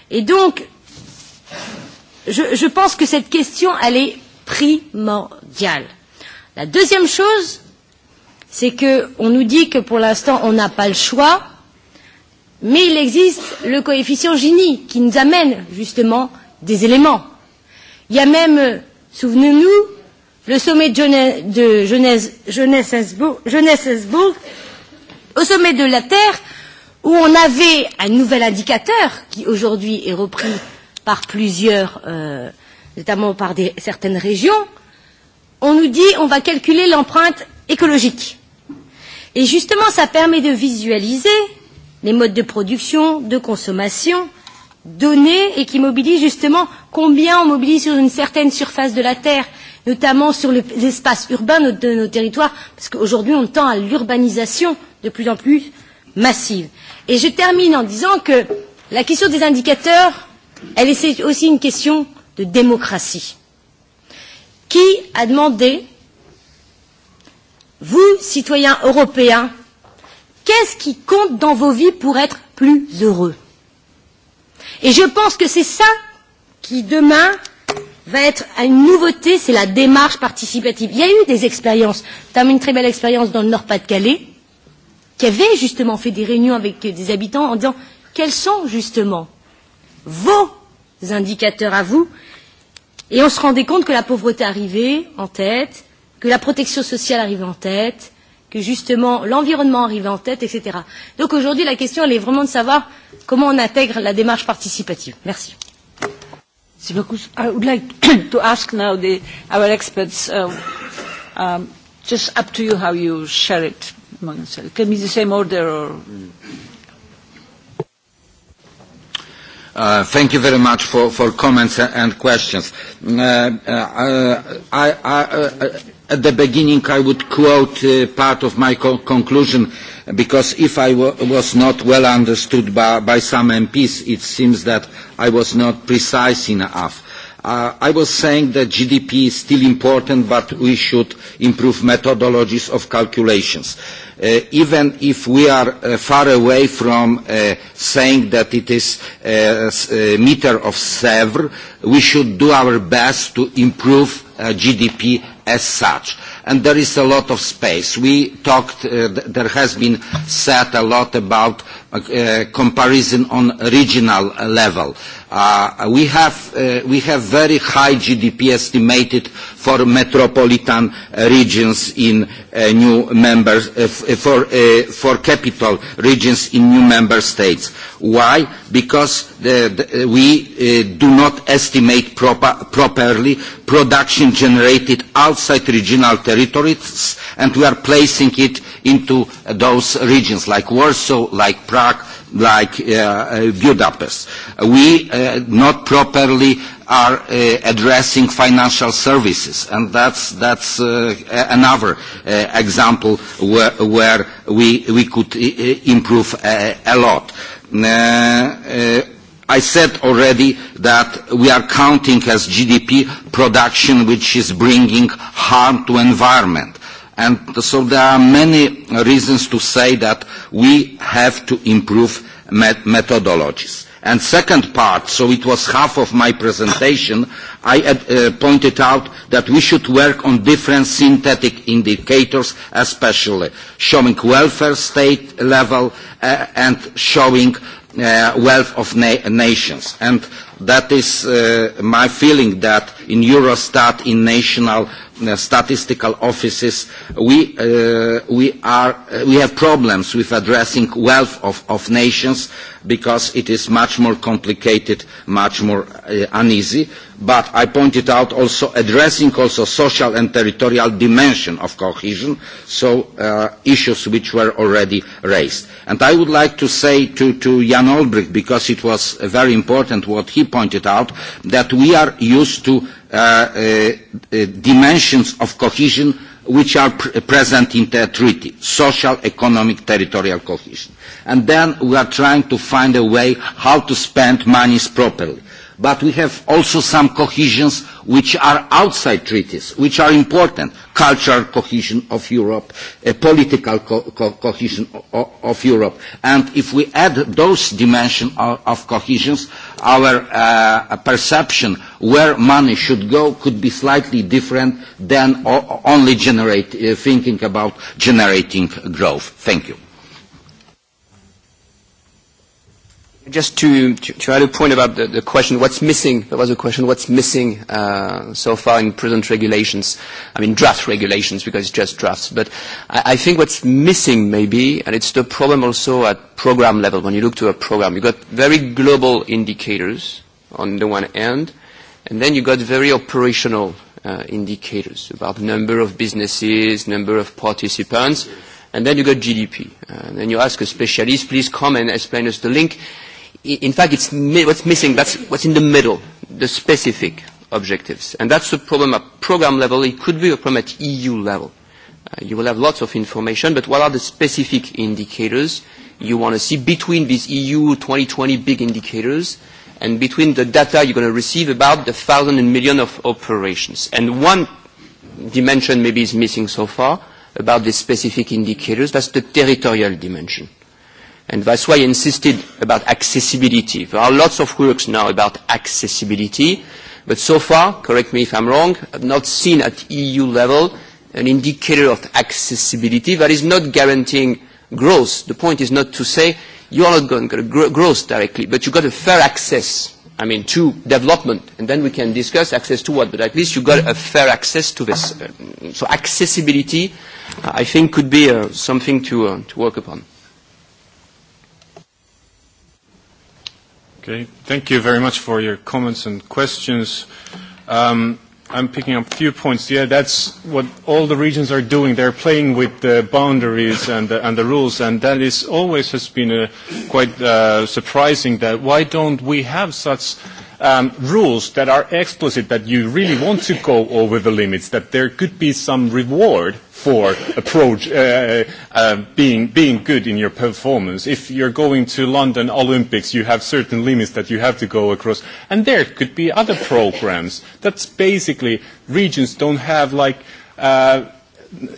Et donc, je, je pense que cette question, elle est primordiale. La deuxième chose, c'est qu'on nous dit que pour l'instant, on n'a pas le choix, mais il existe le coefficient Gini qui nous amène justement des éléments. Il y a même, souvenez-nous, le sommet de Genève, de Genèse, Genèse, Hesbourg, Genèse Hesbourg, au sommet de la Terre, où on avait un nouvel indicateur qui aujourd'hui est repris par plusieurs, euh, notamment par des, certaines régions, on nous dit on va calculer l'empreinte écologique. Et justement, ça permet de visualiser les modes de production, de consommation, données et qui mobilisent justement combien on mobilise sur une certaine surface de la Terre notamment sur l'espace le, urbain de nos territoires, parce qu'aujourd'hui on tend à l'urbanisation de plus en plus massive. Et je termine en disant que la question des indicateurs, elle est aussi une question de démocratie. Qui a demandé, vous, citoyens européens, qu'est-ce qui compte dans vos vies pour être plus heureux Et je pense que c'est ça qui, demain, va être une nouveauté, c'est la démarche participative. Il y a eu des expériences, notamment une très belle expérience dans le Nord-Pas-de-Calais, qui avait justement fait des réunions avec des habitants en disant quels sont justement vos indicateurs à vous. Et on se rendait compte que la pauvreté arrivait en tête, que la protection sociale arrivait en tête, que justement l'environnement arrivait en tête, etc. Donc aujourd'hui, la question, elle est vraiment de savoir comment on intègre la démarche participative. Merci. I would like *coughs* to ask now the, our experts, uh, um, just up to you how you share it among yourselves. Can be the same order or... Uh, thank you very much for, for comments and questions. Uh, uh, I, I, uh, uh, at the beginning, I would quote uh, part of my co conclusion uh, because if I was not well understood by, by some MPs, it seems that I was not precise enough. Uh, I was saying that GDP is still important, but we should improve methodologies of calculations. Uh, even if we are uh, far away from uh, saying that it is a uh, uh, meter of Sevres, we should do our best to improve uh, GDP as such. And there is a lot of space. We talked, uh, th there has been said a lot about uh, uh, comparison on regional uh, level. Uh, we, have, uh, we have very high GDP estimated for metropolitan uh, regions in uh, new members, uh, uh, for, uh, for capital regions in new member states. Why? Because the, the, we uh, do not estimate proper, properly production emission generated outside regional territories and we are placing it into those regions like Warsaw, like Prague, like uh, uh, Budapest. We uh, not properly are uh, addressing financial services and that's, that's uh, another uh, example where, where we, we could uh, improve uh, a lot. Uh, uh, I said already that we are counting as GDP production which is bringing harm to environment. And so there are many reasons to say that we have to improve met methodologies. And second part, so it was half of my presentation, I had, uh, pointed out that we should work on different synthetic indicators, especially showing welfare state level uh, and showing uh, wealth of na nations. And that is uh, my feeling that in Eurostat, in national Uh, statistical offices, we, uh, we, are, uh, we have problems with addressing wealth of, of nations because it is much more complicated, much more uh, uneasy. But I pointed out also addressing also social and territorial dimension of cohesion, so uh, issues which were already raised. And I would like to say to, to Jan Olbrich, because it was very important what he pointed out, that we are used to Uh, uh, uh, dimensions of cohesion which are pr present in the treaty, social, economic, territorial cohesion. And then we are trying to find a way how to spend monies properly. But we have also some cohesions which are outside treaties, which are important. Cultural cohesion of Europe, a political co co cohesion of, of Europe. And if we add those dimensions of, of cohesions, our uh, perception where money should go could be slightly different than only generate, uh, thinking about generating growth. Thank you. Just to, to, to add a point about the, the question, what's missing? There was a question, what's missing uh, so far in present regulations? I mean, draft regulations, because it's just drafts. But I, I think what's missing, maybe, and it's the problem also at program level, when you look to a program, you've got very global indicators on the one end, and then you've got very operational uh, indicators about number of businesses, number of participants, and then you got GDP. Uh, and then you ask a specialist, please come and explain us the link in fact, it's mi what's missing, that's what's in the middle, the specific objectives. And that's the problem at program level. It could be a problem at EU level. Uh, you will have lots of information, but what are the specific indicators you want to see between these EU 2020 big indicators and between the data you're going to receive about the thousand and million of operations? And one dimension maybe is missing so far about the specific indicators. That's the territorial dimension And that's why I insisted about accessibility. There are lots of works now about accessibility, but so far, correct me if I'm wrong, I've not seen at EU level an indicator of accessibility that is not guaranteeing growth. The point is not to say you are not going to grow growth directly, but you've got a fair access, I mean, to development. And then we can discuss access to what, but at least you've got a fair access to this. So accessibility, I think, could be uh, something to, uh, to work upon. Okay, thank you very much for your comments and questions. Um, I'm picking up a few points. Yeah, that's what all the regions are doing. They're playing with the boundaries and the, and the rules, and that is always has been a, quite uh, surprising. That why don't we have such um, rules that are explicit that you really want to go over the limits, that there could be some reward for approach uh, uh, um, being being good in your performance. If you're going to London Olympics, you have certain limits that you have to go across, and there could be other programs. That's basically regions don't have like. Uh,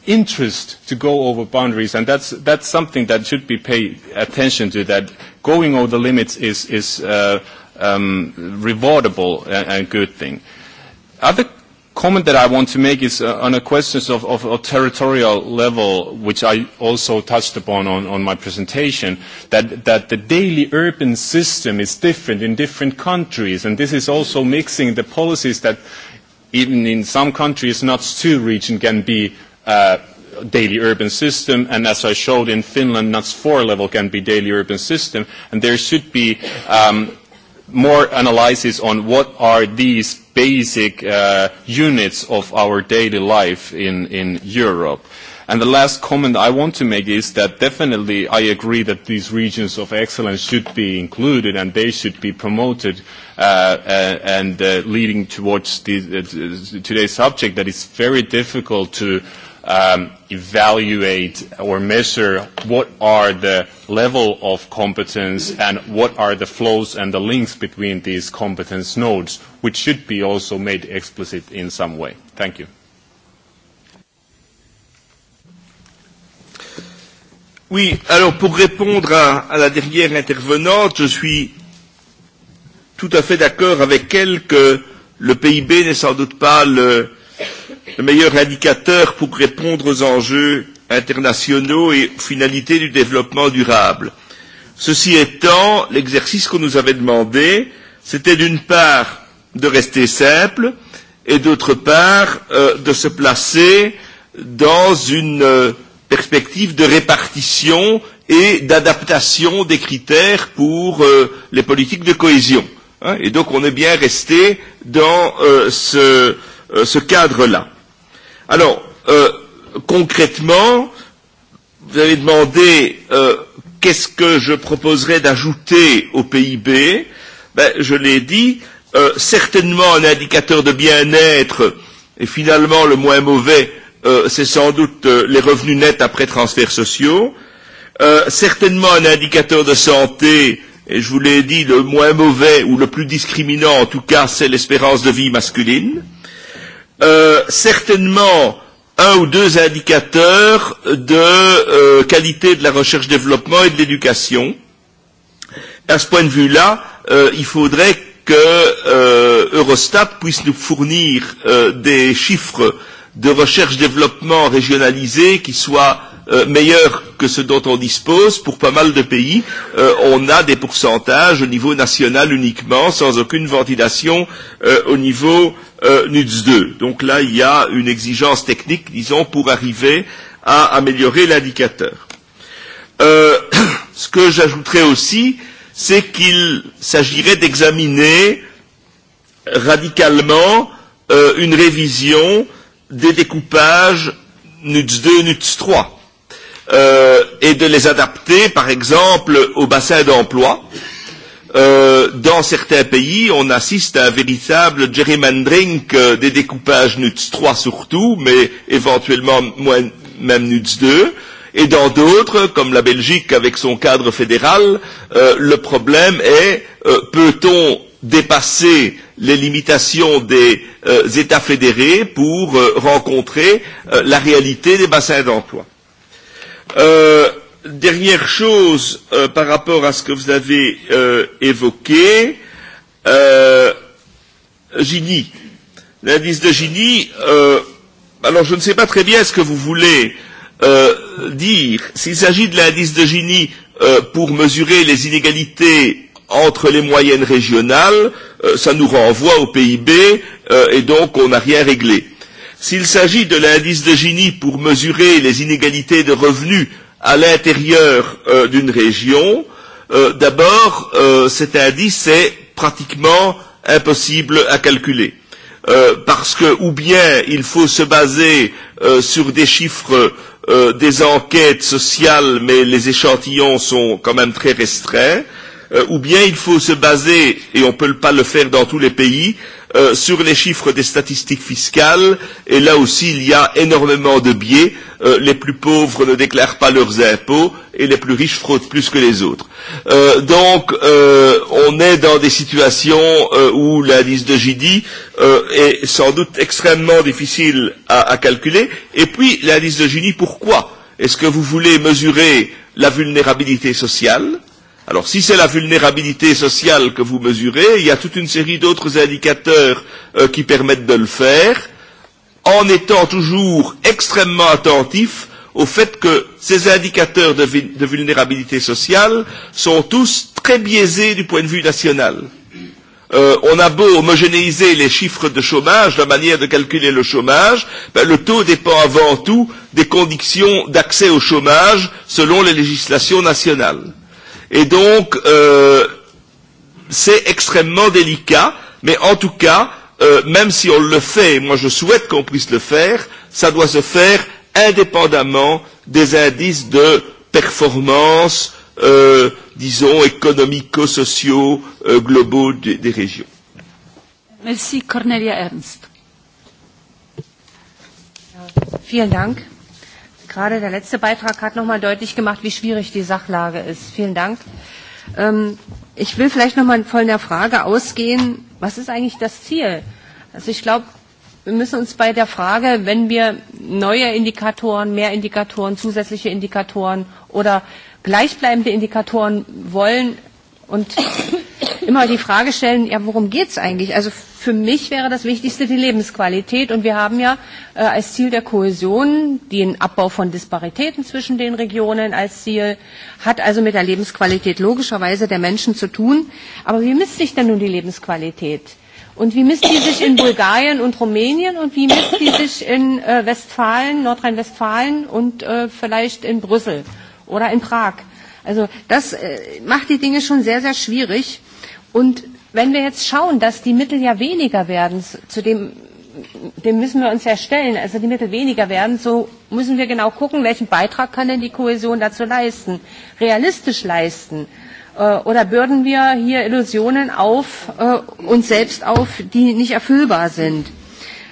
interest to go over boundaries, and that's that's something that should be paid attention to. That going over the limits is is uh, um, rewardable and, and good thing. Other comment that I want to make is uh, on a question of, of, of territorial level, which I also touched upon on, on my presentation, that, that the daily urban system is different in different countries, and this is also mixing the policies that even in some countries, not two region can be uh, daily urban system, and as I showed in Finland, not four level can be daily urban system, and there should be um, more analysis on what are these basic uh, units of our daily life in, in Europe. And the last comment I want to make is that definitely I agree that these regions of excellence should be included and they should be promoted uh, uh, and uh, leading towards the, uh, today's subject that it's very difficult to uh, um, evaluate or measure what are the level of competence and what are the flows and the links between these competence nodes, which should be also made explicit in some way. Thank you. Oui, alors pour répondre à, à la dernière intervenante, je suis tout à fait d'accord avec elle que le PIB n'est sans doute pas le, euh, le meilleur indicateur pour répondre aux enjeux internationaux et finalités du développement durable. Ceci étant, l'exercice qu'on nous avait demandé, c'était d'une part de rester simple et d'autre part euh, de se placer dans une euh, perspective de répartition et d'adaptation des critères pour euh, les politiques de cohésion. Hein, et donc on est bien resté dans euh, ce, euh, ce cadre-là. Alors, euh, concrètement, vous avez demandé euh, qu'est-ce que je proposerais d'ajouter au PIB. Ben, je l'ai dit, euh, certainement un indicateur de bien-être, et finalement le moins mauvais, euh, c'est sans doute euh, les revenus nets après transferts sociaux. Euh, certainement un indicateur de santé, et je vous l'ai dit, le moins mauvais ou le plus discriminant en tout cas, c'est l'espérance de vie masculine. Euh, euh, certainement un ou deux indicateurs de euh, qualité de la recherche-développement et de l'éducation. À ce point de vue-là, euh, il faudrait que euh, Eurostat puisse nous fournir euh, des chiffres de recherche-développement régionalisés qui soient euh, euh, meilleurs que ce dont on dispose, pour pas mal de pays, euh, on a des pourcentages au niveau national uniquement, sans aucune ventilation euh, au niveau euh, NUTS 2. Donc là, il y a une exigence technique, disons, pour arriver à améliorer l'indicateur. Euh, *coughs* ce que j'ajouterais aussi, c'est qu'il s'agirait d'examiner radicalement euh, une révision des découpages NUTS 2, NUTS 3 euh, et de les adapter, par exemple, au bassin d'emploi. Euh, dans certains pays, on assiste à un véritable gerrymandering euh, des découpages NUTS 3 surtout, mais éventuellement moins, même NUTS 2. Et dans d'autres, comme la Belgique avec son cadre fédéral, euh, le problème est euh, peut-on dépasser les limitations des euh, États fédérés pour euh, rencontrer euh, la réalité des bassins d'emploi Euh, dernière chose euh, par rapport à ce que vous avez euh, évoqué, euh, Gini, l'indice de Gini, euh, alors je ne sais pas très bien ce que vous voulez euh, dire. S'il s'agit de l'indice de Gini euh, pour mesurer les inégalités entre les moyennes régionales, euh, ça nous renvoie au PIB euh, et donc on n'a rien réglé. Euh, S'il s'agit de l'indice de Gini pour mesurer les inégalités de revenus à l'intérieur euh, d'une région, euh, d'abord, euh, cet indice est pratiquement impossible à calculer. Euh, parce que ou bien il faut se baser euh, sur des chiffres euh, des enquêtes sociales, mais les échantillons sont quand même très restreints, euh, ou bien il faut se baser, et on ne peut pas le faire dans tous les pays, Euh, sur les chiffres des statistiques fiscales, et là aussi il y a énormément de biais, euh, les plus pauvres ne déclarent pas leurs impôts et les plus riches fraudent plus que les autres. Euh, donc euh, on est dans des situations euh, où l'indice de Gini euh, est sans doute extrêmement difficile à, à calculer. Et puis l'indice de Gini, pourquoi Est-ce que vous voulez mesurer la vulnérabilité sociale euh, Alors si c'est la vulnérabilité sociale que vous mesurez, il y a toute une série d'autres indicateurs euh, qui permettent de le faire, en étant toujours extrêmement attentif au fait que ces indicateurs de, de vulnérabilité sociale sont tous très biaisés du point de vue national. Euh, on a beau homogénéiser les chiffres de chômage, la manière de calculer le chômage, ben, le taux dépend avant tout des conditions d'accès au chômage selon les législations nationales. Et donc, euh, c'est extrêmement délicat, mais en tout cas, euh, même si on le fait, et moi je souhaite qu'on puisse le faire, ça doit se faire indépendamment des indices de performance, euh, disons, économico-sociaux euh, globaux de, des régions. Merci, Cornelia Ernst. Vielen Dank. Gerade der letzte Beitrag hat nochmal deutlich gemacht, wie schwierig die Sachlage ist. Vielen Dank. Ähm, ich will vielleicht nochmal von der Frage ausgehen, was ist eigentlich das Ziel? Also ich glaube, wir müssen uns bei der Frage, wenn wir neue Indikatoren, mehr Indikatoren, zusätzliche Indikatoren oder gleichbleibende Indikatoren wollen und immer die Frage stellen, ja, worum geht es eigentlich? Also Für mich wäre das Wichtigste die Lebensqualität. Und wir haben ja äh, als Ziel der Kohäsion den Abbau von Disparitäten zwischen den Regionen als Ziel. Hat also mit der Lebensqualität logischerweise der Menschen zu tun. Aber wie misst sich denn nun die Lebensqualität? Und wie misst die sich in Bulgarien und Rumänien und wie misst die sich in äh, Westfalen, Nordrhein-Westfalen und äh, vielleicht in Brüssel oder in Prag? Also das äh, macht die Dinge schon sehr, sehr schwierig. Und Wenn wir jetzt schauen, dass die Mittel ja weniger werden, zu dem, dem müssen wir uns ja stellen, also die Mittel weniger werden, so müssen wir genau gucken, welchen Beitrag kann denn die Kohäsion dazu leisten, realistisch leisten. Äh, oder bürden wir hier Illusionen auf, äh, uns selbst auf, die nicht erfüllbar sind?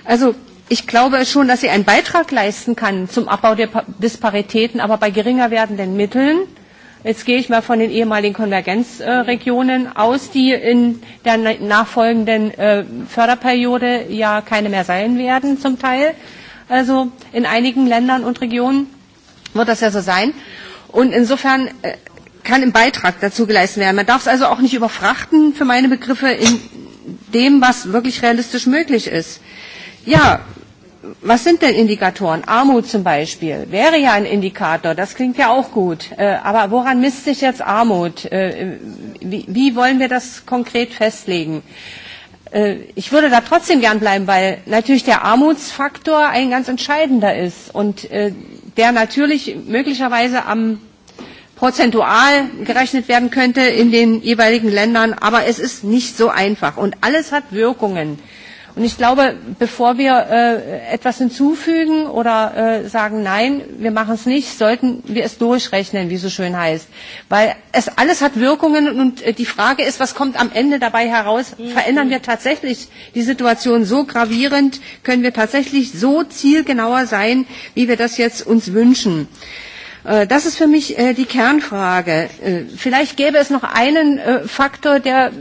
Also ich glaube schon, dass sie einen Beitrag leisten kann zum Abbau der pa Disparitäten, aber bei geringer werdenden Mitteln äh, Jetzt gehe ich mal von den ehemaligen Konvergenzregionen äh, aus, die in der nachfolgenden äh, Förderperiode ja keine mehr sein werden zum Teil. Also in einigen Ländern und Regionen wird das ja so sein. Und insofern äh, kann ein Beitrag dazu geleistet werden. Man darf es also auch nicht überfrachten für meine Begriffe in dem, was wirklich realistisch möglich ist. Ja, was sind denn Indikatoren? Armut zum Beispiel wäre ja ein Indikator, das klingt ja auch gut. Äh, aber woran misst sich jetzt Armut? Äh, wie, wollen wir das konkret festlegen? Äh, ich würde da trotzdem gern bleiben, weil natürlich der Armutsfaktor ein ganz entscheidender ist und der natürlich möglicherweise am prozentual gerechnet werden könnte in den jeweiligen Ländern, aber es ist nicht so einfach. Und alles hat Wirkungen. Äh, Und ich glaube, bevor wir äh, etwas hinzufügen oder äh, sagen, nein, wir machen es nicht, sollten wir es durchrechnen, wie so schön heißt. Weil es alles hat Wirkungen und äh, die Frage ist, was kommt am Ende dabei heraus? Mhm. Verändern wir tatsächlich die Situation so gravierend? Können wir tatsächlich so zielgenauer sein, wie wir das jetzt uns wünschen? Äh, Äh, das ist für mich äh, die Kernfrage. Äh, vielleicht gäbe es noch einen Faktor, der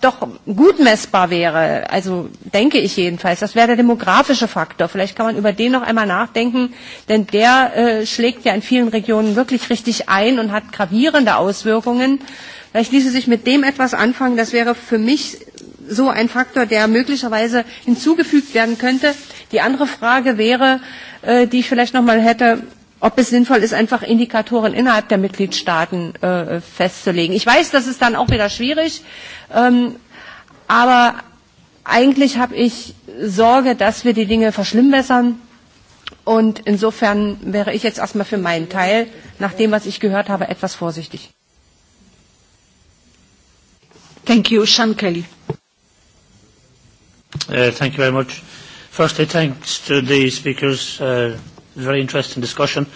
doch gut messbar wäre, also denke ich jedenfalls. Das wäre der demografische Faktor. Vielleicht kann man über den noch einmal nachdenken, denn der schlägt ja in vielen Regionen wirklich richtig ein und hat gravierende Auswirkungen. Vielleicht ließe sich mit dem etwas anfangen. Das wäre für mich so ein Faktor, der möglicherweise hinzugefügt werden könnte. Die andere Frage wäre, äh, die ich vielleicht noch mal hätte, ob es sinnvoll ist, einfach Indikatoren innerhalb der Mitgliedstaaten äh, festzulegen. Ich weiß, das ist dann auch wieder schwierig, ähm, aber eigentlich habe ich Sorge, dass wir die Dinge verschlimmbessern. Und insofern wäre ich jetzt erstmal für meinen Teil, nach dem, was ich gehört habe, etwas vorsichtig. Thank you. Sean Kelly. Uh, thank you very much. Firstly, thanks to the speakers. Uh, very interesting discussion.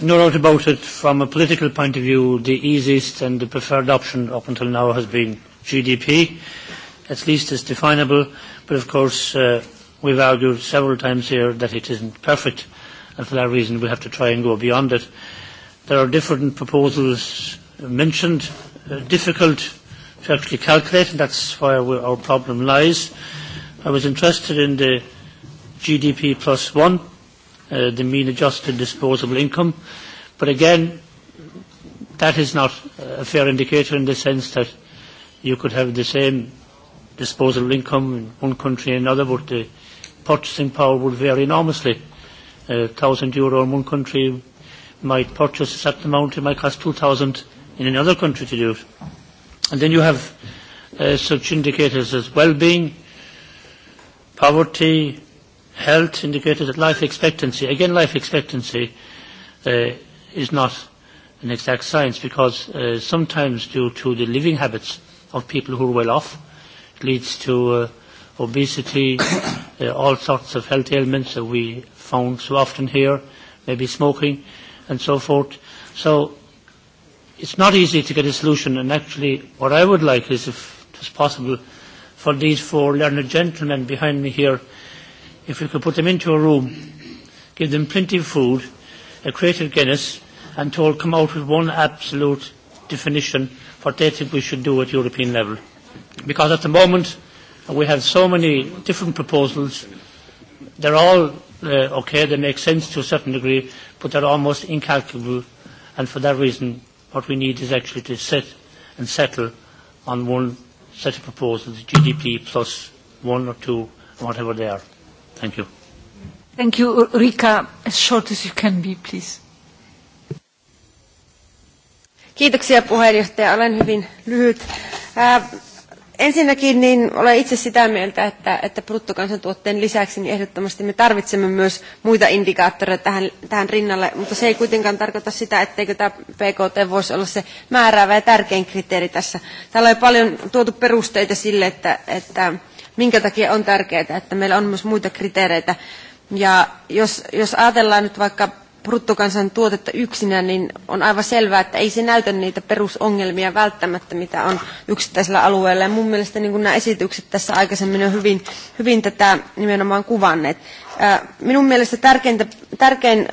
No doubt about it, from a political point of view, the easiest and the preferred option up until now has been GDP. At least it's definable, but of course uh, we've argued several times here that it isn't perfect, and for that reason we have to try and go beyond it. There are different proposals mentioned, uh, difficult to actually calculate, and that's where we, our problem lies. I was interested in the GDP plus one uh, the mean adjusted disposable income. But again, that is not a fair indicator in the sense that you could have the same disposable income in one country and another, but the purchasing power would vary enormously. A thousand euro in one country might purchase a certain amount, it might cost two thousand in another country to do it. And then you have uh, such indicators as well-being, poverty, health indicators, that life expectancy, again life expectancy uh, is not an exact science because uh, sometimes due to the living habits of people who are well off, it leads to uh, obesity, *coughs* uh, all sorts of health ailments that we found so often here, maybe smoking and so forth. So it's not easy to get a solution and actually what I would like is if it was possible for these four learned gentlemen behind me here if we could put them into a room, give them plenty of food, a crate of Guinness, and told come out with one absolute definition for what they think we should do at European level. Because at the moment, we have so many different proposals. They're all uh, okay, they make sense to a certain degree, but they're almost incalculable. And for that reason, what we need is actually to sit and settle on one set of proposals, GDP plus one or two, whatever they are. Kiitoksia puheenjohtaja. Olen hyvin lyhyt. ensinnäkin niin olen itse sitä mieltä, että, että bruttokansantuotteen lisäksi niin ehdottomasti me tarvitsemme myös muita indikaattoreita tähän, tähän rinnalle, mutta se ei kuitenkaan tarkoita sitä, etteikö tämä PKT voisi olla se määräävä ja tärkein kriteeri tässä. Täällä on paljon tuotu perusteita sille, että, että minkä takia on tärkeää, että meillä on myös muita kriteereitä. Ja jos, jos ajatellaan nyt vaikka bruttokansantuotetta yksinä, niin on aivan selvää, että ei se näytä niitä perusongelmia välttämättä, mitä on yksittäisellä alueella. Ja mun mielestä niin nämä esitykset tässä aikaisemmin on hyvin, hyvin tätä nimenomaan kuvanneet. Minun mielestä tärkeintä, tärkein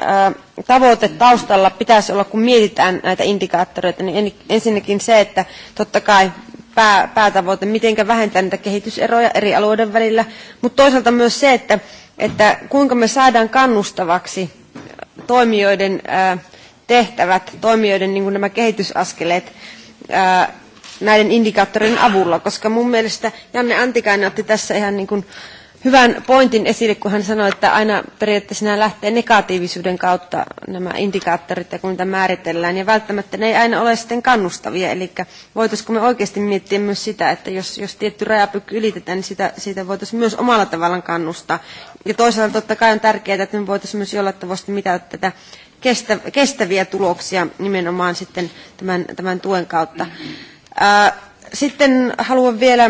tavoite taustalla pitäisi olla, kun mietitään näitä indikaattoreita, niin ensinnäkin se, että totta kai pää, päätavoite, miten vähentää niitä kehityseroja eri alueiden välillä, mutta toisaalta myös se, että, että kuinka me saadaan kannustavaksi äh, toimijoiden ää, äh, tehtävät, toimijoiden niin nämä kehitysaskeleet ää, äh, näiden indikaattorien avulla, koska mun mielestä Janne Antikainen otti tässä ihan niin kuin hyvän pointin esille, kun hän sanoi, että aina periaatteessa nämä lähtee negatiivisuuden kautta nämä indikaattorit ja kun niitä määritellään, ja välttämättä ne ei aina ole sitten kannustavia, eli voitaisiko me oikeasti miettiä myös sitä, että jos, jos tietty rajapykki ylitetään, niin sitä, siitä voitaisiin myös omalla tavallaan kannustaa. Ja toisaalta totta kai on tärkeää, että me voitaisiin myös jollain tavalla mitata tätä kestä, kestäviä tuloksia nimenomaan sitten tämän, tämän tuen kautta. sitten haluan vielä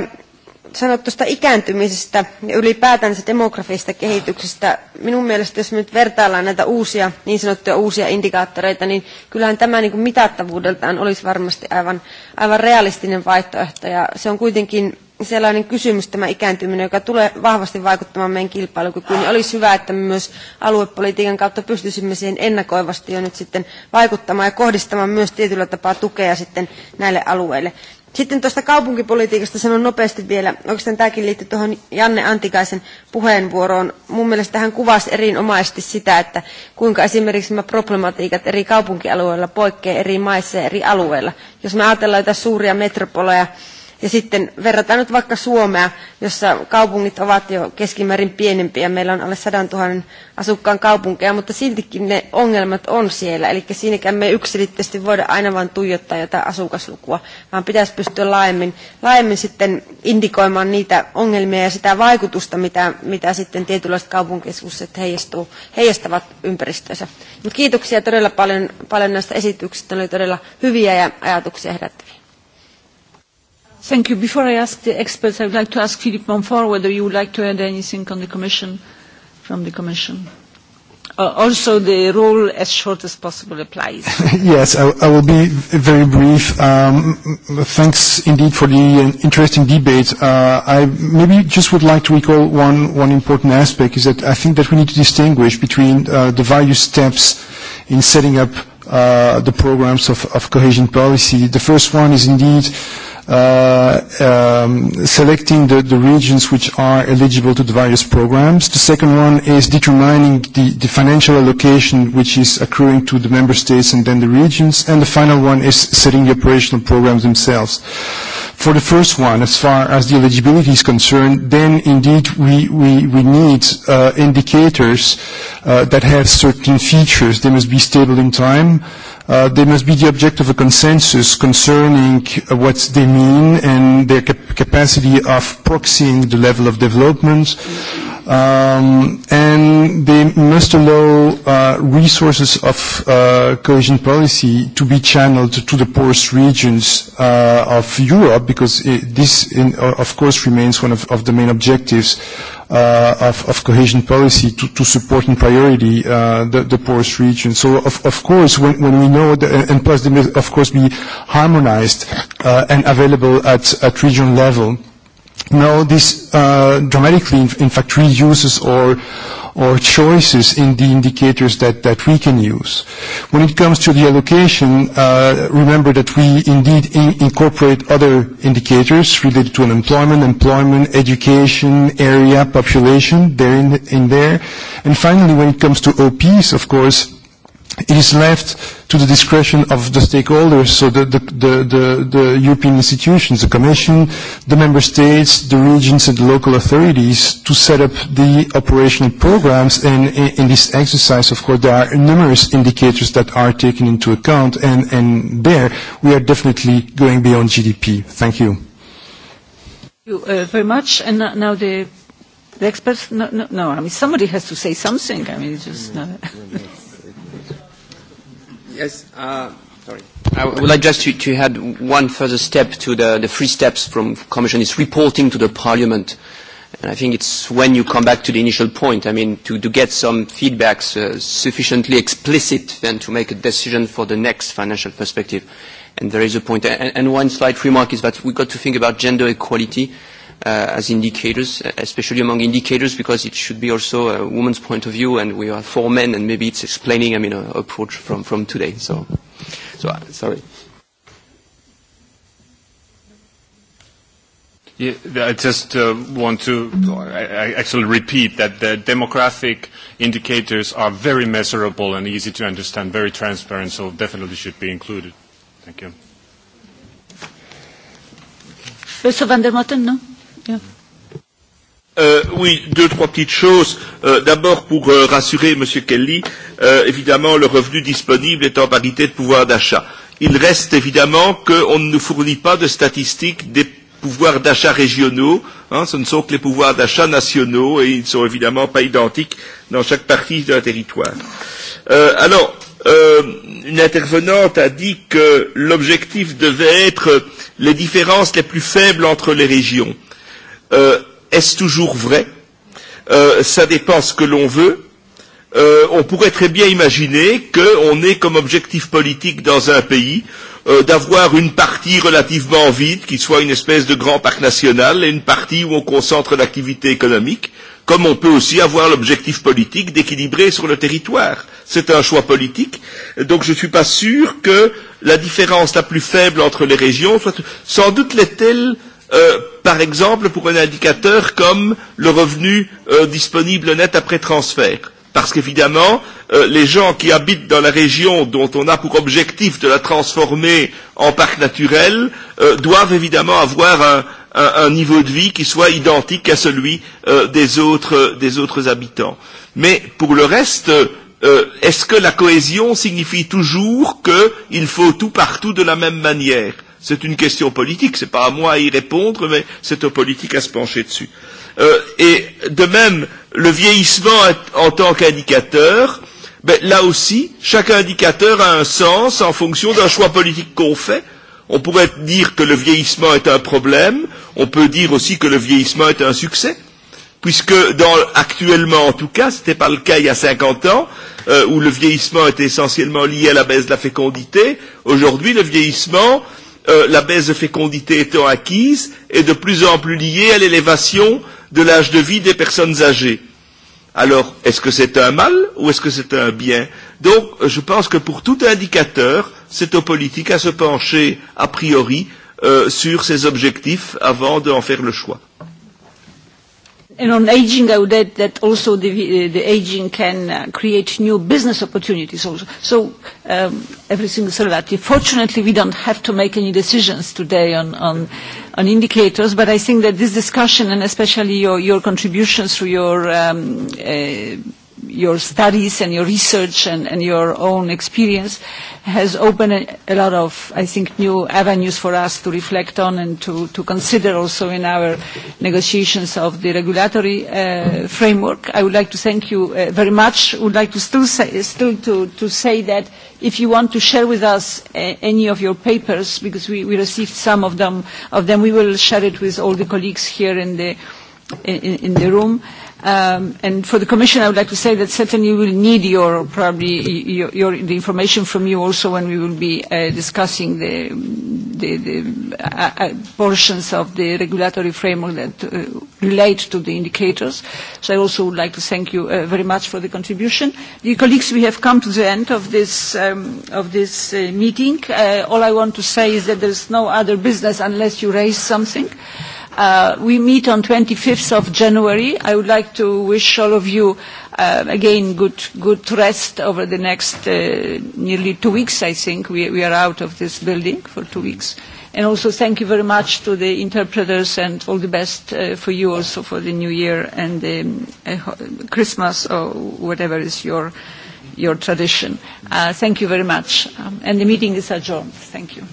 tuosta ikääntymisestä ja ylipäätänsä demografista kehityksestä. Minun mielestä, jos me nyt vertaillaan näitä uusia, niin sanottuja uusia indikaattoreita, niin kyllähän tämä niin kuin mitattavuudeltaan olisi varmasti aivan, aivan realistinen vaihtoehto. Ja se on kuitenkin sellainen kysymys tämä ikääntyminen, joka tulee vahvasti vaikuttamaan meidän kilpailukykyyn, niin olisi hyvä, että me myös aluepolitiikan kautta pystyisimme siihen ennakoivasti jo nyt sitten vaikuttamaan ja kohdistamaan myös tietyllä tapaa tukea sitten näille alueille. Sitten tuosta kaupunkipolitiikasta sanon nopeasti vielä. Oikeastaan tämäkin liittyy tuohon Janne Antikaisen puheenvuoroon. Mun mielestä hän kuvasi erinomaisesti sitä, että kuinka esimerkiksi nämä problematiikat eri kaupunkialueilla poikkeavat eri maissa ja eri alueilla. Jos me ajatellaan jotain suuria metropoleja, Ja sitten verrataan nyt vaikka Suomea, jossa kaupungit ovat jo keskimäärin pienempiä. Meillä on alle 100 000 asukkaan kaupunkeja, mutta siltikin ne ongelmat on siellä. Eli siinäkään me yksilitteisesti voida aina vain tuijottaa jotain asukaslukua, vaan pitäisi pystyä laajemmin, laajemmin sitten indikoimaan niitä ongelmia ja sitä vaikutusta, mitä, mitä sitten tietynlaiset kaupunkikeskukset heijastavat ympäristöönsä. Mutta kiitoksia todella paljon, paljon näistä esityksistä. Ne oli todella hyviä ja ajatuksia herättäviä. Thank you. Before I ask the experts, I would like to ask Philippe Montfort whether you would like to add anything on the Commission, from the Commission. Uh, also, the rule as short as possible applies. *laughs* yes, I, I will be very brief. Um, thanks indeed for the uh, interesting debate. Uh, I maybe just would like to recall one, one important aspect is that I think that we need to distinguish between uh, the various steps in setting up uh, the programs of, of cohesion policy. The first one is indeed Uh, um, selecting the, the regions which are eligible to the various programs. The second one is determining the, the financial allocation which is accruing to the member states and then the regions. And the final one is setting the operational programs themselves. For the first one, as far as the eligibility is concerned, then indeed we, we, we need uh, indicators uh, that have certain features. They must be stable in time. Uh, they must be the object of a consensus concerning uh, what they mean and their cap capacity of proxying the level of development. Mm -hmm Um, and they must allow uh, resources of uh, cohesion policy to be channeled to the poorest regions uh, of Europe, because it, this, in, uh, of course, remains one of, of the main objectives uh, of, of cohesion policy to, to support in priority uh, the, the poorest regions. So, of, of course, when, when we know, the, and plus they must, of course, be harmonized uh, and available at, at regional level. Now, this uh, dramatically, in, in fact, reuses or, our choices in the indicators that, that we can use. When it comes to the allocation, uh, remember that we indeed in incorporate other indicators related to unemployment, employment, education, area, population, there in, in there. And finally, when it comes to OPs, of course, It is left to the discretion of the stakeholders, so the, the, the, the, the European institutions, the Commission, the Member States, the regions and the local authorities to set up the operational programs. And in, in this exercise, of course, there are numerous indicators that are taken into account. And, and there, we are definitely going beyond GDP. Thank you. Thank you uh, very much. And now the, the experts, no, no, no, I mean, somebody has to say something. I mean, it's just... No. *laughs* Yes, uh, sorry. I would like just to, to add one further step to the, the three steps from Commission It's reporting to the Parliament. And I think it's when you come back to the initial point, I mean, to, to get some feedbacks uh, sufficiently explicit then to make a decision for the next financial perspective. And there is a point. And, and one slight remark is that we've got to think about gender equality uh, as indicators, especially among indicators, because it should be also a woman's point of view, and we are four men, and maybe it's explaining, I mean, an approach from, from today. So, so uh, sorry. Yeah, I just uh, want to actually repeat that the demographic indicators are very measurable and easy to understand, very transparent, so definitely should be included. Thank you. Mr. Van der Motten, no? Yeah. Euh, oui, deux, trois petites choses. Euh, D'abord, pour euh, rassurer M. Kelly, euh, évidemment, le revenu disponible est en parité de pouvoir d'achat. Il reste évidemment qu'on ne nous fournit pas de statistiques des pouvoirs d'achat régionaux. Hein, ce ne sont que les pouvoirs d'achat nationaux et ils ne sont évidemment pas identiques dans chaque partie d'un territoire. Euh, alors, euh, une intervenante a dit que l'objectif devait être les différences les plus faibles entre les régions. Euh, Est-ce toujours vrai euh, Ça dépend ce que l'on veut. Euh, on pourrait très bien imaginer qu'on ait comme objectif politique dans un pays euh, d'avoir une partie relativement vide, qui soit une espèce de grand parc national, et une partie où on concentre l'activité économique, comme on peut aussi avoir l'objectif politique d'équilibrer sur le territoire. C'est un choix politique. Donc je ne suis pas sûr que la différence la plus faible entre les régions soit... Sans doute l'est-elle euh, euh, par exemple pour un indicateur comme le revenu euh, disponible net après transfert. Parce qu'évidemment, euh, les gens qui habitent dans la région dont on a pour objectif de la transformer en parc naturel euh, doivent évidemment avoir un, un, un niveau de vie qui soit identique à celui euh, des, autres, euh, des autres habitants. Mais pour le reste, euh, euh, est-ce que la cohésion signifie toujours qu'il faut tout partout de la même manière C'est une question politique, ce n'est pas à moi à y répondre, mais c'est aux politiques à se pencher dessus. Euh, et de même, le vieillissement en tant qu'indicateur, ben, là aussi, chaque indicateur a un sens en fonction d'un choix politique qu'on fait. On pourrait dire que le vieillissement est un problème, on peut dire aussi que le vieillissement est un succès, puisque dans, actuellement en tout cas, ce n'était pas le cas il y a 50 ans, euh, où le vieillissement était essentiellement lié à la baisse de la fécondité, aujourd'hui le vieillissement euh, euh, la baisse de fécondité étant acquise, est de plus en plus liée à l'élévation de l'âge de vie des personnes âgées. Alors, est-ce que c'est un mal ou est-ce que c'est un bien Donc, je pense que pour tout indicateur, c'est aux politiques à se pencher a priori euh, sur ces objectifs avant d'en faire le choix. And on aging, I would add that also the, the aging can uh, create new business opportunities also. So um, everything is relative. Fortunately, we don't have to make any decisions today on, on, on indicators, but I think that this discussion and especially your, your contributions through your um, uh, your studies and your research and, and your own experience has opened a, a lot of, I think, new avenues for us to reflect on and to, to consider also in our negotiations of the regulatory uh, framework. I would like to thank you uh, very much. I would like to still, say, still to, to say that if you want to share with us uh, any of your papers, because we, we received some of them, of them, we will share it with all the colleagues here in the, in, in the room. Um, and for the Commission, I would like to say that certainly we will need your, probably, your, your, the information from you also when we will be uh, discussing the, the, the uh, uh, portions of the regulatory framework that uh, relate to the indicators. So I also would like to thank you uh, very much for the contribution. Dear colleagues, we have come to the end of this, um, of this uh, meeting. Uh, all I want to say is that there is no other business unless you raise something. Uh, Uh, we meet on 25th of January. I would like to wish all of you uh, again good, good rest over the next uh, nearly two weeks, I think. We, we are out of this building for two weeks. And also thank you very much to the interpreters and all the best uh, for you also for the new year and um, uh, Christmas or whatever is your, your tradition. Uh, thank you very much. Um, and the meeting is adjourned. Thank you.